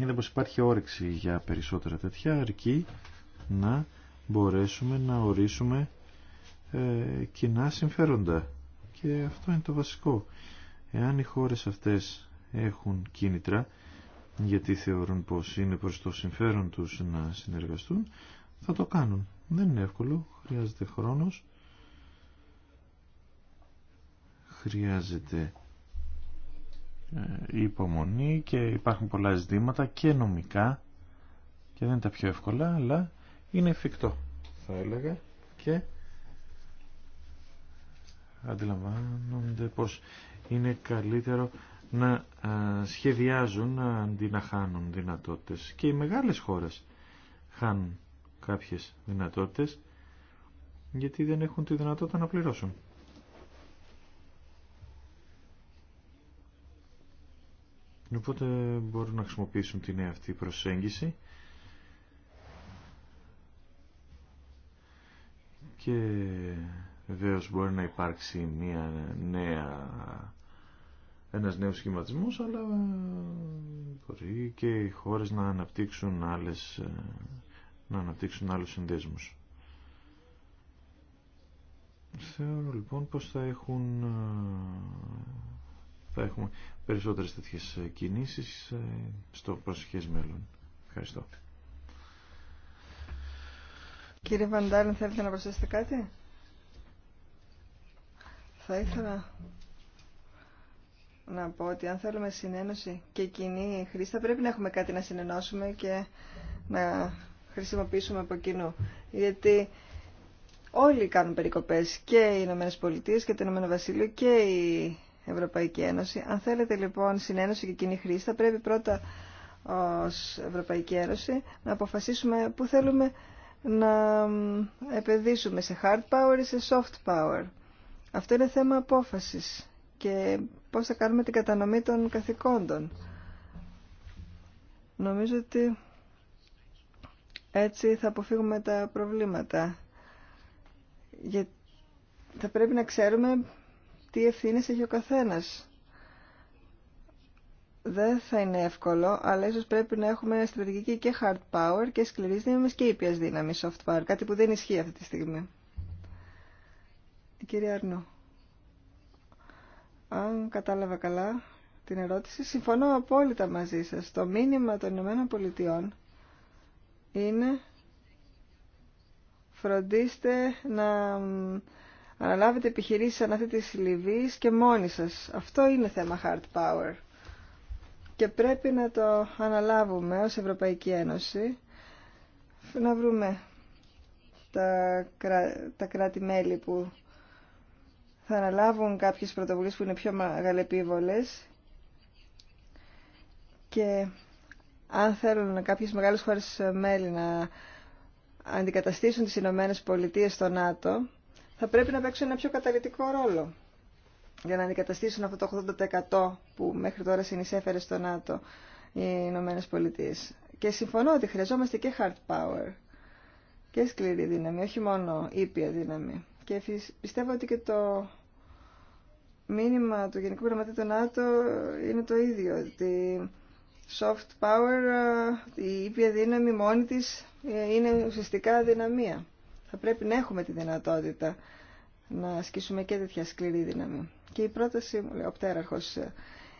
S4: είδα πως υπάρχει όρεξη για περισσότερα τέτοια αρκεί να μπορέσουμε να ορίσουμε ε, κοινά συμφέροντα και αυτό είναι το βασικό εάν οι χώρες αυτές έχουν κίνητρα γιατί θεωρούν πως είναι προς το συμφέρον τους να συνεργαστούν θα το κάνουν δεν είναι εύκολο, χρειάζεται χρόνος χρειάζεται ε, υπομονή και υπάρχουν πολλά ζητήματα και νομικά και δεν είναι τα πιο εύκολα αλλά είναι εφικτό θα έλεγα και αντιλαμβάνονται πως είναι καλύτερο να ε, σχεδιάζουν αντί να χάνουν δυνατότητες και οι μεγάλες χώρες χάνουν κάποιες δυνατότητες γιατί δεν έχουν τη δυνατότητα να πληρώσουν. Οπότε μπορούν να χρησιμοποιήσουν την νέα αυτή προσέγγιση και βεβαίω μπορεί να υπάρξει μια νέα ένας νέος σχηματισμός αλλά ε, μπορεί και οι χώρες να αναπτύξουν άλλες ε, να αναπτύξουν άλλους συνδέσμους. Θεωρώ λοιπόν πως θα έχουν ε, θα έχουμε περισσότερες τέτοιες ε, κινήσεις ε, στο προσεχές μέλλον. Ευχαριστώ.
S2: Κύριε Βαντάλη, θέλετε να προσθέσετε κάτι? Θα ήθελα να πω ότι αν θέλουμε συνένωση και κοινή χρήση θα πρέπει να έχουμε κάτι να συνενώσουμε και να χρησιμοποιήσουμε από κοινού. Γιατί όλοι κάνουν περικοπές και οι Ηνωμένες Πολιτείες και το Ηνωμένο Βασίλειο και οι Ευρωπαϊκή Ένωση. Αν θέλετε λοιπόν συνένωση και κοινή χρήση, θα πρέπει πρώτα ως Ευρωπαϊκή Ένωση να αποφασίσουμε πού θέλουμε να επενδύσουμε σε hard power ή σε soft power. Αυτό είναι θέμα απόφασης και πώς θα κάνουμε την κατανομή των καθηκόντων. Νομίζω ότι έτσι θα αποφύγουμε τα προβλήματα. Γιατί θα πρέπει να ξέρουμε τι ευθύνες έχει ο καθένας. Δεν θα είναι εύκολο, αλλά ίσως πρέπει να έχουμε στρατηγική και hard power και σκληρή δύναμη και ήπιας δύναμη, soft power, κάτι που δεν ισχύει αυτή τη στιγμή. Κύριε κυρία Αρνού. Αν κατάλαβα καλά την ερώτηση, συμφωνώ απόλυτα μαζί σας. Το μήνυμα των Ηνωμένων Πολιτειών είναι φροντίστε να αναλάβετε επιχειρήσεις σαν αυτή και μόνοι σας. Αυτό είναι θέμα hard power. Και πρέπει να το αναλάβουμε ως Ευρωπαϊκή Ένωση, να βρούμε τα, κράτη-μέλη που θα αναλάβουν κάποιες πρωτοβουλίες που είναι πιο μεγαλεπίβολες και αν θέλουν κάποιες μεγάλες χώρες μέλη να αντικαταστήσουν τις Ηνωμένε Πολιτείες στο ΝΑΤΟ, θα πρέπει να παίξουν ένα πιο καταλητικό ρόλο για να αντικαταστήσουν αυτό το 80% που μέχρι τώρα συνεισέφερε στο ΝΑΤΟ οι Ηνωμένε Πολιτείε. Και συμφωνώ ότι χρειαζόμαστε και hard power και σκληρή δύναμη, όχι μόνο ήπια δύναμη. Και πιστεύω ότι και το μήνυμα του Γενικού Γραμματέα του ΝΑΤΟ είναι το ίδιο, ότι soft power, ε, η ήπια δύναμη μόνη της ε, είναι ουσιαστικά δυναμία θα πρέπει να έχουμε τη δυνατότητα να ασκήσουμε και τέτοια σκληρή δύναμη. Και η πρόταση, μου λέει ο Πτέραρχος,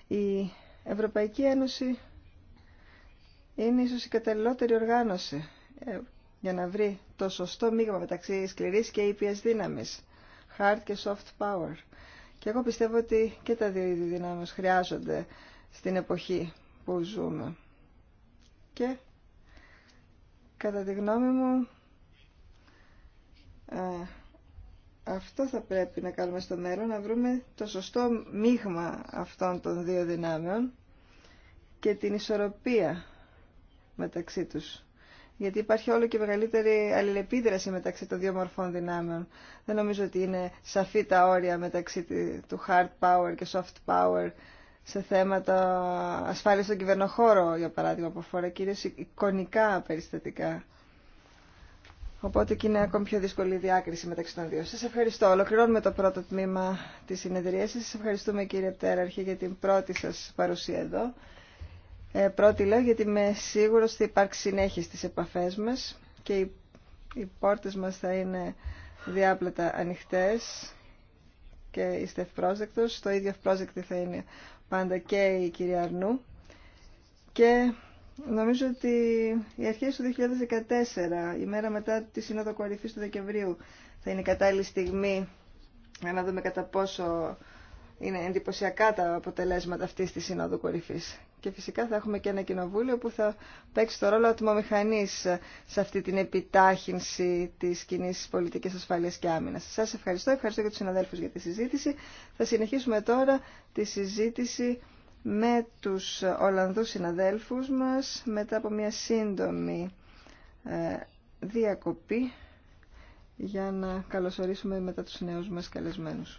S2: η Ευρωπαϊκή Ένωση είναι ίσως η καταλληλότερη οργάνωση ε, για να βρει το σωστό μείγμα μεταξύ σκληρής και ήπιας δύναμης, hard και soft power. Και εγώ πιστεύω ότι και τα δύο είδη δυνάμεις χρειάζονται στην εποχή που ζούμε. Και κατά τη γνώμη μου αυτό θα πρέπει να κάνουμε στο μέρο να βρούμε το σωστό μείγμα αυτών των δύο δυνάμεων και την ισορροπία μεταξύ τους. Γιατί υπάρχει όλο και μεγαλύτερη αλληλεπίδραση μεταξύ των δύο μορφών δυνάμεων. Δεν νομίζω ότι είναι σαφή τα όρια μεταξύ του hard power και soft power σε θέματα ασφάλειας στον κυβερνοχώρο, για παράδειγμα, που αφορά κυρίω εικονικά περιστατικά. Οπότε και είναι ακόμη πιο δύσκολη η διάκριση μεταξύ των δύο. Σα ευχαριστώ. Ολοκληρώνουμε το πρώτο τμήμα της συνεδρίας. σα. ευχαριστούμε κύριε Πτέραρχη για την πρώτη σα παρουσία εδώ. Ε, πρώτη λέω γιατί είμαι σίγουρο ότι υπάρχει συνέχεια στις επαφέ μα και οι, οι πόρτες μας θα είναι διάπλατα ανοιχτές και είστε ευπρόσδεκτο. Το ίδιο ευπρόσδεκτη θα είναι πάντα και η κυρία Αρνού. Και Νομίζω ότι οι αρχές του 2014, η μέρα μετά τη Σύνοδο Κορυφής του Δεκεμβρίου, θα είναι η κατάλληλη στιγμή για να δούμε κατά πόσο είναι εντυπωσιακά τα αποτελέσματα αυτής της Σύνοδου Κορυφής. Και φυσικά θα έχουμε και ένα κοινοβούλιο που θα παίξει το ρόλο ατμομηχανής σε αυτή την επιτάχυνση της κοινή πολιτικής ασφάλειας και άμυνας. Σας ευχαριστώ, ευχαριστώ και τους συναδέλφους για τη συζήτηση. Θα συνεχίσουμε τώρα τη συζήτηση με τους Ολλανδούς συναδέλφους μας μετά από μια σύντομη ε, διακοπή για να καλωσορίσουμε μετά τους νέους μας καλεσμένους.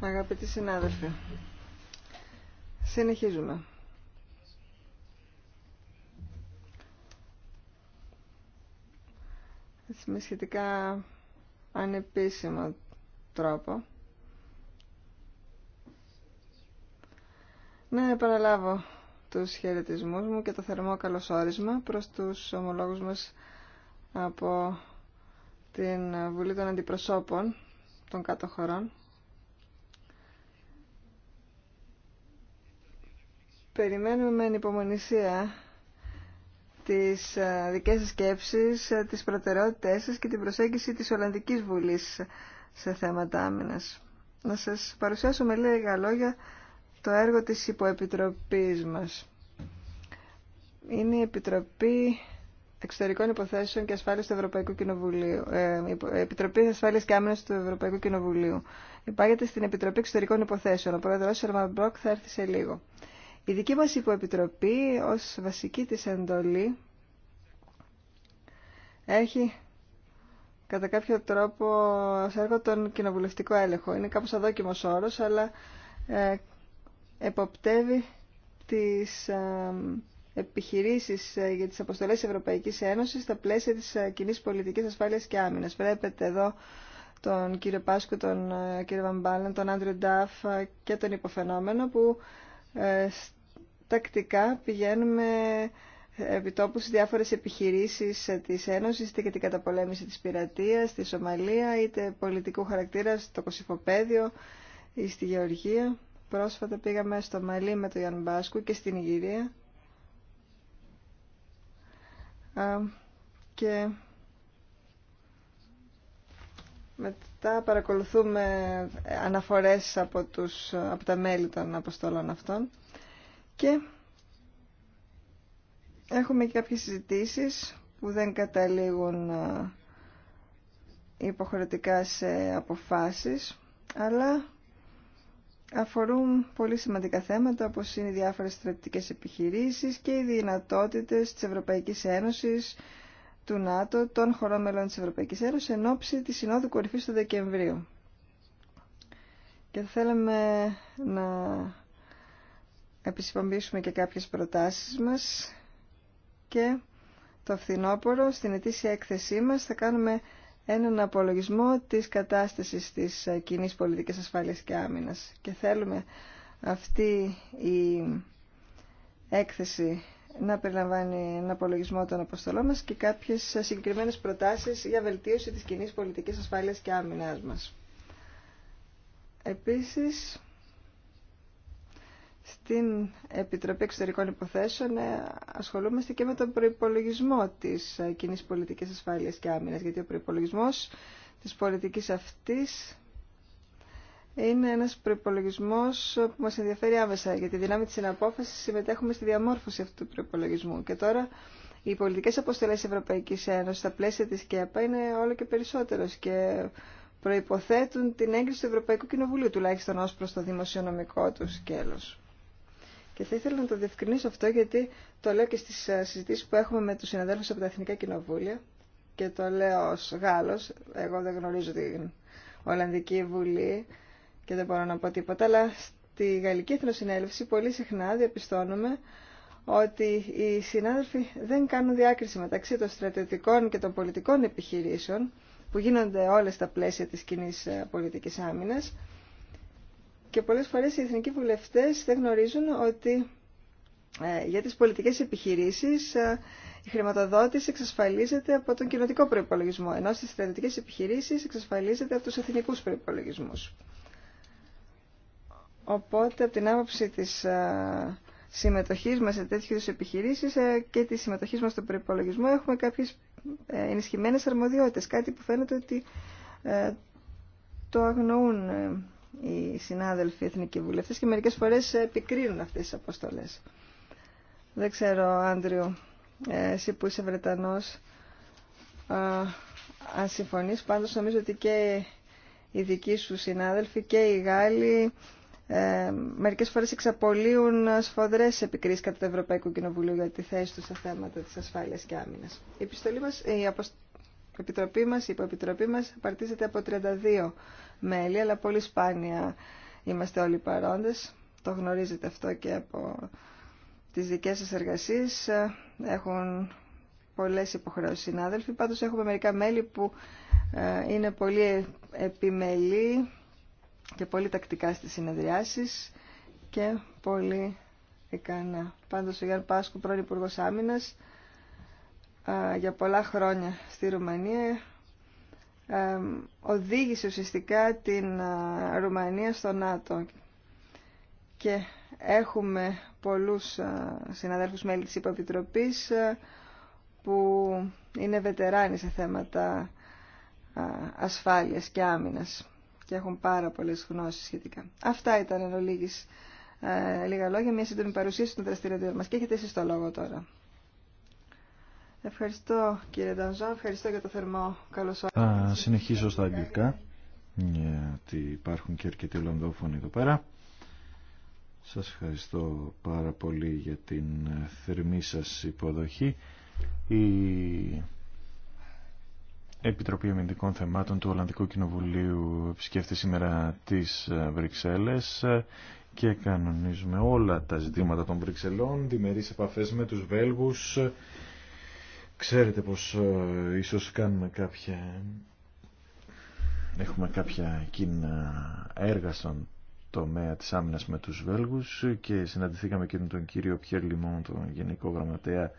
S2: Αγαπητοί συνάδελφοι, συνεχίζουμε. Έτσι, με σχετικά ανεπίσημο τρόπο. Να επαναλάβω τους χαιρετισμούς μου και το θερμό καλωσόρισμα προς τους ομολόγους μας από την Βουλή των Αντιπροσώπων των κάτω χωρών. Περιμένουμε με ανυπομονησία τις ε, δικές σας σκέψεις, ε, τις προτεραιότητές και την προσέγγιση της Ολλανδικής Βουλής σε θέματα άμυνας. Να σας παρουσιάσω με λίγα λόγια το έργο της υποεπιτροπής μας. Είναι η Επιτροπή Εξωτερικών Υποθέσεων και Ασφάλειας του Ευρωπαϊκού Κοινοβουλίου, ε, Επιτροπή Ασφάλειας και Άμυνας του Ευρωπαϊκού Κοινοβουλίου. Υπάγεται στην Επιτροπή Εξωτερικών Υποθέσεων. Ο πρόεδρος Σερμαν Μπρόκ θα έρθει σε λίγο. Η δική μας υποεπιτροπή ως βασική της εντολή έχει κατά κάποιο τρόπο ως έργο τον κοινοβουλευτικό έλεγχο. Είναι κάπως αδόκιμος όρος, αλλά ε, εποπτεύει τις... Ε, επιχειρήσεις ε, για τις αποστολές Ευρωπαϊκής Ένωσης στα πλαίσια της ε, κοινή πολιτικής ασφάλειας και άμυνας. Βλέπετε εδώ τον κύριο Πάσκου, τον ε, κύριο Βαμπάλεν, τον Άντριο Ντάφ και τον υποφαινόμενο που ε, τακτικά πηγαίνουμε επιτόπου στις διάφορες επιχειρήσεις της Ένωσης είτε για την καταπολέμηση της πειρατείας, στη Σομαλία, είτε πολιτικού χαρακτήρα στο Κωσυφοπαίδιο ή στη Γεωργία. Πρόσφατα πήγαμε στο Μαλί με τον Ιαν Μπάσκου και στην Ιγυρία και μετά παρακολουθούμε αναφορές από, τους, από τα μέλη των αποστόλων αυτών και έχουμε και κάποιες συζητήσεις που δεν καταλήγουν υποχρεωτικά σε αποφάσεις αλλά αφορούν πολύ σημαντικά θέματα όπως είναι οι διάφορες στρατιωτικές επιχειρήσεις και οι δυνατότητες της Ευρωπαϊκής Ένωσης, του ΝΑΤΟ, των χωρών μελών της Ευρωπαϊκής Ένωσης εν ώψη της Συνόδου Κορυφής του Δεκεμβρίου. Και θα θέλαμε να επισυπομπήσουμε και κάποιες προτάσεις μας και το φθινόπωρο στην ετήσια έκθεσή μας θα κάνουμε έναν απολογισμό της κατάστασης της κοινή πολιτικής ασφάλειας και άμυνας. Και θέλουμε αυτή η έκθεση να περιλαμβάνει ένα απολογισμό των αποστολών μας και κάποιες συγκεκριμένες προτάσεις για βελτίωση της κοινή πολιτικής ασφάλειας και άμυνας μας. Επίσης, στην Επιτροπή Εξωτερικών Υποθέσεων ε, ασχολούμαστε και με τον προϋπολογισμό της ε, κοινή πολιτικής ασφάλειας και άμυνας, γιατί ο προϋπολογισμός της πολιτικής αυτής είναι ένας προϋπολογισμός που μας ενδιαφέρει άμεσα, γιατί δυνάμει της συναπόφαση συμμετέχουμε στη διαμόρφωση αυτού του προϋπολογισμού. Και τώρα οι πολιτικές αποστολές Ευρωπαϊκής Ένωσης στα πλαίσια της ΚΕΠΑ είναι όλο και περισσότερος και προϋποθέτουν την έγκριση του Ευρωπαϊκού Κοινοβουλίου, τουλάχιστον ως προς το δημοσιονομικό του σκέλος. Και θα ήθελα να το διευκρινίσω αυτό γιατί το λέω και στις ε, συζητήσεις που έχουμε με τους συναδέλφους από τα Εθνικά Κοινοβούλια και το λέω ως Γάλλος, εγώ δεν γνωρίζω την Ολλανδική Βουλή και δεν μπορώ να πω τίποτα, αλλά στη Γαλλική Εθνοσυνέλευση πολύ συχνά διαπιστώνουμε ότι οι συνάδελφοι δεν κάνουν διάκριση μεταξύ των στρατιωτικών και των πολιτικών επιχειρήσεων που γίνονται όλες τα πλαίσια της κοινή ε, πολιτικής άμυνας και πολλές φορές οι εθνικοί βουλευτές δεν γνωρίζουν ότι ε, για τις πολιτικές επιχειρήσεις ε, η χρηματοδότηση εξασφαλίζεται από τον κοινοτικό προϋπολογισμό, ενώ στις στρατιωτικές επιχειρήσεις εξασφαλίζεται από τους εθνικούς προϋπολογισμούς. Οπότε, από την άποψη της ε, συμμετοχής μας σε τέτοιου επιχειρήσεις και τη συμμετοχή μας στον προϋπολογισμό έχουμε κάποιες ενισχυμένες αρμοδιότητες, κάτι που φαίνεται ότι το αγνοούν οι συνάδελφοι εθνικοί βουλευτές και μερικές φορές επικρίνουν αυτές τις αποστολές. Δεν ξέρω, Άντριο, εσύ που είσαι Βρετανός, αν συμφωνείς, πάντως νομίζω ότι και οι δικοί σου συνάδελφοι και οι Γάλλοι ε, μερικές φορές εξαπολύουν σφοδρές επικρίσεις κατά το Ευρωπαϊκό Κοινοβουλίο για τη θέση του στα θέματα της ασφάλειας και άμυνας. Η, επιστολή μας, η Επιτροπή μας, η υποεπιτροπή μας παρτίζεται από 32 μέλη, αλλά πολύ σπάνια είμαστε όλοι παρόντες. Το γνωρίζετε αυτό και από τις δικές σας εργασίες. Έχουν πολλές υποχρεώσεις συνάδελφοι. Πάντως έχουμε μερικά μέλη που ε, είναι πολύ επιμελή και πολύ τακτικά στις συνεδριάσεις και πολύ ικανά. Πάντως ο Γιάννη Πάσκου, πρώην ε, για πολλά χρόνια στη Ρουμανία οδήγησε ουσιαστικά την ε, Ρουμανία στο ΝΑΤΟ και έχουμε πολλούς ε, συναδέλφους μέλη της Υποεπιτροπής ε, που είναι βετεράνοι σε θέματα ασφάλειας και άμυνας και έχουν πάρα πολλές γνώσεις σχετικά. Αυτά ήταν εν λίγα λόγια, μια σύντομη παρουσίαση των δραστηριοτήτων μας και έχετε εσείς το λόγο τώρα. Ευχαριστώ κύριε Ντανζάν, ευχαριστώ για το θερμό σα. Θα
S4: συνεχίσω στα αγγλικά, γιατί υπάρχουν και αρκετοί Ολλανδόφωνοι εδώ πέρα. Σας ευχαριστώ πάρα πολύ για την θερμή σας υποδοχή. Η Επιτροπή Αμυντικών Θεμάτων του Ολλανδικού Κοινοβουλίου επισκέφτεται σήμερα τις Βρυξέλλες και κανονίζουμε όλα τα ζητήματα των Βρυξελών, διμερείς επαφές με τους Βέλγους, Ξέρετε πως ε, ίσως κάνουμε κάποια... Έχουμε κάποια κοινά έργα στον τομέα της άμυνας με τους Βέλγους και συναντηθήκαμε και με τον κύριο Πιέρ Λιμόν, τον Γενικό Γραμματέα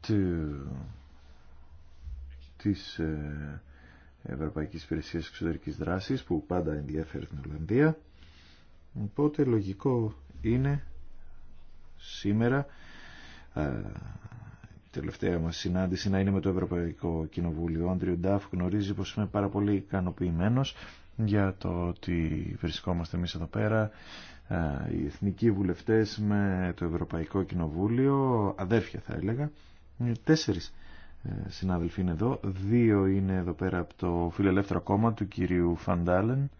S4: του... της ε, Ευρωπαϊκής Υπηρεσίας Εξωτερικής Δράσης που πάντα ενδιαφέρει την Ολλανδία. Οπότε λογικό είναι σήμερα ε, η τελευταία μας συνάντηση να είναι με το Ευρωπαϊκό Κοινοβούλιο. Ο Άντριο Ντάφ γνωρίζει πως είμαι πάρα πολύ ικανοποιημένο για το ότι βρισκόμαστε εμείς εδώ πέρα ε, οι εθνικοί βουλευτές με το Ευρωπαϊκό Κοινοβούλιο, αδέρφια θα έλεγα, ε, τέσσερις συνάδελφοι είναι εδώ, δύο είναι εδώ πέρα από το φιλελεύθερο κόμμα του κυρίου Φαντάλεν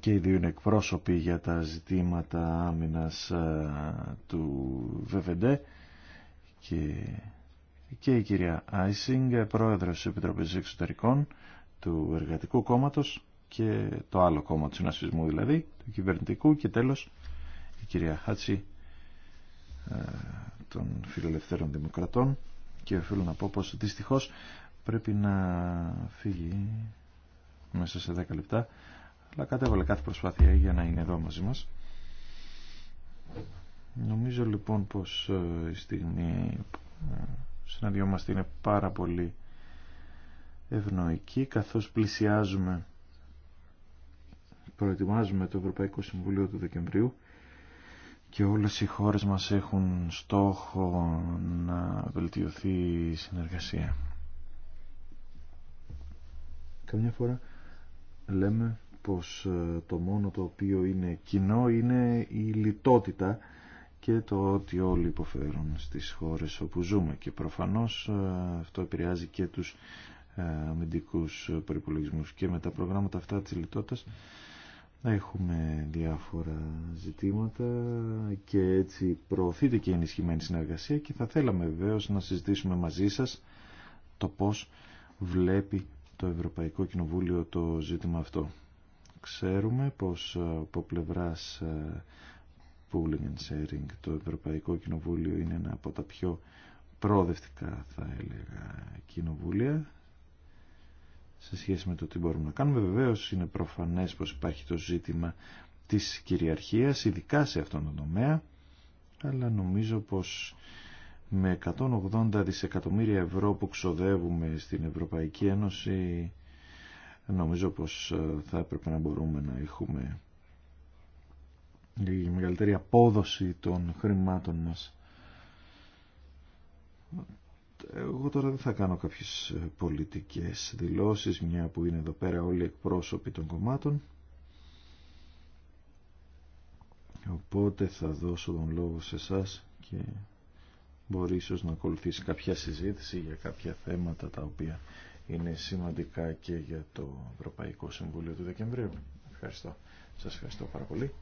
S4: και οι δύο είναι εκπρόσωποι για τα ζητήματα άμυνας ε, του ΒΒΔ και, και η κυρία Άισινγκ, πρόεδρος της Επιτροπής Εξωτερικών του Εργατικού Κόμματος και το άλλο κόμμα του συνασπισμού δηλαδή, του κυβερνητικού και τέλος η κυρία Χάτσι ε, των Φιλελευθέρων Δημοκρατών και οφείλω να πω πως δυστυχώς πρέπει να φύγει μέσα σε 10 λεπτά αλλά κατέβαλε κάθε προσπάθεια για να είναι εδώ μαζί μας. Νομίζω λοιπόν πως ε, η στιγμή που ε, συναντιόμαστε είναι πάρα πολύ ευνοϊκή καθώς πλησιάζουμε προετοιμάζουμε το Ευρωπαϊκό Συμβουλίο του Δεκεμβρίου και όλες οι χώρες μας έχουν στόχο να βελτιωθεί η συνεργασία. Καμιά φορά λέμε πως ε, το μόνο το οποίο είναι κοινό είναι η λιτότητα και το ότι όλοι υποφέρουν στις χώρες όπου ζούμε και προφανώς ε, αυτό επηρεάζει και τους ε, αμυντικούς προπολογισμού και με τα προγράμματα αυτά της λιτότητας έχουμε διάφορα ζητήματα και έτσι προωθείται και η ενισχυμένη συνεργασία και θα θέλαμε βεβαίω να συζητήσουμε μαζί σας το πώς βλέπει το Ευρωπαϊκό Κοινοβούλιο το ζήτημα αυτό. Ξέρουμε πως ε, από πλευράς ε, pooling and sharing το Ευρωπαϊκό Κοινοβούλιο είναι ένα από τα πιο πρόδευτικα θα έλεγα κοινοβούλια σε σχέση με το τι μπορούμε να κάνουμε. βεβαίω είναι προφανές πως υπάρχει το ζήτημα της κυριαρχίας, ειδικά σε αυτόν τον τομέα, αλλά νομίζω πως με 180 δισεκατομμύρια ευρώ που ξοδεύουμε στην Ευρωπαϊκή Ένωση Νομίζω πως ε, θα έπρεπε να μπορούμε να έχουμε η μεγαλύτερη απόδοση των χρημάτων μας. Εγώ τώρα δεν θα κάνω κάποιες ε, πολιτικές δηλώσεις, μια που είναι εδώ πέρα όλοι εκπρόσωποι των κομμάτων. Οπότε θα δώσω τον λόγο σε εσά και μπορεί ίσως να ακολουθήσει κάποια συζήτηση για κάποια θέματα τα οποία είναι σημαντικά και για το Ευρωπαϊκό Συμβούλιο του Δεκεμβρίου. Ευχαριστώ. Σας ευχαριστώ πάρα πολύ.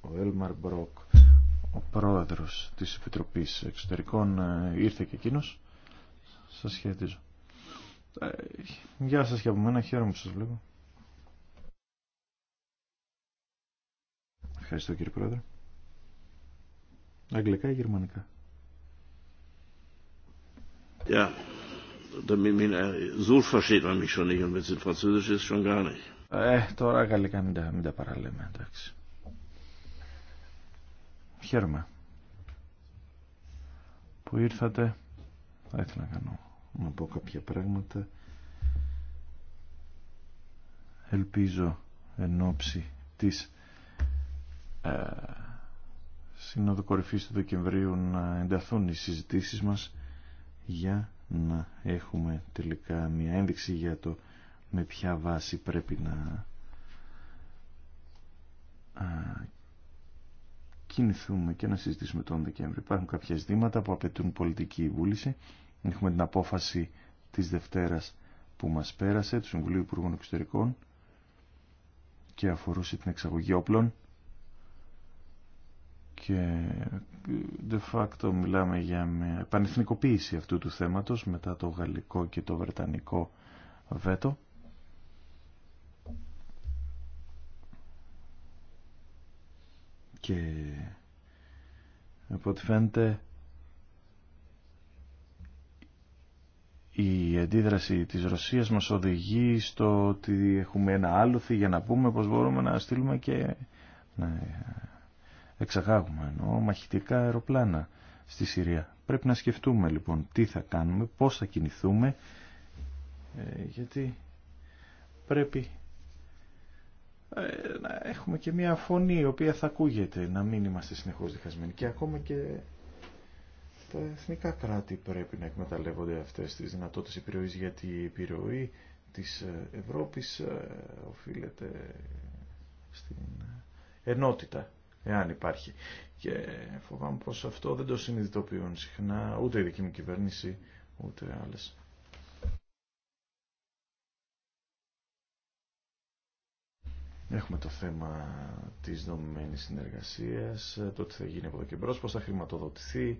S4: Ο Έλμαρ Μπρόκ, ο πρόεδρος της Επιτροπής Εξωτερικών, ε, ήρθε και εκείνο. Σας χαιρετίζω. Ε, γεια σας και από μένα, χαίρομαι που σας βλέπω. Ευχαριστώ κύριε Πρόεδρε. Αγγλικά ή γερμανικά.
S1: Yeah. Äh,
S4: so versteht man mich schon nicht und wenn es in Französisch ist, schon gar nicht. Ε, τώρα γαλλικά μην τα, μην τα παραλέμε, εντάξει. Χαίρομαι που ήρθατε. Θα ήθελα να κάνω να πω κάποια πράγματα. Ελπίζω εν ώψη της ε, Συνόδου Κορυφής του Δεκεμβρίου να ενταθούν οι συζητήσεις μας για να έχουμε τελικά μια ένδειξη για το με ποια βάση πρέπει να κινηθούμε και να συζητήσουμε τον Δεκέμβρη. Υπάρχουν κάποια ζητήματα που απαιτούν πολιτική βούληση. Έχουμε την απόφαση της Δευτέρας που μας πέρασε του Συμβουλίου Υπουργών Εξωτερικών και αφορούσε την εξαγωγή όπλων και de facto μιλάμε για μια επανεθνικοποίηση αυτού του θέματος μετά το γαλλικό και το βρετανικό βέτο. Και από ό,τι φαίνεται η αντίδραση της Ρωσίας μας οδηγεί στο ότι έχουμε ένα άλωθι για να πούμε πως μπορούμε να στείλουμε και να εξαγάγουμε, εννοώ μαχητικά αεροπλάνα στη Συρία. Πρέπει να σκεφτούμε λοιπόν τι θα κάνουμε, πώς θα κινηθούμε, ε, γιατί πρέπει
S1: ε, να
S4: έχουμε και μια φωνή η οποία θα ακούγεται, να μην είμαστε συνεχώς διχασμένοι. Και ακόμα και τα εθνικά κράτη πρέπει να εκμεταλλεύονται αυτές τις δυνατότητες επιρροής, γιατί η επιρροή της ε, Ευρώπης οφείλεται στην ενότητα εάν υπάρχει. Και φοβάμαι πως αυτό δεν το συνειδητοποιούν συχνά ούτε η δική μου κυβέρνηση, ούτε άλλες. Έχουμε το θέμα της δομημένης συνεργασίας, το τι θα γίνει από εδώ και μπρος, πώς θα χρηματοδοτηθεί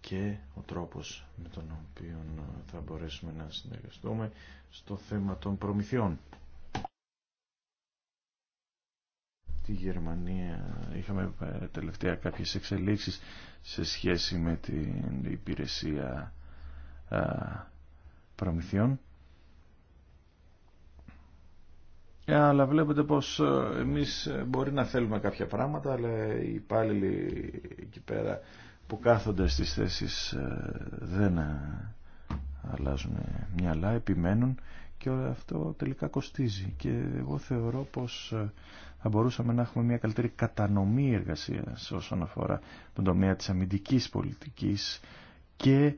S4: και ο τρόπος με τον οποίο θα μπορέσουμε να συνεργαστούμε στο θέμα των προμηθειών. στη Γερμανία είχαμε ε, τελευταία κάποιες εξελίξεις σε σχέση με την υπηρεσία ε, προμηθειών. Ε, αλλά βλέπετε πως εμείς μπορεί να θέλουμε κάποια πράγματα, αλλά οι υπάλληλοι εκεί πέρα που κάθονται στις θέσεις δεν αλλάζουν μυαλά, επιμένουν και όλο αυτό τελικά κοστίζει και εγώ θεωρώ πως ε, θα μπορούσαμε να έχουμε μια καλύτερη κατανομή εργασίας όσον αφορά τον τομέα της αμυντικής πολιτικής και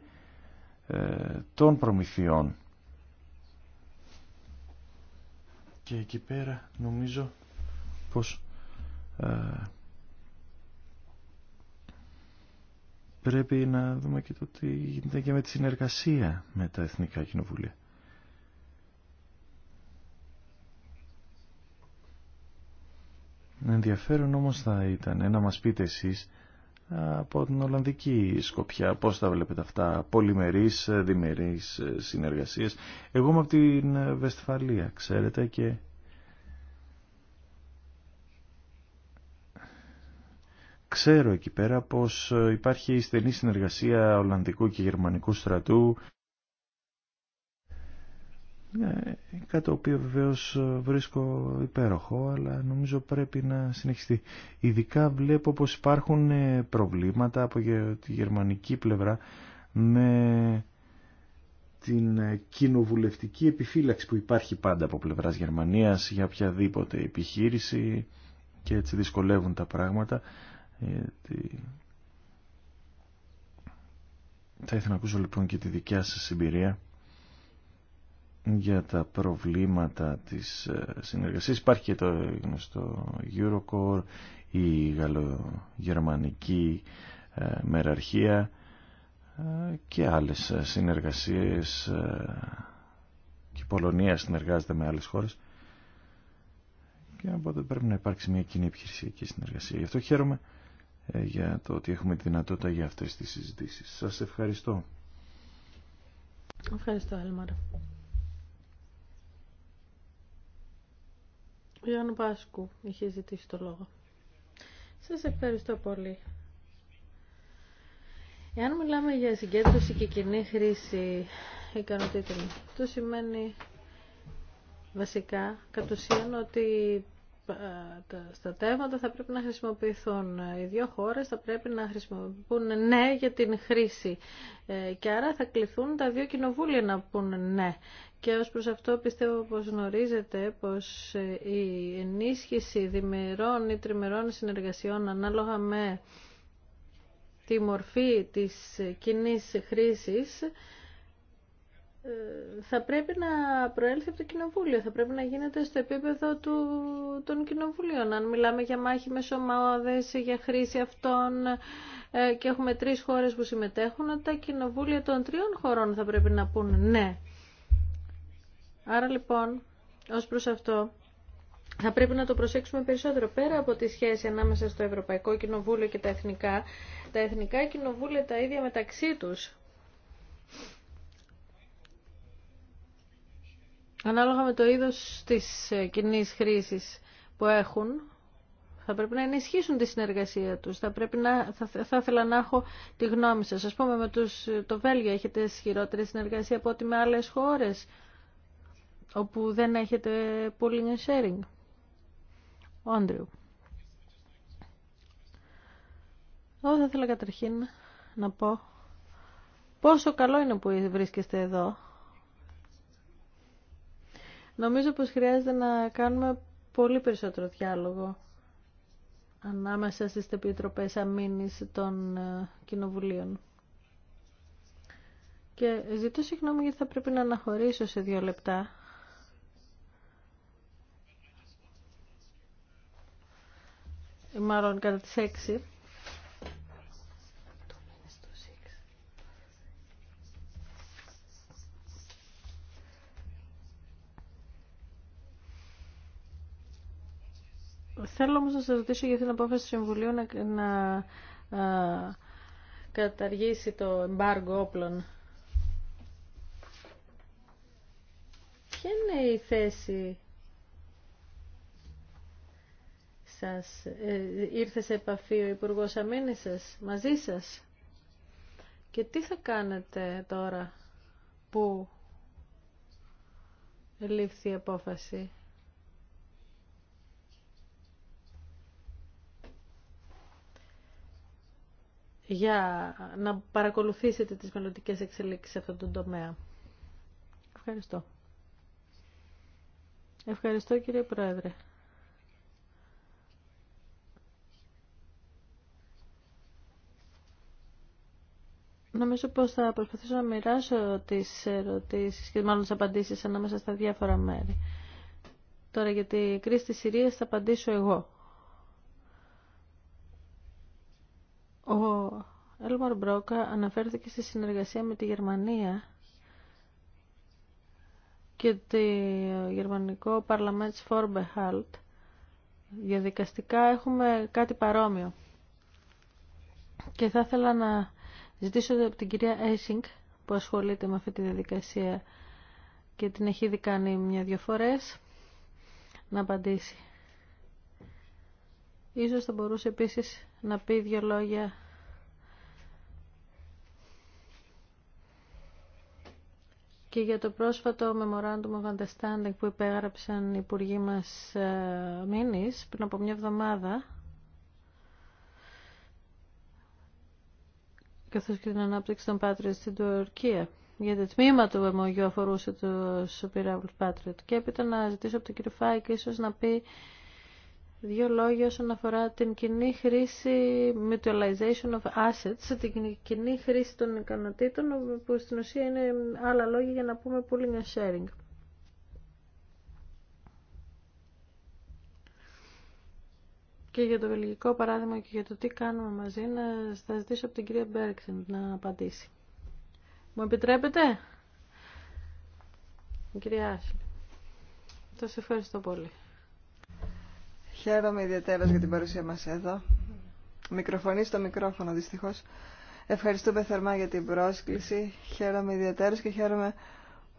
S4: ε, των προμηθειών. Και εκεί πέρα νομίζω πως ε, πρέπει να δούμε και το τι γίνεται και με τη συνεργασία με τα Εθνικά Κοινοβουλία. Ενδιαφέρον όμως θα ήταν να μας πείτε εσείς από την Ολλανδική Σκοπιά πώς τα βλέπετε αυτά, πολυμερείς, διμερείς συνεργασίες. Εγώ είμαι από την Βεσφαλία, ξέρετε, και ξέρω εκεί πέρα πως υπάρχει στενή συνεργασία Ολλανδικού και Γερμανικού στρατού ναι, κάτι το οποίο βεβαίως ε, βρίσκω υπέροχο αλλά νομίζω πρέπει να συνεχιστεί ειδικά βλέπω πως υπάρχουν ε, προβλήματα από τη γερμανική πλευρά με την ε, κοινοβουλευτική επιφύλαξη που υπάρχει πάντα από πλευράς Γερμανίας για οποιαδήποτε επιχείρηση και έτσι δυσκολεύουν τα πράγματα θα ήθελα να ακούσω λοιπόν και τη δικιά σας εμπειρία για τα προβλήματα της ε, συνεργασίας. Υπάρχει και το γνωστό Eurocore, η γαλλογερμανική ε, μεραρχία ε, και άλλες συνεργασίες και η Πολωνία συνεργάζεται με άλλες χώρες και οπότε πρέπει να υπάρξει μια κοινή επιχειρησιακή συνεργασία. Γι' αυτό χαίρομαι για το ότι έχουμε τη δυνατότητα για αυτές τις συζητήσεις. Σας ευχαριστώ.
S3: Ευχαριστώ, άλμαρα. Γιάννου Πάσκου είχε ζητήσει το λόγο. Σας ευχαριστώ πολύ. Εάν μιλάμε για συγκέντρωση και κοινή χρήση ικανοτήτων, αυτό σημαίνει βασικά κατ' ουσίαν ότι ε, τα στατεύματα θα πρέπει να χρησιμοποιηθούν. Οι δύο χώρες θα πρέπει να χρησιμοποιούν ναι για την χρήση. Ε, και άρα θα κληθούν τα δύο κοινοβούλια να πούν ναι. Και ως προς αυτό πιστεύω πως γνωρίζετε πως ε, η ενίσχυση διμερών ή τριμερών συνεργασιών ανάλογα με τη μορφή της κοινή χρήσης ε, θα πρέπει να προέλθει από το κοινοβούλιο, θα πρέπει να γίνεται στο επίπεδο του, των κοινοβουλίων. Αν μιλάμε για μάχη με σωμάδες, για χρήση αυτών ε, και έχουμε τρεις χώρες που συμμετέχουν, τα κοινοβούλια των τριών χωρών θα πρέπει να πούν ναι Άρα λοιπόν, ως προς αυτό, θα πρέπει να το προσέξουμε περισσότερο πέρα από τη σχέση ανάμεσα στο Ευρωπαϊκό Κοινοβούλιο και τα Εθνικά. Τα Εθνικά Κοινοβούλια τα ίδια μεταξύ τους. Ανάλογα με το είδος της ε, κοινή χρήσης που έχουν, θα πρέπει να ενισχύσουν τη συνεργασία τους. Θα, πρέπει να, θα, ήθελα να έχω τη γνώμη σας. Ας πούμε με τους, ε, το Βέλγιο έχετε ισχυρότερη συνεργασία από ό,τι με άλλες χώρες όπου δεν έχετε πολύ sharing. Ο Άντριου. Εγώ θα ήθελα καταρχήν να πω πόσο καλό είναι που βρίσκεστε εδώ. Νομίζω πως χρειάζεται να κάνουμε πολύ περισσότερο διάλογο ανάμεσα στις επιτροπές αμήνης των ε, κοινοβουλίων. Και ζητώ συγγνώμη γιατί θα πρέπει να αναχωρήσω σε δύο λεπτά. μάλλον κατά τις 6. Θέλω όμως να σας ρωτήσω για την απόφαση του Συμβουλίου να, να καταργήσει το εμπάργκο όπλων. Ποια είναι η θέση Ε, ήρθε σε επαφή ο Υπουργός Αμήνης σας, μαζί σας. Και τι θα κάνετε τώρα που λήφθη η απόφαση. για να παρακολουθήσετε τις μελλοντικές εξελίξεις σε αυτόν τον τομέα. Ευχαριστώ. Ευχαριστώ κύριε Πρόεδρε. Νομίζω πως θα προσπαθήσω να μοιράσω τις ερωτήσεις και μάλλον τις απαντήσεις ανάμεσα στα διάφορα μέρη. Τώρα για τη κρίση της Συρίας θα απαντήσω εγώ. Ο Έλμαρ Μπρόκα αναφέρθηκε στη συνεργασία με τη Γερμανία και το γερμανικό Parlaments Vorbehalt. Διαδικαστικά έχουμε κάτι παρόμοιο. Και θα ήθελα να ζητήσω από την κυρία Έσινγκ που ασχολείται με αυτή τη διαδικασία και την έχει ήδη κάνει μια-δυο φορές να απαντήσει. Ίσως θα μπορούσε επίσης να πει δύο λόγια και για το πρόσφατο Memorandum of Understanding που υπέγραψαν οι υπουργοί μας ε, μήνες πριν από μια εβδομάδα καθώς και την ανάπτυξη των Patriot στην Τουρκία. γιατί τμήμα του Εμμογιού αφορούσε το πυράβλους Patriot. Και έπειτα να ζητήσω από τον κύριο Φάικ ίσως να πει δύο λόγια όσον αφορά την κοινή χρήση mutualization of assets, την κοινή χρήση των ικανοτήτων, που στην ουσία είναι άλλα λόγια για να πούμε pooling and sharing. και για το βελγικό παράδειγμα και για το τι κάνουμε μαζί να θα ζητήσω από την κυρία Μπέρξεν να απαντήσει. Μου επιτρέπετε? Κυρία Άσλη, σε ευχαριστώ πολύ.
S2: Χαίρομαι ιδιαίτερα για την παρουσία μας εδώ. Μικροφωνή στο μικρόφωνο δυστυχώς. Ευχαριστούμε θερμά για την πρόσκληση. Χαίρομαι ιδιαίτερα και χαίρομαι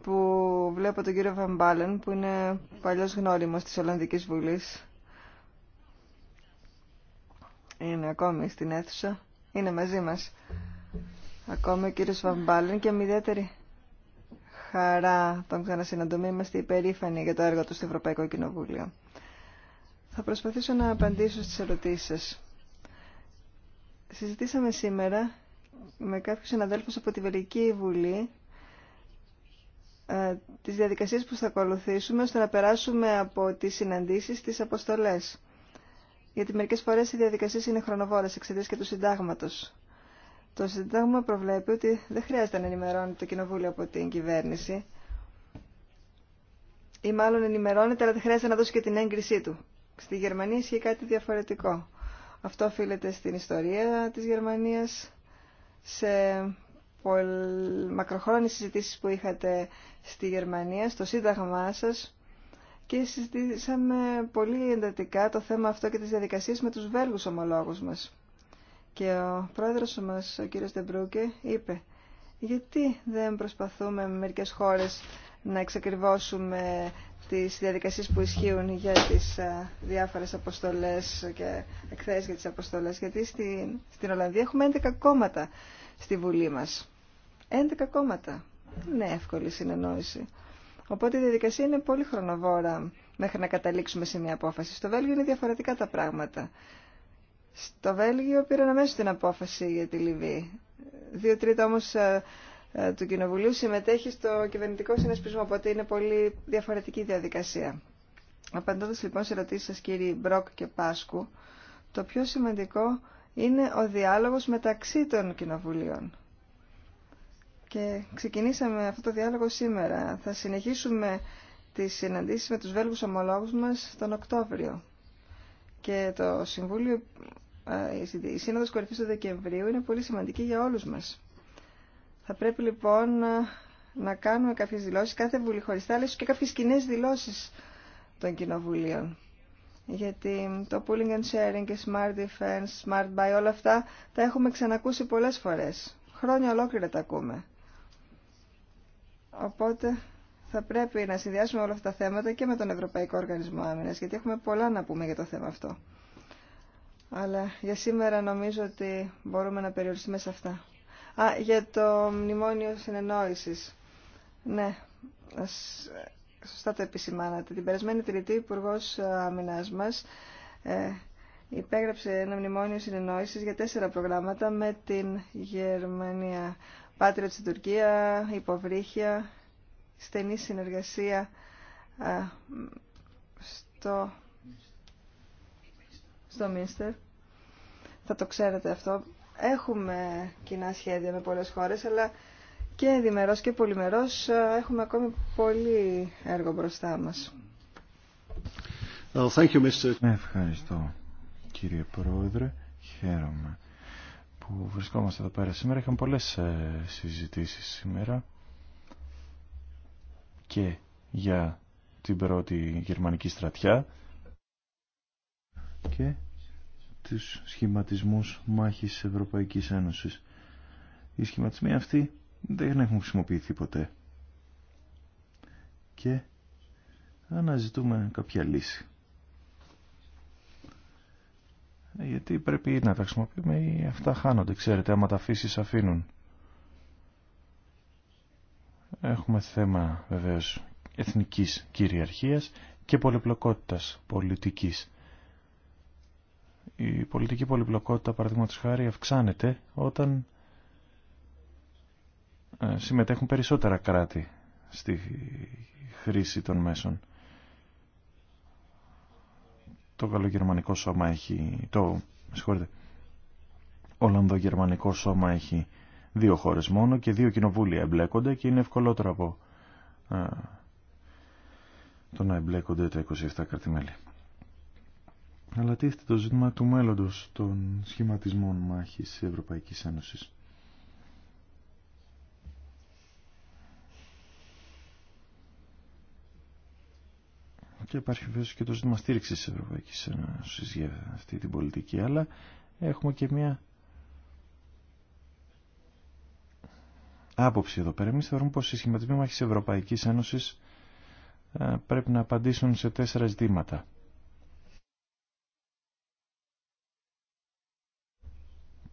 S2: που βλέπω τον κύριο Βαμπάλεν που είναι παλιός γνώριμος της Ολλανδικής Βουλής είναι ακόμη στην αίθουσα. Είναι μαζί μας. Ακόμη ο κύριος Βαμπάλεν και με ιδιαίτερη χαρά τον ξανασυναντούμε. Είμαστε υπερήφανοι για το έργο του στο Ευρωπαϊκό Κοινοβούλιο. Θα προσπαθήσω να απαντήσω στις ερωτήσεις σας. Συζητήσαμε σήμερα με κάποιους συναδέλφους από τη Βελική Βουλή ε, τις διαδικασίες που θα ακολουθήσουμε ώστε να περάσουμε από τις συναντήσεις στις αποστολές γιατί μερικές φορές οι διαδικασίες είναι χρονοβόρες εξαιτίας και του συντάγματος. Το συντάγμα προβλέπει ότι δεν χρειάζεται να ενημερώνεται το κοινοβούλιο από την κυβέρνηση ή μάλλον ενημερώνεται αλλά δεν χρειάζεται να δώσει και την έγκρισή του. Στη Γερμανία ισχύει κάτι διαφορετικό. Αυτό οφείλεται στην ιστορία της Γερμανίας, σε μακροχρόνιες συζητήσεις που είχατε στη Γερμανία, στο σύνταγμά σας, και συζητήσαμε πολύ εντατικά το θέμα αυτό και τις διαδικασίες με τους Βέλγους ομολόγους μας. Και ο πρόεδρος μας, ο κύριος Ντεμπρούκε, είπε γιατί δεν προσπαθούμε με μερικές χώρες να εξακριβώσουμε τις διαδικασίες που ισχύουν για τις διάφορες αποστολές και εκθέσεις για τις αποστολές, γιατί στην, στην Ολλανδία έχουμε 11 κόμματα στη Βουλή μας. 11 κόμματα. Δεν είναι εύκολη συνεννόηση. Οπότε η διαδικασία είναι πολύ χρονοβόρα μέχρι να καταλήξουμε σε μια απόφαση. Στο Βέλγιο είναι διαφορετικά τα πράγματα. Στο Βέλγιο πήραν αμέσως την απόφαση για τη Λιβύη. Δύο τρίτα όμως ε, ε, του Κοινοβουλίου συμμετέχει στο κυβερνητικό συνασπισμό, οπότε είναι πολύ διαφορετική διαδικασία. Απαντώντας λοιπόν σε ερωτήσεις σας κύριοι Μπροκ και Πάσκου, το πιο σημαντικό είναι ο διάλογος μεταξύ των κοινοβουλίων. Και ξεκινήσαμε αυτό το διάλογο σήμερα. Θα συνεχίσουμε τις συναντήσεις με τους Βέλγους ομολόγους μας τον Οκτώβριο. Και το Συμβούλιο, η Σύνοδος Κορυφής του Δεκεμβρίου είναι πολύ σημαντική για όλους μας. Θα πρέπει λοιπόν να κάνουμε κάποιες δηλώσεις, κάθε βουλή χωριστά, αλλά και κάποιες κοινέ δηλώσεις των κοινοβουλίων. Γιατί το pooling and sharing και smart defense, smart buy, όλα αυτά τα έχουμε ξανακούσει πολλές φορές. Χρόνια ολόκληρα τα ακούμε. Οπότε θα πρέπει να συνδυάσουμε όλα αυτά τα θέματα και με τον Ευρωπαϊκό Οργανισμό Άμυνας, γιατί έχουμε πολλά να πούμε για το θέμα αυτό. Αλλά για σήμερα νομίζω ότι μπορούμε να περιοριστούμε σε αυτά. Α, για το μνημόνιο συνεννόησης. Ναι, σωστά το επισημάνατε. Την περασμένη ο υπουργό Άμυνα μας ε, υπέγραψε ένα μνημόνιο συνεννόησης για τέσσερα προγράμματα με την Γερμανία. Πάτριο της Τουρκία, υποβρύχια, στενή συνεργασία στο, στο Μίνστερ. Θα το ξέρετε αυτό. Έχουμε κοινά σχέδια με πολλές χώρες, αλλά και διμερός και πολυμερός έχουμε ακόμη πολύ έργο μπροστά μας.
S4: Ευχαριστώ κύριε Πρόεδρε. Χαίρομαι που βρισκόμαστε εδώ πέρα σήμερα. Είχαμε πολλές ε, συζητήσεις σήμερα και για την πρώτη γερμανική στρατιά και τους σχηματισμούς μάχης Ευρωπαϊκής Ένωσης. Οι σχηματισμοί αυτοί δεν έχουν χρησιμοποιηθεί ποτέ. Και αναζητούμε κάποια λύση γιατί πρέπει να τα χρησιμοποιούμε ή αυτά χάνονται, ξέρετε, άμα τα αφήσει αφήνουν. Έχουμε θέμα βεβαίως εθνικής κυριαρχίας και πολυπλοκότητας πολιτικής. Η πολιτική πολυπλοκότητα, παραδείγματος χάρη, αυξάνεται όταν ε, συμμετέχουν περισσότερα κράτη στη χρήση των μέσων το γαλλογερμανικό σώμα έχει, το, συγχωρείτε, ολλανδογερμανικό σώμα έχει δύο χώρες μόνο και δύο κοινοβούλια εμπλέκονται και είναι ευκολότερο από α, ε, το να εμπλέκονται τα 27 κρατημέλη. Αλλά τίθεται το ζήτημα του μέλλοντος των σχηματισμών μάχης Ευρωπαϊκής Ένωσης. Και υπάρχει βέβαια και το ζήτημα στήριξη τη Ευρωπαϊκή Ένωση για αυτή την πολιτική, αλλά έχουμε και μια άποψη εδώ πέρα. Εμεί θεωρούμε πω οι σχηματισμοί μάχη τη Ευρωπαϊκή Ένωση ε, πρέπει να απαντήσουν σε τέσσερα ζητήματα.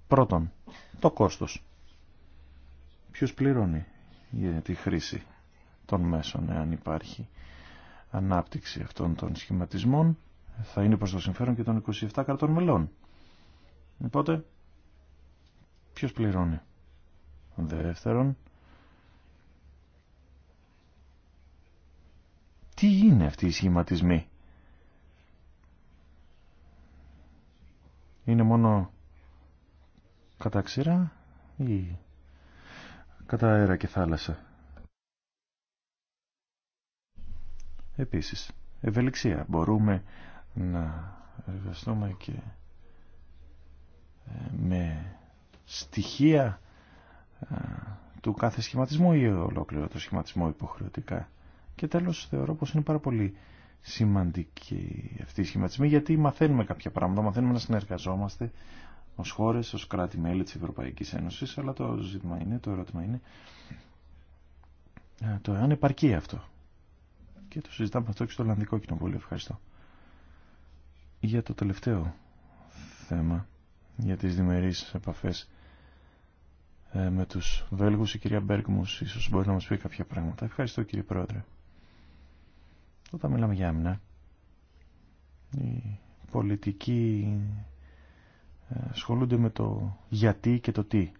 S4: Πρώτον, το κόστος. Ποιο πληρώνει για τη χρήση των μέσων, εάν υπάρχει ανάπτυξη αυτών των σχηματισμών θα είναι προς το συμφέρον και των 27 κρατών μελών. Οπότε, ποιος πληρώνει. Δεύτερον, τι είναι αυτοί οι σχηματισμοί. Είναι μόνο κατά ξηρά ή κατά αέρα και θάλασσα. Επίσης, ευελιξία. Μπορούμε να εργαστούμε και ε, με στοιχεία ε, του κάθε σχηματισμού ή ολόκληρο το σχηματισμό υποχρεωτικά. Και τέλος θεωρώ πως είναι πάρα πολύ σημαντική αυτή η σχηματισμή γιατί μαθαίνουμε κάποια πράγματα, μαθαίνουμε να συνεργαζόμαστε ως χώρες, ως κράτη-μέλη της Ευρωπαϊκής Ένωσης, αλλά το ζήτημα είναι, το ερώτημα είναι ε, το εάν επαρκεί αυτο και το συζητάμε αυτό και στο Ολλανδικό Κοινοβούλιο. Ευχαριστώ. Για το τελευταίο θέμα, για τις διμερείς επαφές ε, με τους Βέλγους, η κυρία Μπέργμους ίσως μπορεί να μας πει κάποια πράγματα. Ευχαριστώ κύριε Πρόεδρε. Όταν μιλάμε για άμυνα, οι πολιτικοί ε, ασχολούνται με το γιατί και το τι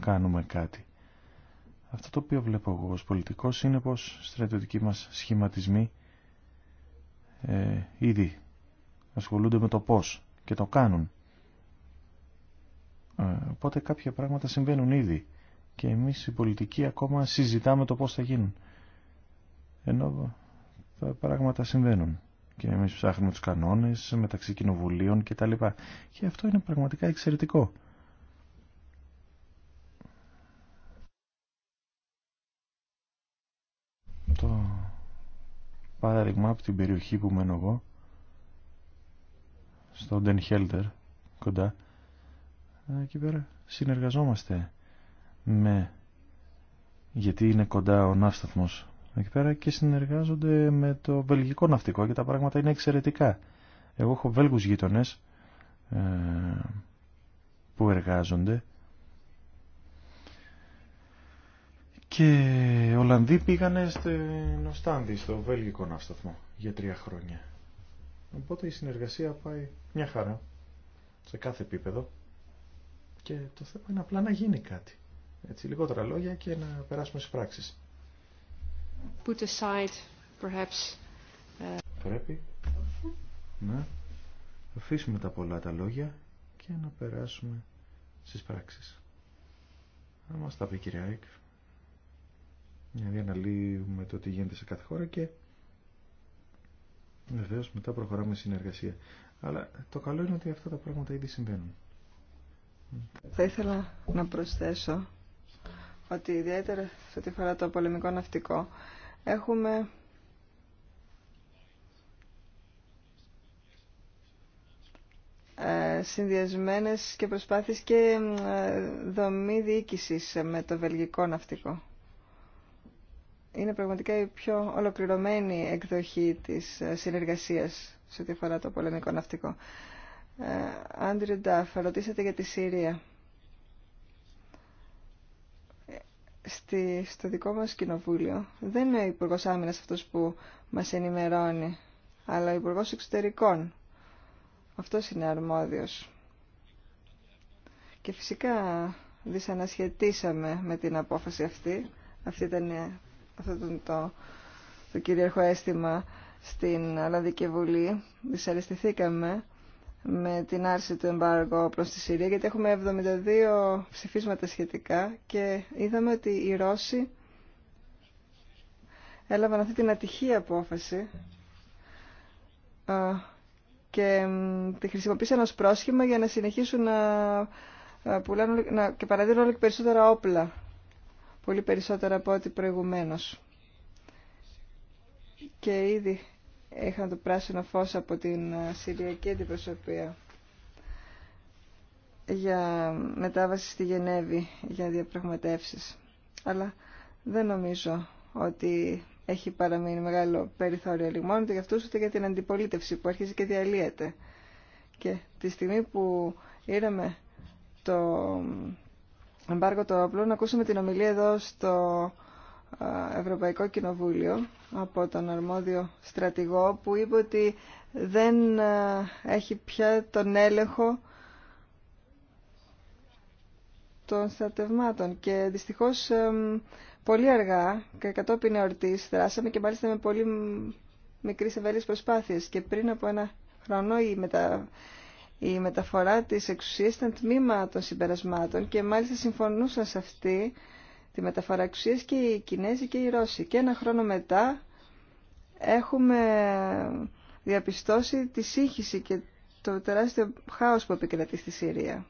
S4: κάνουμε κάτι. Αυτό το οποίο βλέπω εγώ ως πολιτικός είναι πως στρατιωτικοί μας σχηματισμοί ε, ήδη ασχολούνται με το πώς και το κάνουν. Ε, οπότε κάποια πράγματα συμβαίνουν ήδη και εμείς οι πολιτικοί ακόμα συζητάμε το πώς θα γίνουν. Ενώ τα πράγματα συμβαίνουν και εμείς ψάχνουμε τους κανόνες μεταξύ κοινοβουλίων κτλ. Και αυτό είναι πραγματικά εξαιρετικό. παράδειγμα από την περιοχή που μένω εγώ, στο Den κοντά, εκεί πέρα συνεργαζόμαστε με, γιατί είναι κοντά ο ναύσταθμος εκεί πέρα και συνεργάζονται με το βελγικό ναυτικό και τα πράγματα είναι εξαιρετικά. Εγώ έχω βέλγους γείτονες ε, που εργάζονται Και Ολλανδοί πήγανε στην στο Βέλγικο ναύσταθμο, για τρία χρόνια. Οπότε η συνεργασία πάει μια χαρά, σε κάθε επίπεδο. Και το θέμα είναι απλά να γίνει κάτι. Έτσι, λιγότερα λόγια και να περάσουμε στις πράξεις.
S2: Put aside, perhaps, ε,
S4: Πρέπει να αφήσουμε τα πολλά τα λόγια και να περάσουμε στις πράξεις. Να μας τα πει κυρία Δηλαδή αναλύουμε το τι γίνεται σε κάθε χώρα και βεβαίω μετά προχωράμε συνεργασία. Αλλά το
S2: καλό είναι ότι αυτά τα πράγματα ήδη συμβαίνουν. Θα ήθελα να προσθέσω ότι ιδιαίτερα σε ό,τι φορά το πολεμικό ναυτικό έχουμε ε, συνδυασμένες και προσπάθειες και ε, δομή διοίκησης με το βελγικό ναυτικό είναι πραγματικά η πιο ολοκληρωμένη εκδοχή της ε, συνεργασίας σε ό,τι αφορά το πολεμικό ναυτικό. Ε, Άντριου Ντάφ, ρωτήσατε για τη Συρία. Ε, στο δικό μας κοινοβούλιο δεν είναι ο Υπουργός Άμυνας αυτός που μας ενημερώνει, αλλά ο Υπουργός Εξωτερικών. Αυτός είναι αρμόδιος. Και φυσικά δυσανασχετήσαμε με την απόφαση αυτή. Αυτή ήταν αυτό το, το, το κυρίαρχο αίσθημα στην Ολλανδική Βουλή. Δυσαρεστηθήκαμε με την άρση του εμπάργου προς τη Συρία γιατί έχουμε 72 ψηφίσματα σχετικά και είδαμε ότι οι Ρώσοι έλαβαν αυτή την ατυχή απόφαση ε, και τη χρησιμοποίησαν ως πρόσχημα για να συνεχίσουν να, ε, πουλάνε, και παραδίδουν όλο και περισσότερα όπλα πολύ περισσότερα από ό,τι προηγουμένως. Και ήδη είχαν το πράσινο φως από την ε, Συριακή Αντιπροσωπεία για μετάβαση στη Γενέβη για διαπραγματεύσεις. Αλλά δεν νομίζω ότι έχει παραμείνει μεγάλο περιθώριο λιμών. ούτε για αυτούς ούτε για την αντιπολίτευση που αρχίζει και διαλύεται. Και τη στιγμή που είδαμε το εμπάργο των όπλων, ακούσαμε την ομιλία εδώ στο Ευρωπαϊκό Κοινοβούλιο από τον αρμόδιο στρατηγό που είπε ότι δεν έχει πια τον έλεγχο των στρατευμάτων και δυστυχώς πολύ αργά και κατόπιν εορτής δράσαμε και μάλιστα με πολύ μικρές ευέλειες προσπάθειες και πριν από ένα χρόνο η, μετα... Η μεταφορά της εξουσίας ήταν τμήμα των συμπερασμάτων και μάλιστα συμφωνούσαν σε αυτή τη μεταφορά εξουσίας και οι Κινέζοι και οι Ρώσοι. Και ένα χρόνο μετά έχουμε διαπιστώσει τη σύγχυση και το τεράστιο χάος που επικρατεί στη Συρία.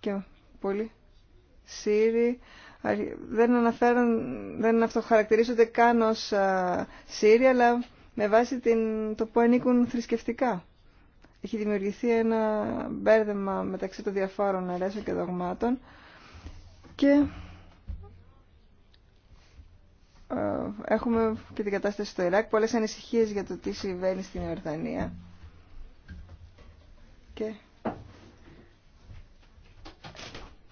S2: Και πολλοί Σύριοι δεν αναφέρουν, δεν αυτοχαρακτηρίζονται καν ως Σύριοι, αλλά με βάση την, το που ανήκουν θρησκευτικά έχει δημιουργηθεί ένα μπέρδεμα μεταξύ των διαφόρων αρέσεων και δογμάτων και ε, έχουμε και την κατάσταση στο Ιράκ, πολλές ανησυχίες για το τι συμβαίνει στην Ιορδανία. Και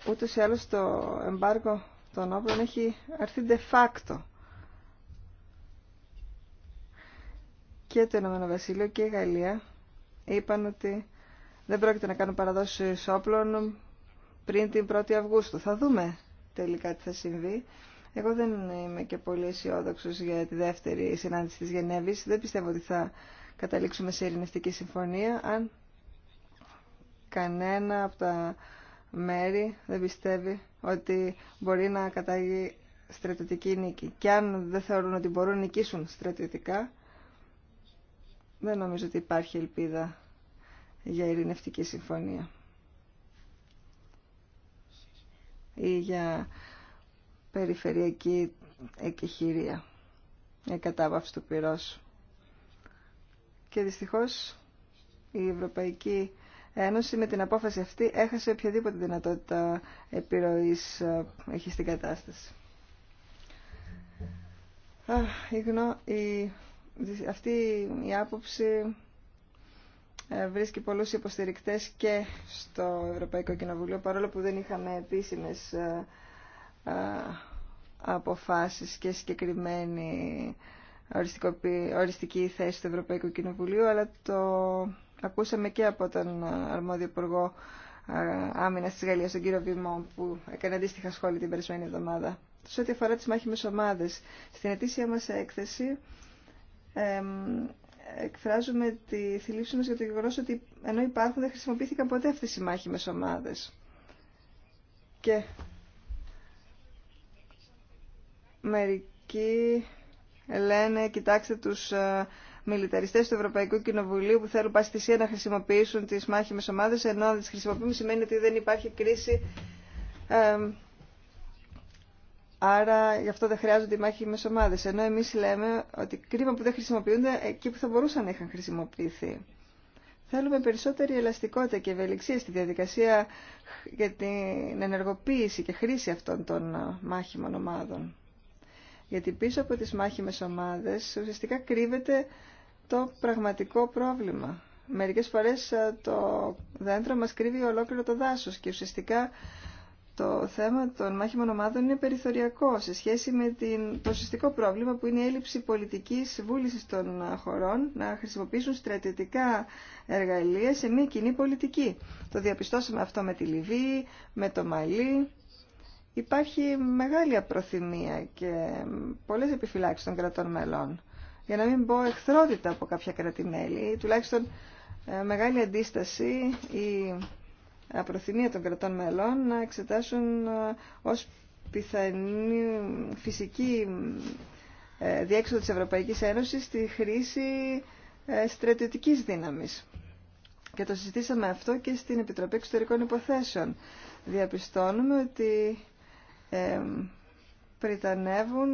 S2: ούτως ή άλλως το εμπαργό των όπλων έχει αρθεί de facto. Και το Ηνωμένο Βασίλειο και η Γαλλία είπαν ότι δεν πρόκειται να κάνουν παραδόσεις όπλων πριν την 1η Αυγούστου. Θα δούμε τελικά τι θα συμβεί. Εγώ δεν είμαι και πολύ αισιόδοξο για τη δεύτερη συνάντηση της Γενέβης. Δεν πιστεύω ότι θα καταλήξουμε σε ειρηνευτική συμφωνία αν κανένα από τα μέρη δεν πιστεύει ότι μπορεί να κατάγει στρατιωτική νίκη. Και αν δεν θεωρούν ότι μπορούν να νικήσουν στρατιωτικά, δεν νομίζω ότι υπάρχει ελπίδα για ειρηνευτική συμφωνία ή για περιφερειακή εκεχηρία για κατάβαυση του πυρός. Και δυστυχώς η Ευρωπαϊκή Ένωση με την απόφαση αυτή έχασε οποιαδήποτε δυνατότητα επιρροής ε, έχει στην κατάσταση. Η, γνω... η αυτή η άποψη ε, βρίσκει πολλούς υποστηρικτές και στο Ευρωπαϊκό Κοινοβουλίο, παρόλο που δεν είχαμε επίσημες ε, ε, αποφάσεις και συγκεκριμένη οριστική θέση του Ευρωπαϊκού Κοινοβουλίο αλλά το ακούσαμε και από τον αρμόδιο υπουργό άμυνα τη Γαλλία, τον κύριο Βημό, που έκανε αντίστοιχα σχόλια την περισμένη εβδομάδα. Σε ό,τι αφορά τις μάχημες ομάδες στην ετήσια μας έκθεση εκφράζουμε τη θλίψη μας για το γεγονός ότι ενώ υπάρχουν δεν χρησιμοποιήθηκαν ποτέ αυτές οι μάχημες ομάδες. Και μερικοί λένε κοιτάξτε τους ε, μιλιταριστές του Ευρωπαϊκού Κοινοβουλίου που θέλουν πάση θυσία να χρησιμοποιήσουν τις μάχημες ομάδες ενώ αν τις χρησιμοποιούμε σημαίνει ότι δεν υπάρχει κρίση Άρα γι' αυτό δεν χρειάζονται οι μάχοι με ομάδε. Ενώ εμεί λέμε ότι κρίμα που δεν χρησιμοποιούνται εκεί που θα μπορούσαν να είχαν χρησιμοποιηθεί. Θέλουμε περισσότερη ελαστικότητα και ευελιξία στη διαδικασία για την ενεργοποίηση και χρήση αυτών των ε, μάχημων ομάδων. Γιατί πίσω από τις μάχημες ομάδες ουσιαστικά κρύβεται το πραγματικό πρόβλημα. Μερικές φορές ε, το δέντρο μας κρύβει ολόκληρο το δάσος και ουσιαστικά το θέμα των μάχημων ομάδων είναι περιθωριακό σε σχέση με το συστικό πρόβλημα που είναι η έλλειψη πολιτικής βούλησης των χωρών να χρησιμοποιήσουν στρατιωτικά εργαλεία σε μια κοινή πολιτική. Το διαπιστώσαμε αυτό με τη Λιβύη, με το Μαλί. Υπάρχει μεγάλη απροθυμία και πολλές επιφυλάξεις των κρατών μελών. Για να μην πω εχθρότητα από κάποια κρατημέλη, τουλάχιστον ε, μεγάλη αντίσταση προθυμία των κρατών μελών να εξετάσουν ε, ως πιθανή φυσική ε, διέξοδο της Ευρωπαϊκής Ένωσης τη χρήση ε, στρατιωτικής δύναμης. Και το συζητήσαμε αυτό και στην Επιτροπή Εξωτερικών Υποθέσεων. Διαπιστώνουμε ότι ε, πριτανεύουν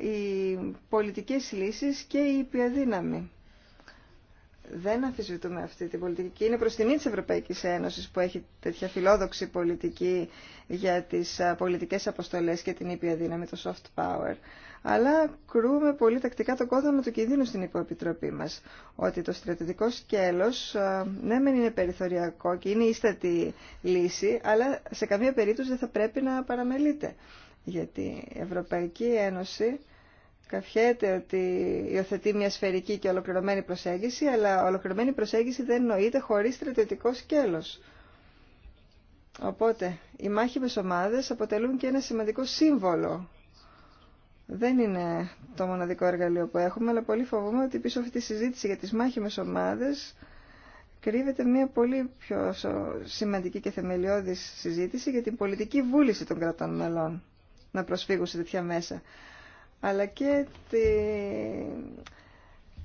S2: οι πολιτικές λύσεις και η υπηαδύναμη δεν αμφισβητούμε αυτή την πολιτική και είναι προς την της Ευρωπαϊκής Ένωσης που έχει τέτοια φιλόδοξη πολιτική για τις πολιτικές αποστολές και την ήπια δύναμη, το soft power. Αλλά κρούμε πολύ τακτικά το κόδωνα του κινδύνου στην υποεπιτροπή μας. Ότι το στρατιωτικό σκέλος ναι μεν είναι περιθωριακό και είναι ίστατη λύση, αλλά σε καμία περίπτωση δεν θα πρέπει να παραμελείται. Γιατί η Ευρωπαϊκή Ένωση καυχέται ότι υιοθετεί μια σφαιρική και ολοκληρωμένη προσέγγιση, αλλά ολοκληρωμένη προσέγγιση δεν νοείται χωρίς στρατιωτικό σκέλος. Οπότε, οι μάχημες ομάδες αποτελούν και ένα σημαντικό σύμβολο. Δεν είναι το μοναδικό εργαλείο που έχουμε, αλλά πολύ φοβούμαι ότι πίσω αυτή τη συζήτηση για τις μάχημες ομάδες κρύβεται μια πολύ πιο σημαντική και θεμελιώδης συζήτηση για την πολιτική βούληση των κρατών μελών να προσφύγουν σε τέτοια μέσα αλλά και την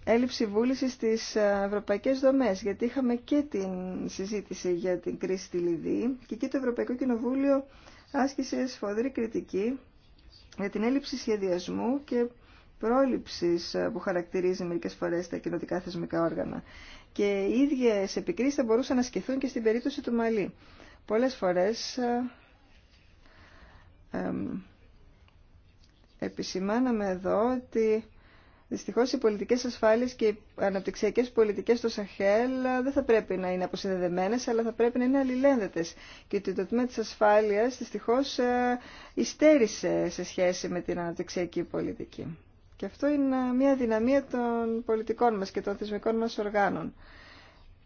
S2: έλλειψη βούληση στις ε, ευρωπαϊκές δομές, γιατί είχαμε και την συζήτηση για την κρίση στη Λιβύη και εκεί το Ευρωπαϊκό Κοινοβούλιο άσκησε σφοδρή κριτική για την έλλειψη σχεδιασμού και πρόληψης ε, που χαρακτηρίζει μερικές φορές τα κοινοτικά θεσμικά όργανα. Και οι ίδιες επικρίσεις θα μπορούσαν να σκεφτούν και στην περίπτωση του Μαλή. Πολλές φορές ε, Επισημάναμε εδώ ότι δυστυχώς οι πολιτικές ασφάλειες και οι αναπτυξιακές πολιτικές στο Σαχέλ ε, δεν θα πρέπει να είναι αποσυνδεδεμένες, αλλά θα πρέπει να είναι αλληλένδετες. Και ότι το τμήμα της ασφάλειας δυστυχώς ε, υστέρησε σε σχέση με την αναπτυξιακή πολιτική. Και αυτό είναι μια δυναμία των πολιτικών μας και των θεσμικών μας οργάνων.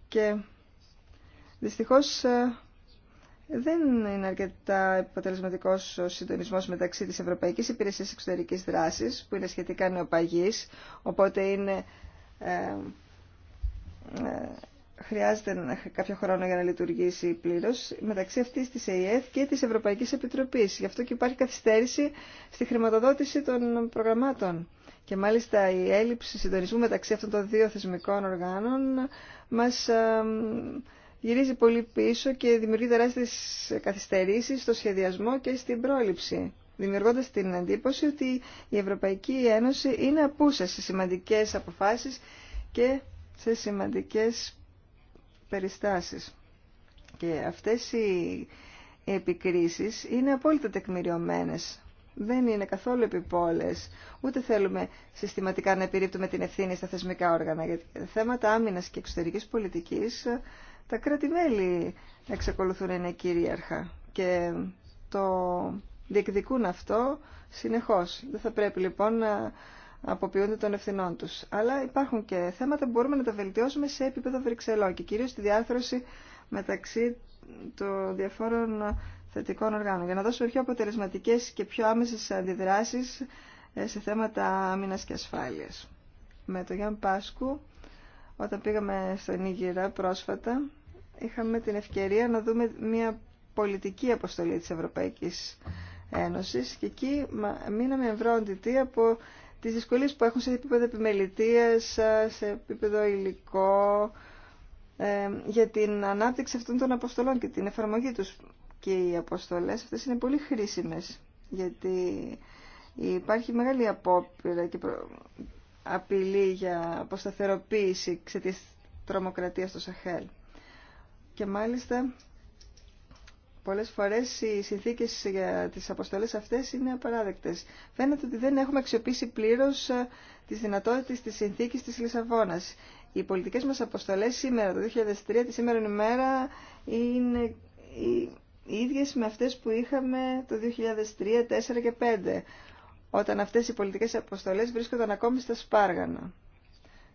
S2: Και δυστυχώς ε, δεν είναι αρκετά αποτελεσματικό ο συντονισμό μεταξύ τη Ευρωπαϊκή Υπηρεσία Εξωτερική Δράση, που είναι σχετικά νεοπαγή, οπότε είναι, ε, ε, χρειάζεται κάποιο χρόνο για να λειτουργήσει πλήρω, μεταξύ αυτή τη ΕΕ και τη Ευρωπαϊκή Επιτροπή. Γι' αυτό και υπάρχει καθυστέρηση στη χρηματοδότηση των προγραμμάτων. Και μάλιστα η έλλειψη συντονισμού μεταξύ αυτών των δύο θεσμικών οργάνων μα. Ε, γυρίζει πολύ πίσω και δημιουργεί τεράστιες καθυστερήσεις στο σχεδιασμό και στην πρόληψη, δημιουργώντας την εντύπωση ότι η Ευρωπαϊκή Ένωση είναι απούσα σε σημαντικές αποφάσεις και σε σημαντικές περιστάσεις. Και αυτές οι επικρίσεις είναι απόλυτα τεκμηριωμένες. Δεν είναι καθόλου επιπόλες. Ούτε θέλουμε συστηματικά να επιρρύπτουμε την ευθύνη στα θεσμικά όργανα. Γιατί θέματα άμυνας και εξωτερικής πολιτικής τα κράτη-μέλη εξακολουθούν να είναι κυρίαρχα και το διεκδικούν αυτό συνεχώς. Δεν θα πρέπει λοιπόν να αποποιούνται των ευθυνών τους. Αλλά υπάρχουν και θέματα που μπορούμε να τα βελτιώσουμε σε επίπεδο Βρυξελών και κυρίως τη διάρθρωση μεταξύ των διαφόρων θετικών οργάνων. Για να δώσουμε πιο αποτελεσματικές και πιο άμεσες αντιδράσεις ε, σε θέματα άμυνας και ασφάλειας. Με το Γιάν Πάσκου όταν πήγαμε στον Νίγηρα πρόσφατα, είχαμε την ευκαιρία να δούμε μια πολιτική αποστολή της Ευρωπαϊκής Ένωσης και εκεί μείναμε ευρώντιτοι από τις δυσκολίες που έχουν σε επίπεδο επιμελητίας, σε επίπεδο υλικό, ε, για την ανάπτυξη αυτών των αποστολών και την εφαρμογή τους. Και οι αποστολές αυτές είναι πολύ χρήσιμες, γιατί υπάρχει μεγάλη απόπειρα και απειλή για αποσταθεροποίηση εξαιτία τρομοκρατίας στο Σαχέλ. Και μάλιστα πολλές φορές οι συνθήκες για τις αποστολές αυτές είναι απαράδεκτες. Φαίνεται ότι δεν έχουμε αξιοποιήσει πλήρως ε, τις δυνατότητες της συνθήκης της Λισαβόνας. Οι πολιτικές μας αποστολές σήμερα, το 2003, τη σήμερα ημέρα, είναι οι ίδιες με αυτές που είχαμε το 2003, 2004 και 2005 όταν αυτές οι πολιτικές αποστολές βρίσκονταν ακόμη στα σπάργανα.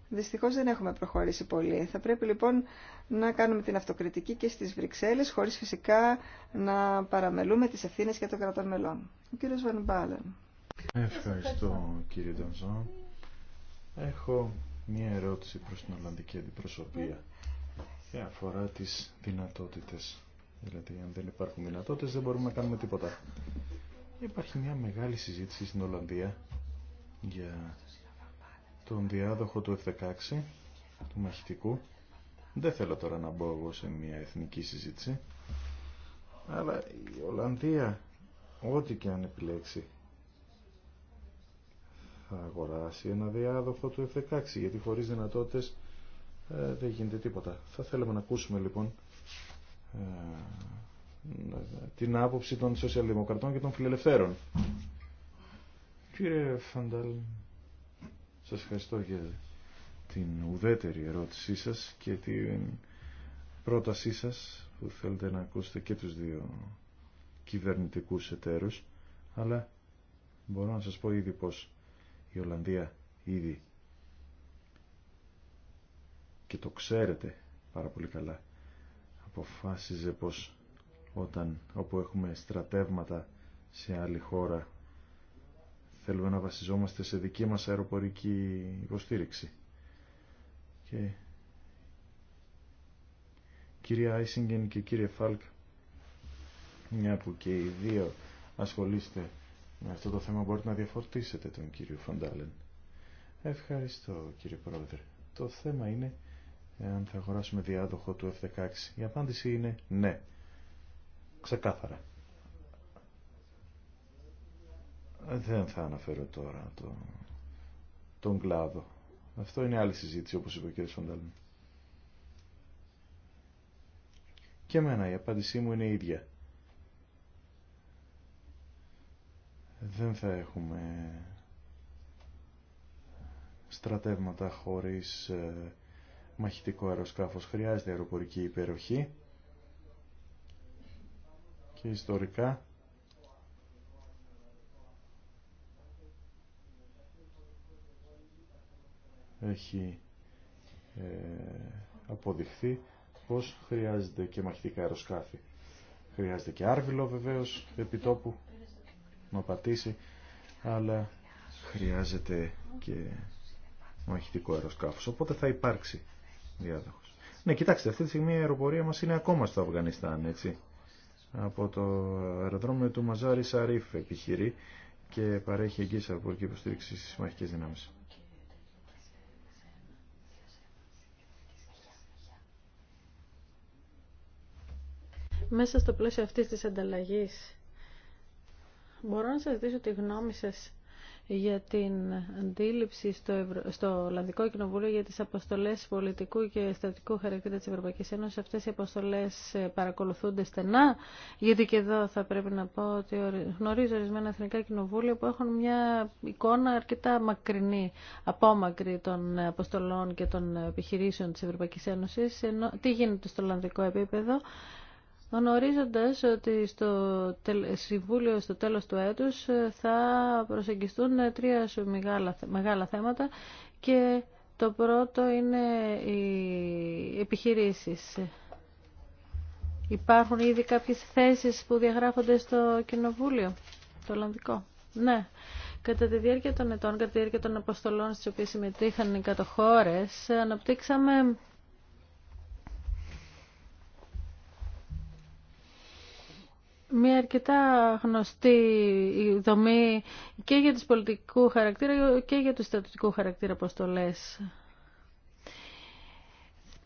S2: Δυστυχώς δεν έχουμε προχωρήσει πολύ. Θα πρέπει λοιπόν να κάνουμε την αυτοκριτική και στις Βρυξέλλες, χωρίς φυσικά να παραμελούμε τις ευθύνες για των κρατών μελών. Ο κύριος Βανμπάλεν.
S4: Ευχαριστώ κύριε Ντανζόν. Έχω μία ερώτηση προς την Ολλανδική Αντιπροσωπεία και αφορά τις δυνατότητες. Δηλαδή αν δεν υπάρχουν δυνατότητες δεν μπορούμε να κάνουμε τίποτα. Υπάρχει μια μεγάλη συζήτηση στην Ολλανδία για τον διάδοχο του F-16, του μαχητικού. Δεν θέλω τώρα να μπω εγώ σε μια εθνική συζήτηση, αλλά η Ολλανδία, ό,τι και αν επιλέξει, θα αγοράσει ένα διάδοχο του F-16, γιατί χωρίς δυνατότητες ε, δεν γίνεται τίποτα. Θα θέλαμε να ακούσουμε λοιπόν ε, την άποψη των σοσιαλδημοκρατών και των φιλελευθέρων. Κύριε Φαντάλ, σας ευχαριστώ για την ουδέτερη ερώτησή σας και την πρότασή σας που θέλετε να ακούσετε και τους δύο κυβερνητικούς εταίρους, αλλά μπορώ να σας πω ήδη πως η Ολλανδία ήδη και το ξέρετε πάρα πολύ καλά αποφάσιζε πως όταν, όπου έχουμε στρατεύματα σε άλλη χώρα θέλουμε να βασιζόμαστε σε δική μας αεροπορική υποστήριξη. Και... Κυρία Άισιγγεν και κύριε Φάλκ, μια που και οι δύο ασχολείστε με αυτό το θέμα μπορείτε να διαφορτήσετε τον κύριο Φαντάλεν. Ευχαριστώ κύριε Πρόεδρε. Το θέμα είναι αν θα αγοράσουμε διάδοχο του F-16. Η απάντηση είναι ναι ξεκάθαρα. Δεν θα αναφέρω τώρα το, τον κλάδο. Αυτό είναι άλλη συζήτηση, όπως είπε ο κ. Σοντάλμ. Και εμένα η απάντησή μου είναι η ίδια. Δεν θα έχουμε στρατεύματα χωρίς ε, μαχητικό αεροσκάφος. Χρειάζεται αεροπορική υπεροχή και ιστορικά έχει ε, αποδειχθεί πως χρειάζεται και μαχητικά αεροσκάφη. Χρειάζεται και άρβιλο βεβαίως επιτόπου να πατήσει, αλλά χρειάζεται και μαχητικό αεροσκάφος. Οπότε θα υπάρξει διάδοχος. Ναι, κοιτάξτε, αυτή τη στιγμή η αεροπορία μας είναι ακόμα στο Αφγανιστάν, έτσι από το αεροδρόμιο του Μαζάρι Σαρίφ επιχειρεί και παρέχει εγγύηση εκεί υποστήριξη στις μαχικές δυνάμεις.
S3: Μέσα στο πλαίσιο αυτής της ανταλλαγής μπορώ να σας δείσω τη γνώμη σα για την αντίληψη στο, Ευρω... Ολλανδικό Κοινοβούλιο για τις αποστολές πολιτικού και στρατικού χαρακτήρα της Ευρωπαϊκής Ένωσης. Αυτές οι αποστολές ε, παρακολουθούνται στενά, γιατί και εδώ θα πρέπει να πω ότι γνωρίζω ορισμένα εθνικά κοινοβούλια που έχουν μια εικόνα αρκετά μακρινή, απόμακρη των αποστολών και των επιχειρήσεων της Ευρωπαϊκής Ένωσης. Τι γίνεται στο Ολλανδικό επίπεδο γνωρίζοντας ότι στο Συμβούλιο στο τέλος του έτους ε, θα προσεγγιστούν ε, τρία μεγάλα, μεγάλα θέματα και το πρώτο είναι οι επιχειρήσεις. Υπάρχουν ήδη κάποιες θέσεις που διαγράφονται στο Κοινοβούλιο, το Ολλανδικό. Ναι. Κατά τη διάρκεια των ετών, κατά τη διάρκεια των αποστολών στις οποίες συμμετείχαν οι κατοχώρες, αναπτύξαμε μια αρκετά γνωστή δομή και για τις πολιτικού χαρακτήρα και για τους στρατιωτικού χαρακτήρα αποστολές.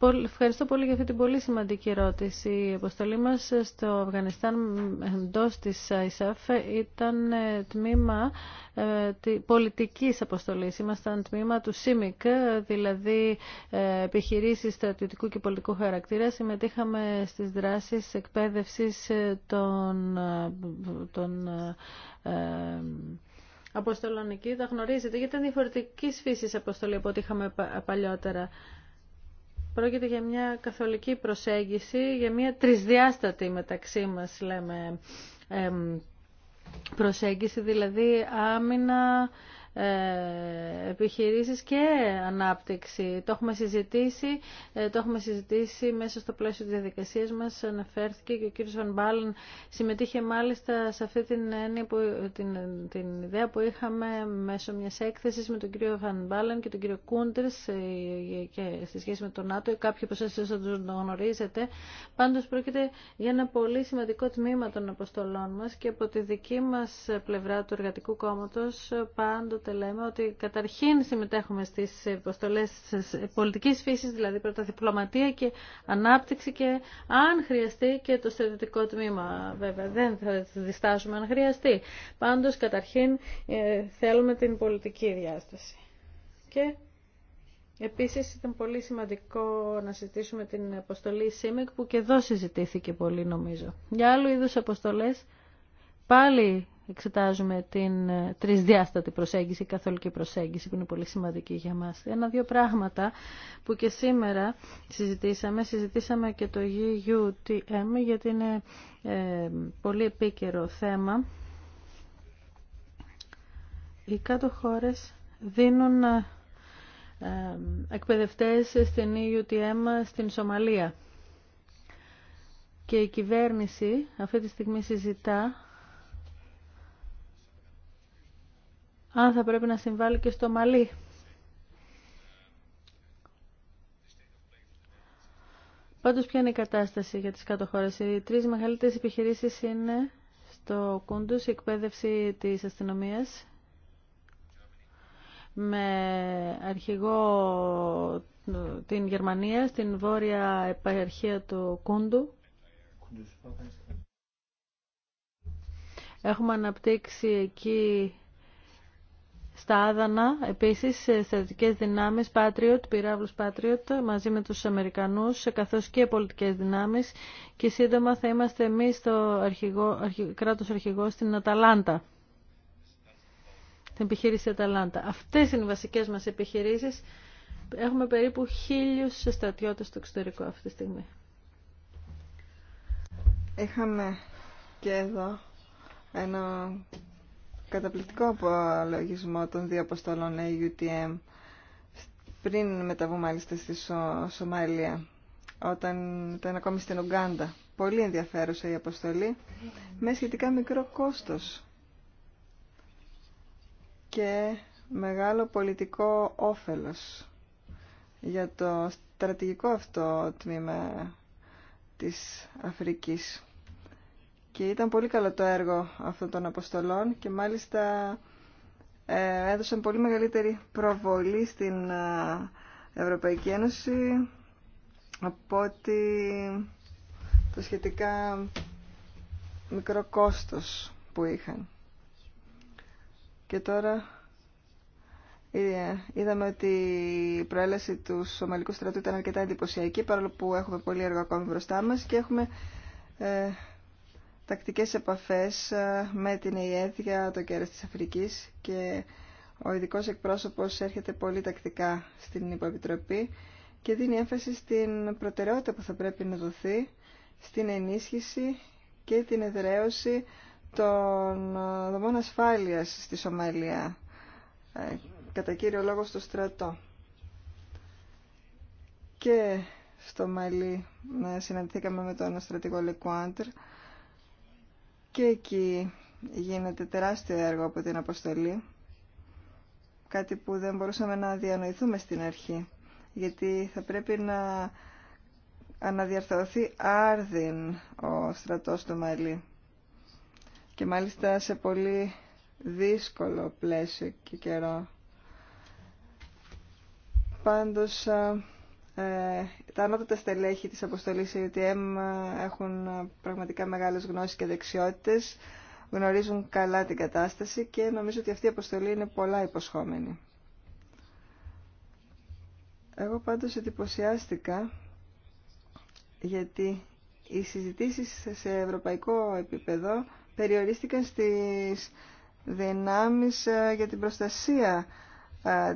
S3: Ευχαριστώ πολύ για αυτή την πολύ σημαντική ερώτηση. Η αποστολή μας στο Αφγανιστάν εντό της ΙΣΑΦ ήταν ε, τμήμα ε, πολιτικής αποστολής. Ήμασταν τμήμα του ΣΥΜΙΚ, δηλαδή ε, επιχειρήσει στρατιωτικού και πολιτικού χαρακτήρα. Συμμετείχαμε στις δράσεις εκπαίδευσης των, των αποστολών εκεί. Τα γνωρίζετε, γιατί ήταν διαφορετική φύση αποστολή από ό,τι είχαμε παλιότερα. Πρόκειται για μια καθολική προσέγγιση, για μια τρισδιάστατη μεταξύ μας, λέμε, προσέγγιση, δηλαδή άμυνα, ε, επιχειρήσεις και ανάπτυξη. Το έχουμε συζητήσει, ε, το συζητήσει μέσα στο πλαίσιο της διαδικασίας μας, αναφέρθηκε και ο κύριος Βανμπάλεν συμμετείχε μάλιστα σε αυτή την, την, την ιδέα που είχαμε μέσω μιας έκθεσης με τον κύριο Βανμπάλεν και τον κύριο Κούντρες ε, και στη σχέση με τον ΝΑΤΟ, κάποιοι από εσάς θα τους γνωρίζετε. Πάντως πρόκειται για ένα πολύ σημαντικό τμήμα των αποστολών μας και από τη δική μας πλευρά του εργατικού κόμματος πάντοτε λέμε ότι καταρχήν συμμετέχουμε στις υποστολές πολιτικής φύσης, δηλαδή πρώτα διπλωματία και ανάπτυξη και αν χρειαστεί και το στρατιωτικό τμήμα βέβαια. Δεν θα διστάσουμε αν χρειαστεί. Πάντως καταρχήν ε, θέλουμε την πολιτική διάσταση. Και Επίσης ήταν πολύ σημαντικό να συζητήσουμε την αποστολή ΣΥΜΕΚ που και εδώ συζητήθηκε πολύ νομίζω. Για άλλου είδους αποστολές πάλι εξετάζουμε την ε, τρισδιάστατη προσέγγιση, η καθολική προσέγγιση που είναι πολύ σημαντική για μας. Ένα-δύο πράγματα που και σήμερα συζητήσαμε, συζητήσαμε και το EUTM γιατί είναι ε, πολύ επίκαιρο θέμα. Οι κάτω χώρες δίνουν ε, εκπαιδευτές στην EUTM στην Σομαλία. Και η κυβέρνηση αυτή τη στιγμή συζητά αν θα πρέπει να συμβάλλει και στο Μαλί. Πάντως ποια είναι η κατάσταση για τις κάτω Οι τρεις μεγαλύτερες επιχειρήσεις είναι στο Κούντους, η εκπαίδευση της αστυνομίας με αρχηγό την Γερμανία στην βόρεια επαρχία του Κούντου. Έχουμε αναπτύξει εκεί στα Άδανα, επίσης, στρατιωτικές δυνάμεις Patriot, πυράβλους Patriot, μαζί με τους Αμερικανούς, καθώς και πολιτικές δυνάμεις και σύντομα θα είμαστε εμείς το αρχηγό, κράτος αρχηγός στην Αταλάντα. Την επιχείρηση Αταλάντα. Αυτές είναι οι βασικές μας επιχειρήσεις. Έχουμε περίπου χίλιους στρατιώτες στο εξωτερικό αυτή τη στιγμή.
S2: Είχαμε και εδώ ένα καταπληκτικό απολογισμό των δύο αποστολών AUTM πριν μεταβού μάλιστα στη Σο... Σομαλία, όταν ήταν ακόμη στην Ουγγάντα. Πολύ ενδιαφέρουσα η αποστολή, με σχετικά μικρό κόστος και μεγάλο πολιτικό όφελος για το στρατηγικό αυτό τμήμα της Αφρικής. Και ήταν πολύ καλό το έργο αυτών των αποστολών και μάλιστα ε, έδωσαν πολύ μεγαλύτερη προβολή στην ε, Ευρωπαϊκή Ένωση από ότι το σχετικά μικρό κόστος που είχαν. Και τώρα ε, είδαμε ότι η προέλαση του Σομαλικού στρατού ήταν αρκετά εντυπωσιακή, παρόλο που έχουμε πολύ έργο ακόμη μπροστά μας και έχουμε τακτικές επαφές ε, με την ΕΕΔ το κέρας της Αφρικής και ο ειδικό εκπρόσωπος έρχεται πολύ τακτικά στην Υποεπιτροπή και δίνει έμφαση στην προτεραιότητα που θα πρέπει να δοθεί στην ενίσχυση και την εδραίωση των ε, δομών ασφάλειας στη Σομαλία, ε, κατά κύριο λόγο στο στρατό. Και στο Μαλί συναντηθήκαμε με τον στρατηγό Λεκουάντρ, και εκεί γίνεται τεράστιο έργο από την αποστολή, κάτι που δεν μπορούσαμε να διανοηθούμε στην αρχή, γιατί θα πρέπει να αναδιαρθωθεί άρδιν ο στρατός του Μαλή και μάλιστα σε πολύ δύσκολο πλαίσιο και καιρό. Πάντως ε, τα ανώτατα στελέχη της αποστολής UTM έχουν πραγματικά μεγάλες γνώσεις και δεξιότητες, γνωρίζουν καλά την κατάσταση και νομίζω ότι αυτή η αποστολή είναι πολλά υποσχόμενη. Εγώ πάντως εντυπωσιάστηκα γιατί οι συζητήσεις σε ευρωπαϊκό επίπεδο περιορίστηκαν στις δυνάμεις ε, για την προστασία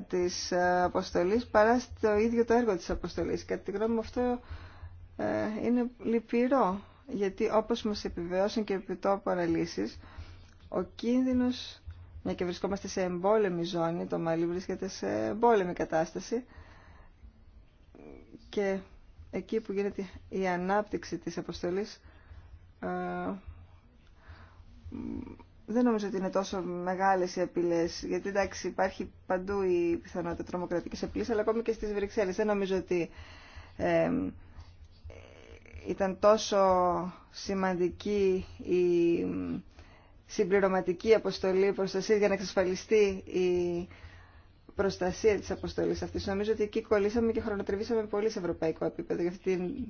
S2: της αποστολής παρά στο ίδιο το έργο της αποστολής. Κατά τη γνώμη μου αυτό ε, είναι λυπηρό, γιατί όπως μας επιβεώσαν και επιτό αναλύσεις, ο κίνδυνος, μια και βρισκόμαστε σε εμπόλεμη ζώνη, το Μαλί βρίσκεται σε εμπόλεμη κατάσταση και εκεί που γίνεται η ανάπτυξη της αποστολής ε, δεν νομίζω ότι είναι τόσο μεγάλε οι απειλέ. Γιατί εντάξει, υπάρχει παντού η πιθανότητα τρομοκρατική απειλή, αλλά ακόμη και στι Βρυξέλλε. Δεν νομίζω ότι ε, ήταν τόσο σημαντική η συμπληρωματική αποστολή προστασία για να εξασφαλιστεί η προστασία της αποστολής αυτή, Νομίζω ότι εκεί κολλήσαμε και χρονοτριβήσαμε πολύ σε ευρωπαϊκό επίπεδο για αυτή την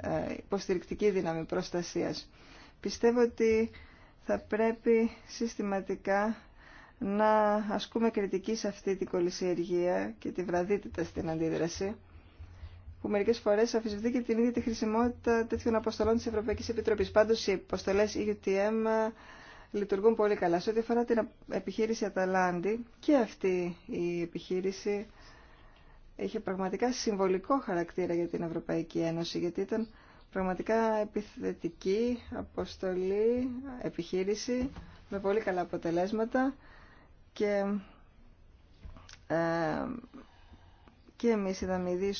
S2: ε, υποστηρικτική δύναμη προστασίας. Πιστεύω ότι θα πρέπει συστηματικά να ασκούμε κριτική σε αυτή την κολυσιεργία και τη βραδύτητα στην αντίδραση, που μερικέ φορέ αφισβητεί και την ίδια τη χρησιμότητα τέτοιων αποστολών τη Ευρωπαϊκή Επιτροπή. Πάντω, οι αποστολέ EUTM ε, λειτουργούν πολύ καλά. Σε ό,τι αφορά την επιχείρηση Αταλάντη, και αυτή η επιχείρηση είχε πραγματικά συμβολικό χαρακτήρα για την Ευρωπαϊκή Ένωση, γιατί ήταν πραγματικά επιθετική αποστολή, επιχείρηση με πολύ καλά αποτελέσματα και ε, και εμείς είδαμε η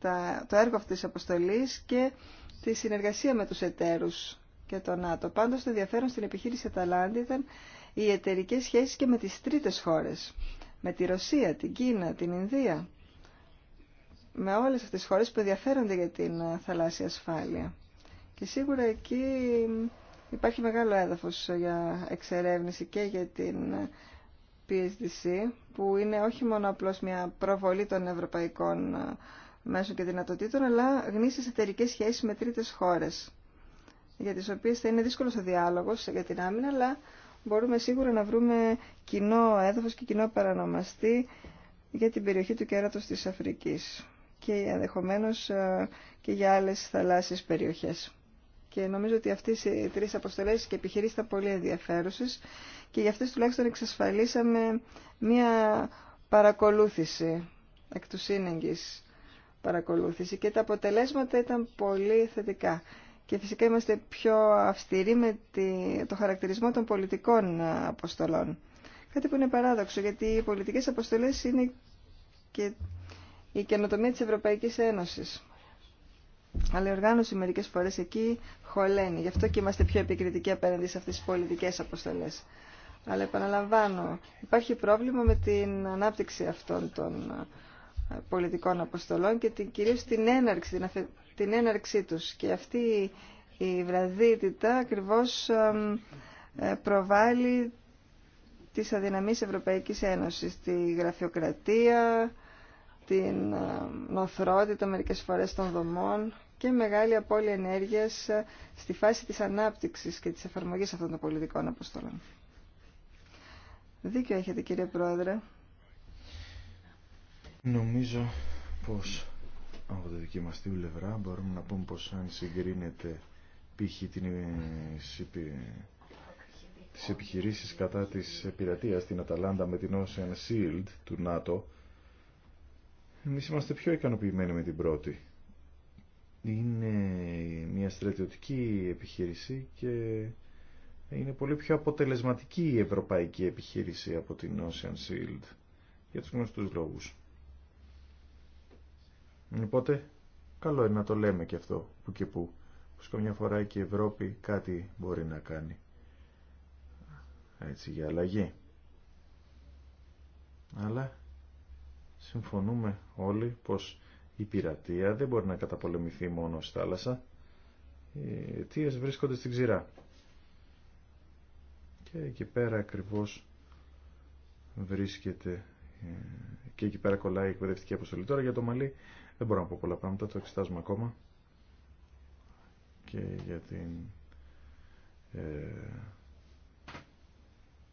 S2: τα, το έργο αυτής της αποστολής και τη συνεργασία με τους εταίρους και το ΝΑΤΟ. Πάντως το ενδιαφέρον στην επιχείρηση Αταλάντη ήταν οι εταιρικές σχέσεις και με τις τρίτες χώρες. Με τη Ρωσία, την Κίνα, την Ινδία με όλες αυτές τις χώρες που ενδιαφέρονται για την ε, θαλάσσια ασφάλεια. Και σίγουρα εκεί υπάρχει μεγάλο έδαφος για εξερεύνηση και για την PSDC, ε, που είναι όχι μόνο απλώς μια προβολή των ευρωπαϊκών ε, μέσων και δυνατοτήτων, αλλά γνήσεις εταιρικές σχέσεις με τρίτες χώρες, για τις οποίες θα είναι δύσκολος ο διάλογος για την άμυνα, αλλά μπορούμε σίγουρα να βρούμε κοινό έδαφος και κοινό παρανομαστή για την περιοχή του κέρατος της Αφρικής και ενδεχομένω ε, και για άλλες θαλάσσιες περιοχές. Και νομίζω ότι αυτές οι τρεις αποστολές και επιχειρήσεις ήταν πολύ ενδιαφέρουσες και για αυτές τουλάχιστον εξασφαλίσαμε μία παρακολούθηση, εκ του παρακολούθηση και τα αποτελέσματα ήταν πολύ θετικά. Και φυσικά είμαστε πιο αυστηροί με το χαρακτηρισμό των πολιτικών ε, αποστολών. Κάτι που είναι παράδοξο, γιατί οι πολιτικές αποστολές είναι και η καινοτομία της Ευρωπαϊκής Ένωσης. Αλλά η οργάνωση μερικές φορές εκεί χωλαίνει. Γι' αυτό και είμαστε πιο επικριτικοί απέναντι σε αυτές τις πολιτικές αποστολές. Αλλά επαναλαμβάνω, υπάρχει πρόβλημα με την ανάπτυξη αυτών των ε, πολιτικών αποστολών και την, κυρίως την έναρξη, την, έναρξή τους. Και αυτή η βραδύτητα ακριβώς ε, προβάλλει τις αδυναμίες Ευρωπαϊκής Ένωσης, τη γραφειοκρατία, την ε, νοθρότητα μερικές φορές των δομών και μεγάλη απώλεια ενέργειας ε, στη φάση της ανάπτυξης και της εφαρμογής αυτών των πολιτικών αποστολών. Δίκιο έχετε κύριε Πρόεδρε.
S4: Νομίζω πως από τη δική μας την πλευρά μπορούμε να πούμε πως αν συγκρίνεται π.χ. Ε, τις επιχειρήσεις κατά της πειρατείας στην Αταλάντα με την Ocean Shield του ΝΑΤΟ εμείς είμαστε πιο ικανοποιημένοι με την πρώτη. Είναι μια στρατιωτική επιχείρηση και είναι πολύ πιο αποτελεσματική η ευρωπαϊκή επιχείρηση από την Ocean Shield για τους γνωστούς λόγους. Οπότε, καλό είναι να το λέμε και αυτό που και που. Πως καμιά φορά και η Ευρώπη κάτι μπορεί να κάνει. Έτσι για αλλαγή. Αλλά συμφωνούμε όλοι πως η πειρατεία δεν μπορεί να καταπολεμηθεί μόνο στη θάλασσα. Οι αιτίε βρίσκονται στην ξηρά. Και εκεί πέρα ακριβώς βρίσκεται ε, και εκεί πέρα κολλάει η εκπαιδευτική αποστολή. Τώρα για το Μαλή δεν μπορώ να πω πολλά πράγματα, το εξετάζουμε ακόμα και για την, ε,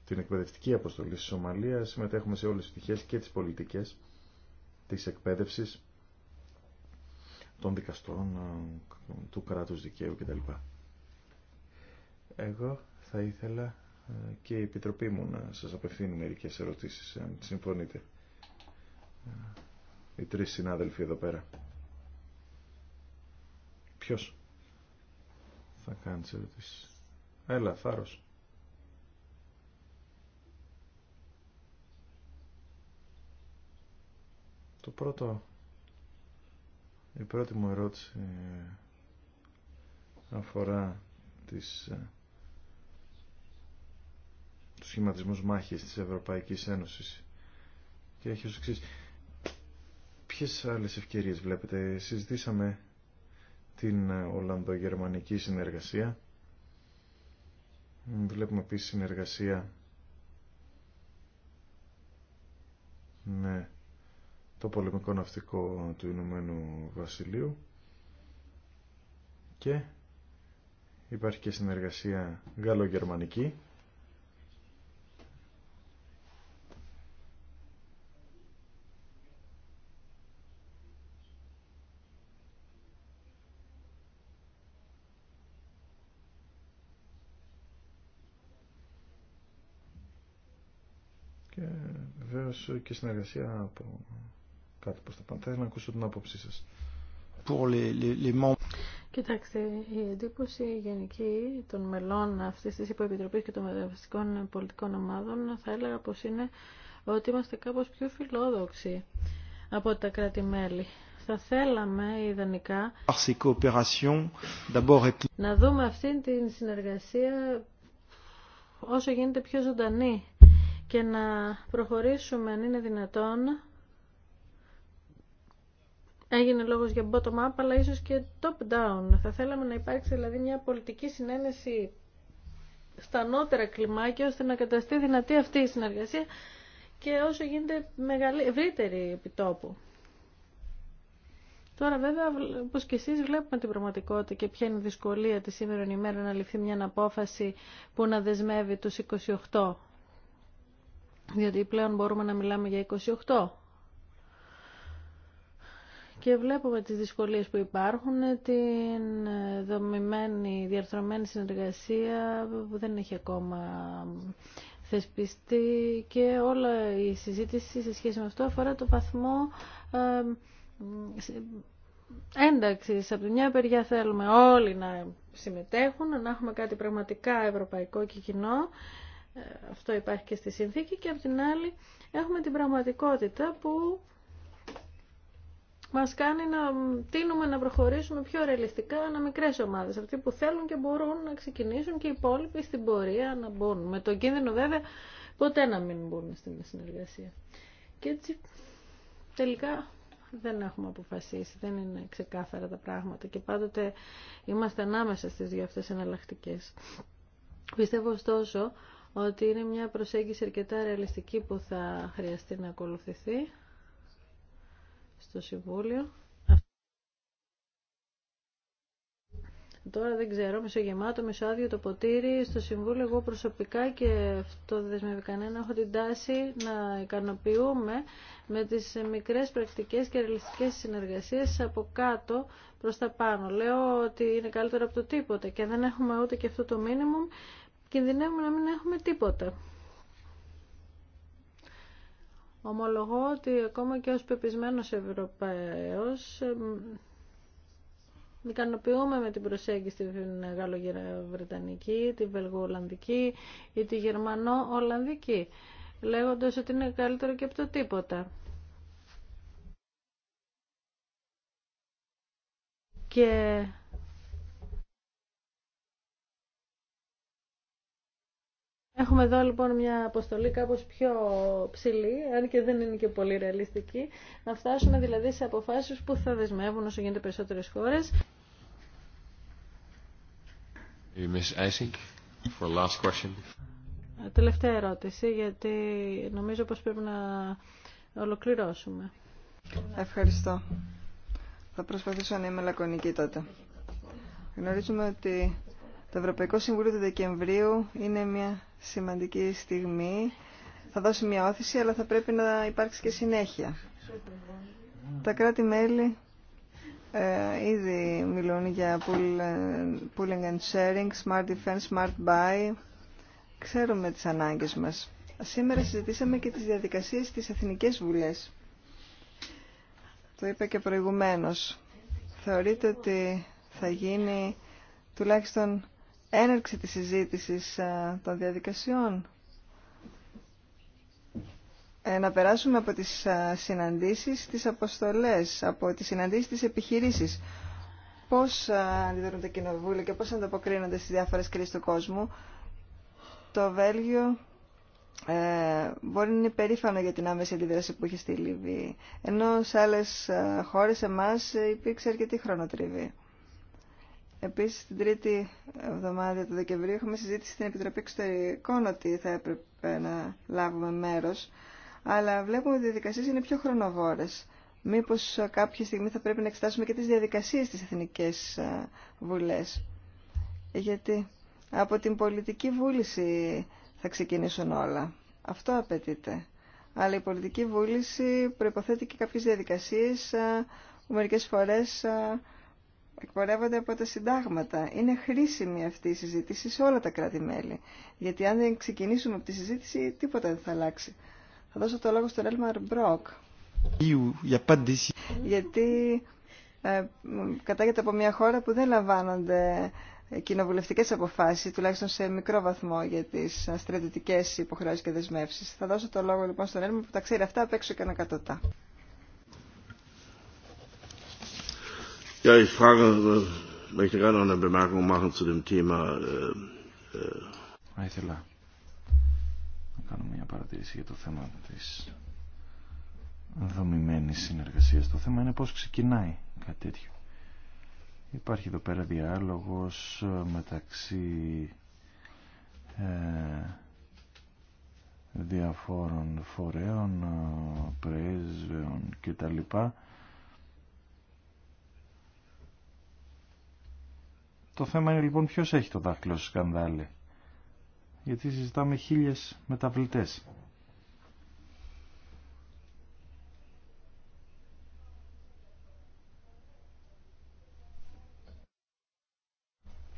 S4: την εκπαιδευτική αποστολή στη Σομαλία συμμετέχουμε σε όλες τις πτυχές και τις πολιτικές της εκπαίδευσης των δικαστών ε, του κράτους δικαίου κτλ. Εγώ θα ήθελα ε, και η Επιτροπή μου να σας απευθύνει μερικές ερωτήσεις, αν συμφωνείτε. Ε, οι τρεις συνάδελφοι εδώ πέρα. Ποιος θα κάνει τις ερωτήσεις. Έλα, θάρρος. Το πρώτο, η πρώτη μου ερώτηση αφορά τις, ε, τους σχηματισμούς μάχης της Ευρωπαϊκής Ένωσης και έχει ως εξής. Ποιες άλλες ευκαιρίες βλέπετε. Συζητήσαμε την ε, Ολλανδογερμανική συνεργασία. Βλέπουμε επίσης συνεργασία με το πολεμικό ναυτικό του Ηνωμένου Βασιλείου και υπάρχει και συνεργασία γαλλογερμανική και συνεργασία από κάτι προς τα πάνω. Θα ήθελα να ακούσω την άποψή σας.
S3: Κοιτάξτε, η εντύπωση γενική των μελών αυτής της υποεπιτροπής και των μεταβαστικών πολιτικών ομάδων θα έλεγα πως είναι ότι είμαστε κάπως πιο φιλόδοξοι από τα κράτη-μέλη. Θα θέλαμε ιδανικά να δούμε αυτήν την συνεργασία όσο γίνεται πιο ζωντανή και να προχωρήσουμε αν είναι δυνατόν Έγινε λόγο για bottom-up, αλλά ίσω και top-down. Θα θέλαμε να υπάρξει δηλαδή μια πολιτική συνένεση στα ανώτερα κλιμάκια, ώστε να καταστεί δυνατή αυτή η συνεργασία και όσο γίνεται μεγαλύ... ευρύτερη επιτόπου. Τώρα βέβαια, όπω και εσείς βλέπουμε την πραγματικότητα και ποια είναι η δυσκολία τη σήμερα ημέρα να ληφθεί μια απόφαση που να δεσμεύει τους 28. Διότι πλέον μπορούμε να μιλάμε για 28 και βλέπουμε τις δυσκολίες που υπάρχουν, την δομημένη, διαρθρωμένη συνεργασία που δεν έχει ακόμα θεσπιστεί και όλα η συζήτηση σε σχέση με αυτό αφορά το βαθμό ένταξη. Από τη μια μεριά θέλουμε όλοι να συμμετέχουν, να έχουμε κάτι πραγματικά ευρωπαϊκό και κοινό. Ε, αυτό υπάρχει και στη συνθήκη και από την άλλη έχουμε την πραγματικότητα που μας κάνει να τίνουμε να προχωρήσουμε πιο ρεαλιστικά μικρέ ομάδες. Αυτοί που θέλουν και μπορούν να ξεκινήσουν και οι υπόλοιποι στην πορεία να μπουν. Με τον κίνδυνο βέβαια ποτέ να μην μπουν στην συνεργασία. Και έτσι τελικά δεν έχουμε αποφασίσει, δεν είναι ξεκάθαρα τα πράγματα και πάντοτε είμαστε ανάμεσα στις δύο αυτές εναλλακτικέ. Πιστεύω ωστόσο ότι είναι μια προσέγγιση αρκετά ρεαλιστική που θα χρειαστεί να ακολουθηθεί στο Συμβούλιο. Τώρα δεν ξέρω, μισογεμάτο, μισοάδιο το ποτήρι. Στο Συμβούλιο εγώ προσωπικά και αυτό δεν δεσμεύει κανένα, έχω την τάση να ικανοποιούμε με τις μικρές πρακτικές και ρελιστικές συνεργασίες από κάτω προς τα πάνω. Λέω ότι είναι καλύτερο από το τίποτα και αν δεν έχουμε ούτε και αυτό το μήνυμο κινδυνεύουμε να μην έχουμε τίποτα. Ομολογώ ότι ακόμα και ως πεπισμένος Ευρωπαίος ικανοποιούμε με την προσέγγιση την Γαλλογεραβρετανική, την Βελγοολλανδική ή τη Γερμανό-Ολλανδική, λέγοντας ότι είναι καλύτερο και από το τίποτα. Και Έχουμε εδώ λοιπόν μια αποστολή κάπως πιο ψηλή, αν και δεν είναι και πολύ ρεαλιστική, να φτάσουμε δηλαδή σε αποφάσεις που θα δεσμεύουν όσο γίνεται περισσότερες χώρες. Τελευταία ερώτηση, γιατί νομίζω πως πρέπει να
S2: ολοκληρώσουμε. Ευχαριστώ. Θα προσπαθήσω να είμαι λακωνική τότε. Γνωρίζουμε ότι το Ευρωπαϊκό Συμβούλιο του Δεκεμβρίου είναι μια σημαντική στιγμή. Θα δώσει μια όθηση, αλλά θα πρέπει να υπάρξει και συνέχεια. Τα κράτη-μέλη ε, ήδη μιλούν για pooling and sharing, smart defense, smart buy. Ξέρουμε τις ανάγκες μας. Σήμερα συζητήσαμε και τις διαδικασίες της Εθνικές Βουλές. Το είπα και προηγουμένως. Θεωρείτε ότι θα γίνει τουλάχιστον έναρξη της συζήτησης ε, των διαδικασιών. Ε, να περάσουμε από τις ε, συναντήσεις τις αποστολές, από τις συναντήσεις τις επιχειρήσεις. Πώς αντιδρούν τα κοινοβούλια και πώς ανταποκρίνονται στις διάφορες κρίσεις του κόσμου. Το Βέλγιο μπορεί να είναι περήφανο για την άμεση αντίδραση που είχε στη Λιβύη. Ενώ σε άλλες χώρες εμάς υπήρξε αρκετή χρονοτριβή. Επίση, την τρίτη εβδομάδα του Δεκεμβρίου έχουμε συζήτηση στην Επιτροπή Εξωτερικών ότι θα έπρεπε να λάβουμε μέρο, αλλά βλέπουμε ότι οι διαδικασίε είναι πιο χρονοβόρε. Μήπω κάποια στιγμή θα πρέπει να εξετάσουμε και τι διαδικασίε στι εθνικέ ε, βουλέ. Γιατί από την πολιτική βούληση θα ξεκινήσουν όλα. Αυτό απαιτείται. Αλλά η πολιτική βούληση προϋποθέτει και κάποιες διαδικασίες ε, που μερικές φορές ε, εκπορεύονται από τα συντάγματα. Είναι χρήσιμη αυτή η συζήτηση σε όλα τα κράτη-μέλη. Γιατί αν δεν ξεκινήσουμε από τη συζήτηση, τίποτα δεν θα αλλάξει. Θα δώσω το λόγο στον Έλμαρ Μπρόκ. Γιατί ε, κατάγεται από μια χώρα που δεν λαμβάνονται κοινοβουλευτικές αποφάσεις, τουλάχιστον σε μικρό βαθμό για τις στρατιωτικές υποχρεώσεις και δεσμεύσεις. Θα δώσω το λόγο λοιπόν στον Έλμαρ που τα ξέρει αυτά απ' έξω και ανακατοτά.
S4: ich Θα äh, äh, ήθελα να κάνω μια παρατήρηση για το θέμα της δομημένης συνεργασίας. Το θέμα είναι πώς ξεκινάει κάτι τέτοιο. Υπάρχει εδώ πέρα διάλογος ε, μεταξύ ε, διαφόρων φορέων, ε, πρέσβεων κτλ. Το θέμα είναι λοιπόν ποιος έχει το δάχτυλο στο σκανδάλι. Γιατί συζητάμε χίλιες μεταβλητές.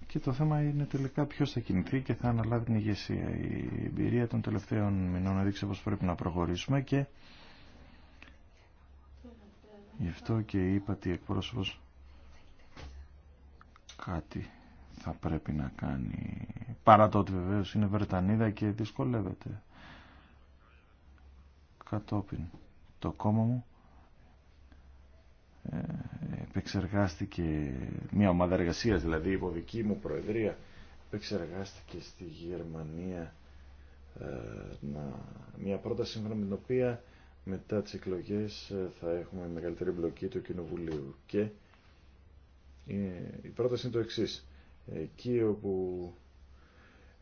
S4: Και το θέμα είναι τελικά ποιος θα κινηθεί και θα αναλάβει την ηγεσία. Η εμπειρία των τελευταίων μηνών έδειξε πως πρέπει να προχωρήσουμε και γι' αυτό και είπα ότι εκπρόσωπος κάτι θα πρέπει να κάνει παρά το ότι βεβαίως είναι Βρετανίδα και δυσκολεύεται κατόπιν το κόμμα μου ε, επεξεργάστηκε μια ομάδα εργασίας δηλαδή η υποδική μου προεδρία επεξεργάστηκε στη Γερμανία ε, μια πρόταση σύμφωνα με την οποία μετά τις εκλογές ε, θα έχουμε μεγαλύτερη μπλοκή του Κοινοβουλίου και ε, η πρόταση είναι το εξή. Εκεί όπου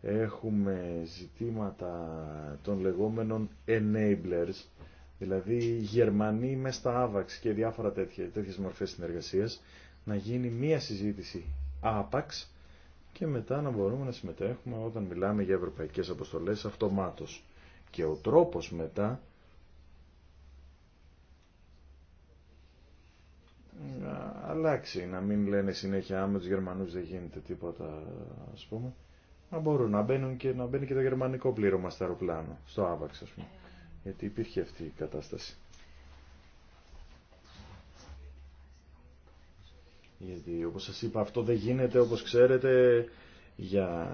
S4: έχουμε ζητήματα των λεγόμενων enablers, δηλαδή Γερμανοί με στα άβαξ και διάφορα τέτοια, τέτοιες μορφές συνεργασίας, να γίνει μία συζήτηση άπαξ και μετά να μπορούμε να συμμετέχουμε όταν μιλάμε για ευρωπαϊκές αποστολές αυτομάτως. Και ο τρόπος μετά αλλάξει, να μην λένε συνέχεια άμα τους Γερμανούς δεν γίνεται τίποτα ας πούμε να μπορούν να, μπαίνουν και, να μπαίνει και το γερμανικό πλήρωμα στο αεροπλάνο, στο άβαξ ας πούμε γιατί υπήρχε αυτή η κατάσταση γιατί όπως σας είπα αυτό δεν γίνεται όπως ξέρετε για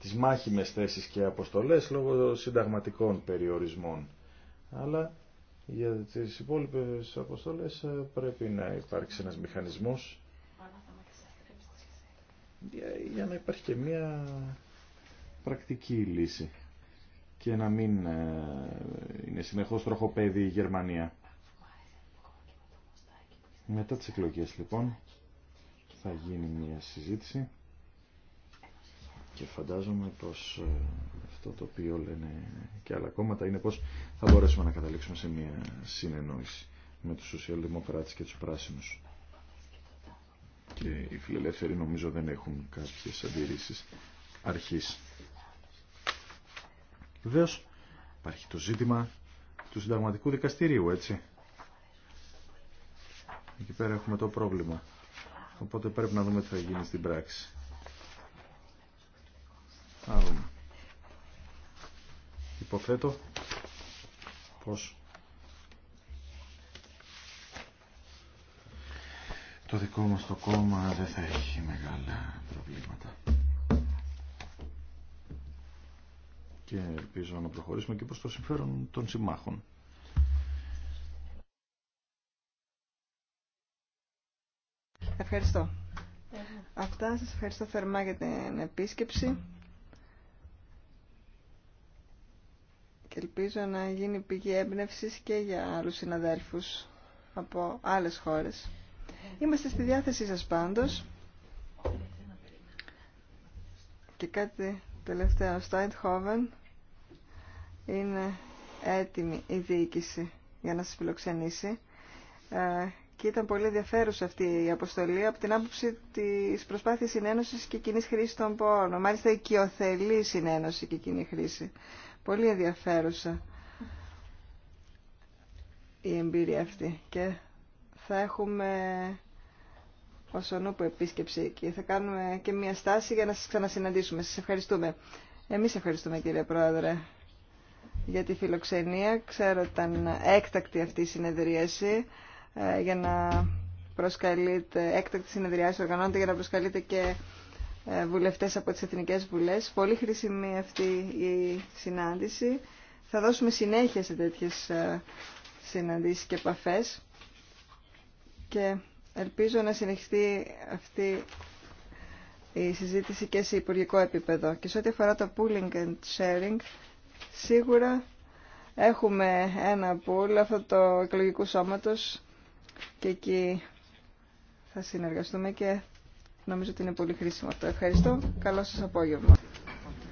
S4: τις μάχημες θέσεις και αποστολές λόγω συνταγματικών περιορισμών αλλά για τις υπόλοιπες αποστολές ε, πρέπει να υπάρξει ένας μηχανισμός για, για να υπάρχει και μία πρακτική λύση και να μην ε, είναι συνεχώς τροχοπέδι η Γερμανία. Μετά τις εκλογές λοιπόν θα γίνει μια συζήτηση και φαντάζομαι πως ε, αυτό το οποίο λένε και άλλα κόμματα είναι πως θα μπορέσουμε να καταλήξουμε σε μια συνεννόηση με τους σοσιαλδημοκράτες και τους πράσινους. Και οι φιλελεύθεροι νομίζω δεν έχουν κάποιες αντιρρήσεις αρχής. Βεβαίω υπάρχει το ζήτημα του συνταγματικού δικαστηρίου, έτσι. Εκεί πέρα έχουμε το πρόβλημα. Οπότε πρέπει να δούμε τι θα γίνει στην πράξη υποθέτω πως το δικό μας το κόμμα δεν θα έχει μεγάλα προβλήματα. Και ελπίζω να προχωρήσουμε και προς το συμφέρον των συμμάχων.
S2: Ευχαριστώ. Αυτά σας ευχαριστώ θερμά για την επίσκεψη. και ελπίζω να γίνει πηγή έμπνευση και για άλλους συναδέλφους από άλλες χώρες. Είμαστε στη διάθεσή σας πάντως. Και κάτι τελευταίο, Στάιντχόβεν είναι έτοιμη η διοίκηση για να σας φιλοξενήσει. Ε, και ήταν πολύ ενδιαφέρουσα αυτή η αποστολή από την άποψη της προσπάθειας συνένωσης και κοινή χρήση των πόρων. Μάλιστα οικειοθελή συνένωση και κοινή χρήση Πολύ ενδιαφέρουσα η εμπειρία αυτή και θα έχουμε όσον που επίσκεψη και θα κάνουμε και μια στάση για να σας ξανασυναντήσουμε. Σας ευχαριστούμε. Εμείς ευχαριστούμε κύριε Πρόεδρε για τη φιλοξενία. Ξέρω ότι ήταν έκτακτη αυτή η συνεδρίαση ε, για να προσκαλείτε, έκτακτη συνεδριάση οργανώνεται για να προσκαλείτε και ε, βουλευτές από τις Εθνικές Βουλές. Πολύ χρήσιμη αυτή η συνάντηση. Θα δώσουμε συνέχεια σε τέτοιες ε, συναντήσεις και επαφές και ελπίζω να συνεχιστεί αυτή η συζήτηση και σε υπουργικό επίπεδο. Και σε ό,τι αφορά το pooling and sharing, σίγουρα έχουμε ένα pool αυτό το εκλογικού σώματος και εκεί θα συνεργαστούμε και Νομίζω ότι είναι πολύ χρήσιμο αυτό. Ευχαριστώ. Καλό σας απόγευμα.